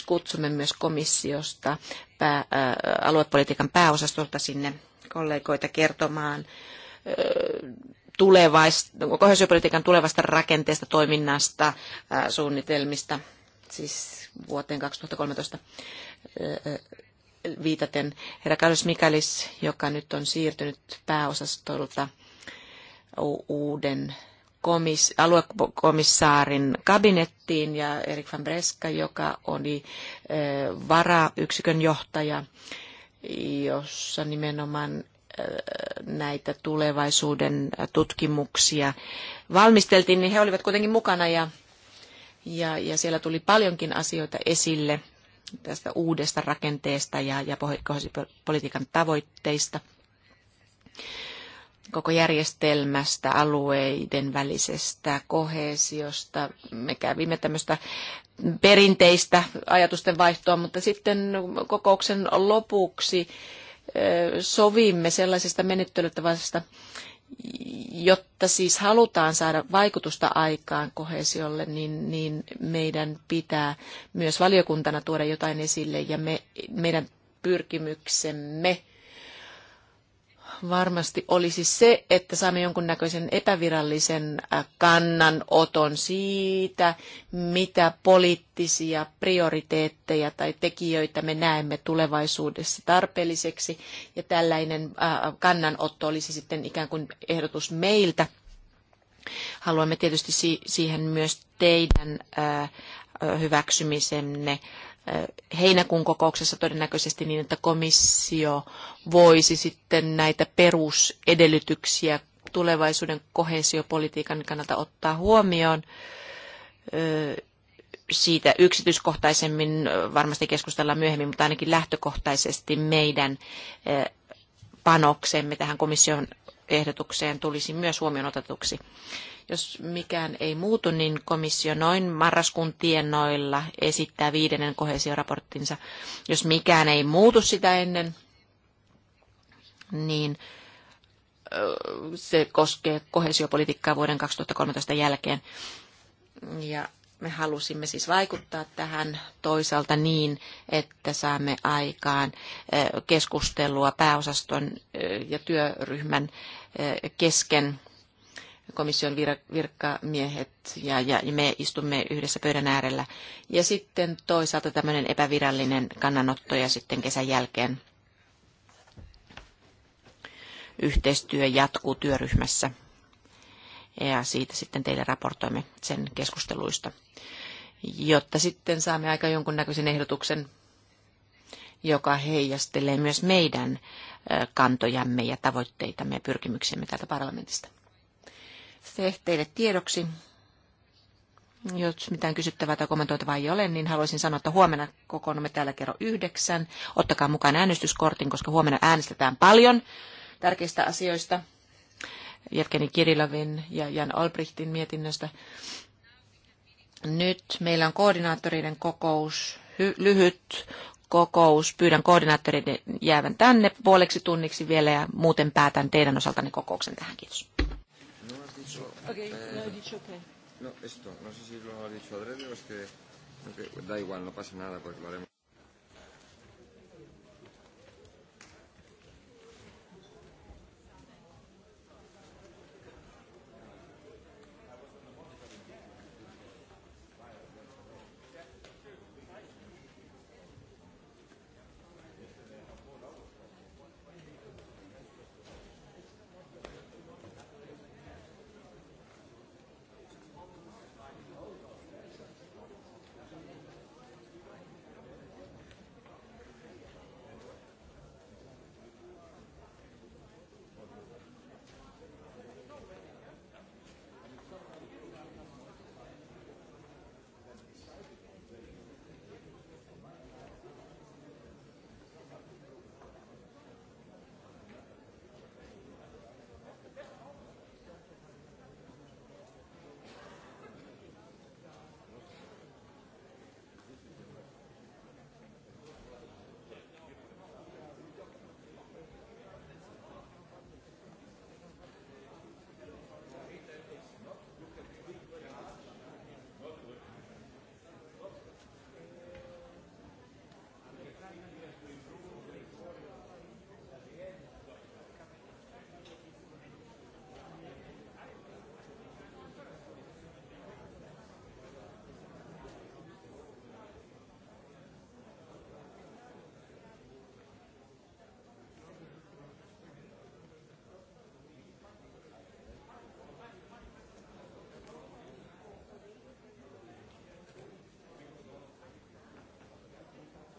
kutsumme myös komissiosta pää, ää, aluepolitiikan pääosastolta sinne kollegoita kertomaan ää, tulevaista, kohesiopolitiikan tulevasta rakenteesta, toiminnasta, suunnitelmista, siis vuoteen 2013 viitaten. Herra Carlos Mikalis, joka nyt on siirtynyt pääosastolta uuden komis- aluekomissaarin kabinettiin ja Erik van Breska, joka oli varayksikön johtaja, jossa nimenomaan näitä tulevaisuuden tutkimuksia valmisteltiin, niin he olivat kuitenkin mukana ja, ja, ja siellä tuli paljonkin asioita esille tästä uudesta rakenteesta ja, ja politiikan tavoitteista, koko järjestelmästä, alueiden välisestä kohesiosta. Me kävimme tämmöistä perinteistä ajatusten vaihtoa, mutta sitten kokouksen lopuksi sovimme sellaisesta menettelytavasta, jotta siis halutaan saada vaikutusta aikaan kohesiolle, niin, niin meidän pitää myös valiokuntana tuoda jotain esille ja me, meidän pyrkimyksemme varmasti olisi se, että saamme jonkunnäköisen epävirallisen äh, kannanoton siitä, mitä poliittisia prioriteetteja tai tekijöitä me näemme tulevaisuudessa tarpeelliseksi. Ja tällainen äh, kannanotto olisi sitten ikään kuin ehdotus meiltä. Haluamme tietysti siihen myös teidän äh, hyväksymisenne heinäkuun kokouksessa todennäköisesti niin, että komissio voisi sitten näitä perusedellytyksiä tulevaisuuden kohesiopolitiikan kannalta ottaa huomioon. Siitä yksityiskohtaisemmin varmasti keskustellaan myöhemmin, mutta ainakin lähtökohtaisesti meidän panoksemme tähän komission ehdotukseen tulisi myös huomioon otetuksi. Jos mikään ei muutu, niin komissio noin marraskuun tiennoilla esittää viidennen kohesioraporttinsa. Jos mikään ei muutu sitä ennen, niin se koskee kohesiopolitiikkaa vuoden 2013 jälkeen. Ja me halusimme siis vaikuttaa tähän toisaalta niin, että saamme aikaan keskustelua pääosaston ja työryhmän kesken komission virkamiehet ja, ja me istumme yhdessä pöydän äärellä. Ja sitten toisaalta tämmöinen epävirallinen kannanotto ja sitten kesän jälkeen yhteistyö jatkuu työryhmässä ja siitä sitten teille raportoimme sen keskusteluista, jotta sitten saamme aika jonkunnäköisen ehdotuksen, joka heijastelee myös meidän kantojamme ja tavoitteitamme ja pyrkimyksiämme täältä parlamentista. Se teille tiedoksi. Jos mitään kysyttävää tai kommentoitavaa ei ole, niin haluaisin sanoa, että huomenna kokoonnumme täällä kerro yhdeksän. Ottakaa mukaan äänestyskortin, koska huomenna äänestetään paljon tärkeistä asioista Jevgeni Kirilovin ja Jan Albrechtin mietinnöstä. Nyt meillä on koordinaattoreiden kokous, lyhyt kokous. Pyydän koordinaattoreiden jäävän tänne puoleksi tunniksi vielä ja muuten päätän teidän osaltanne kokouksen tähän. Kiitos. No, no, okay, no, esto, no sé si lo ha dicho adrede o es que, okay, da igual, no pasa nada, porque lo haremos.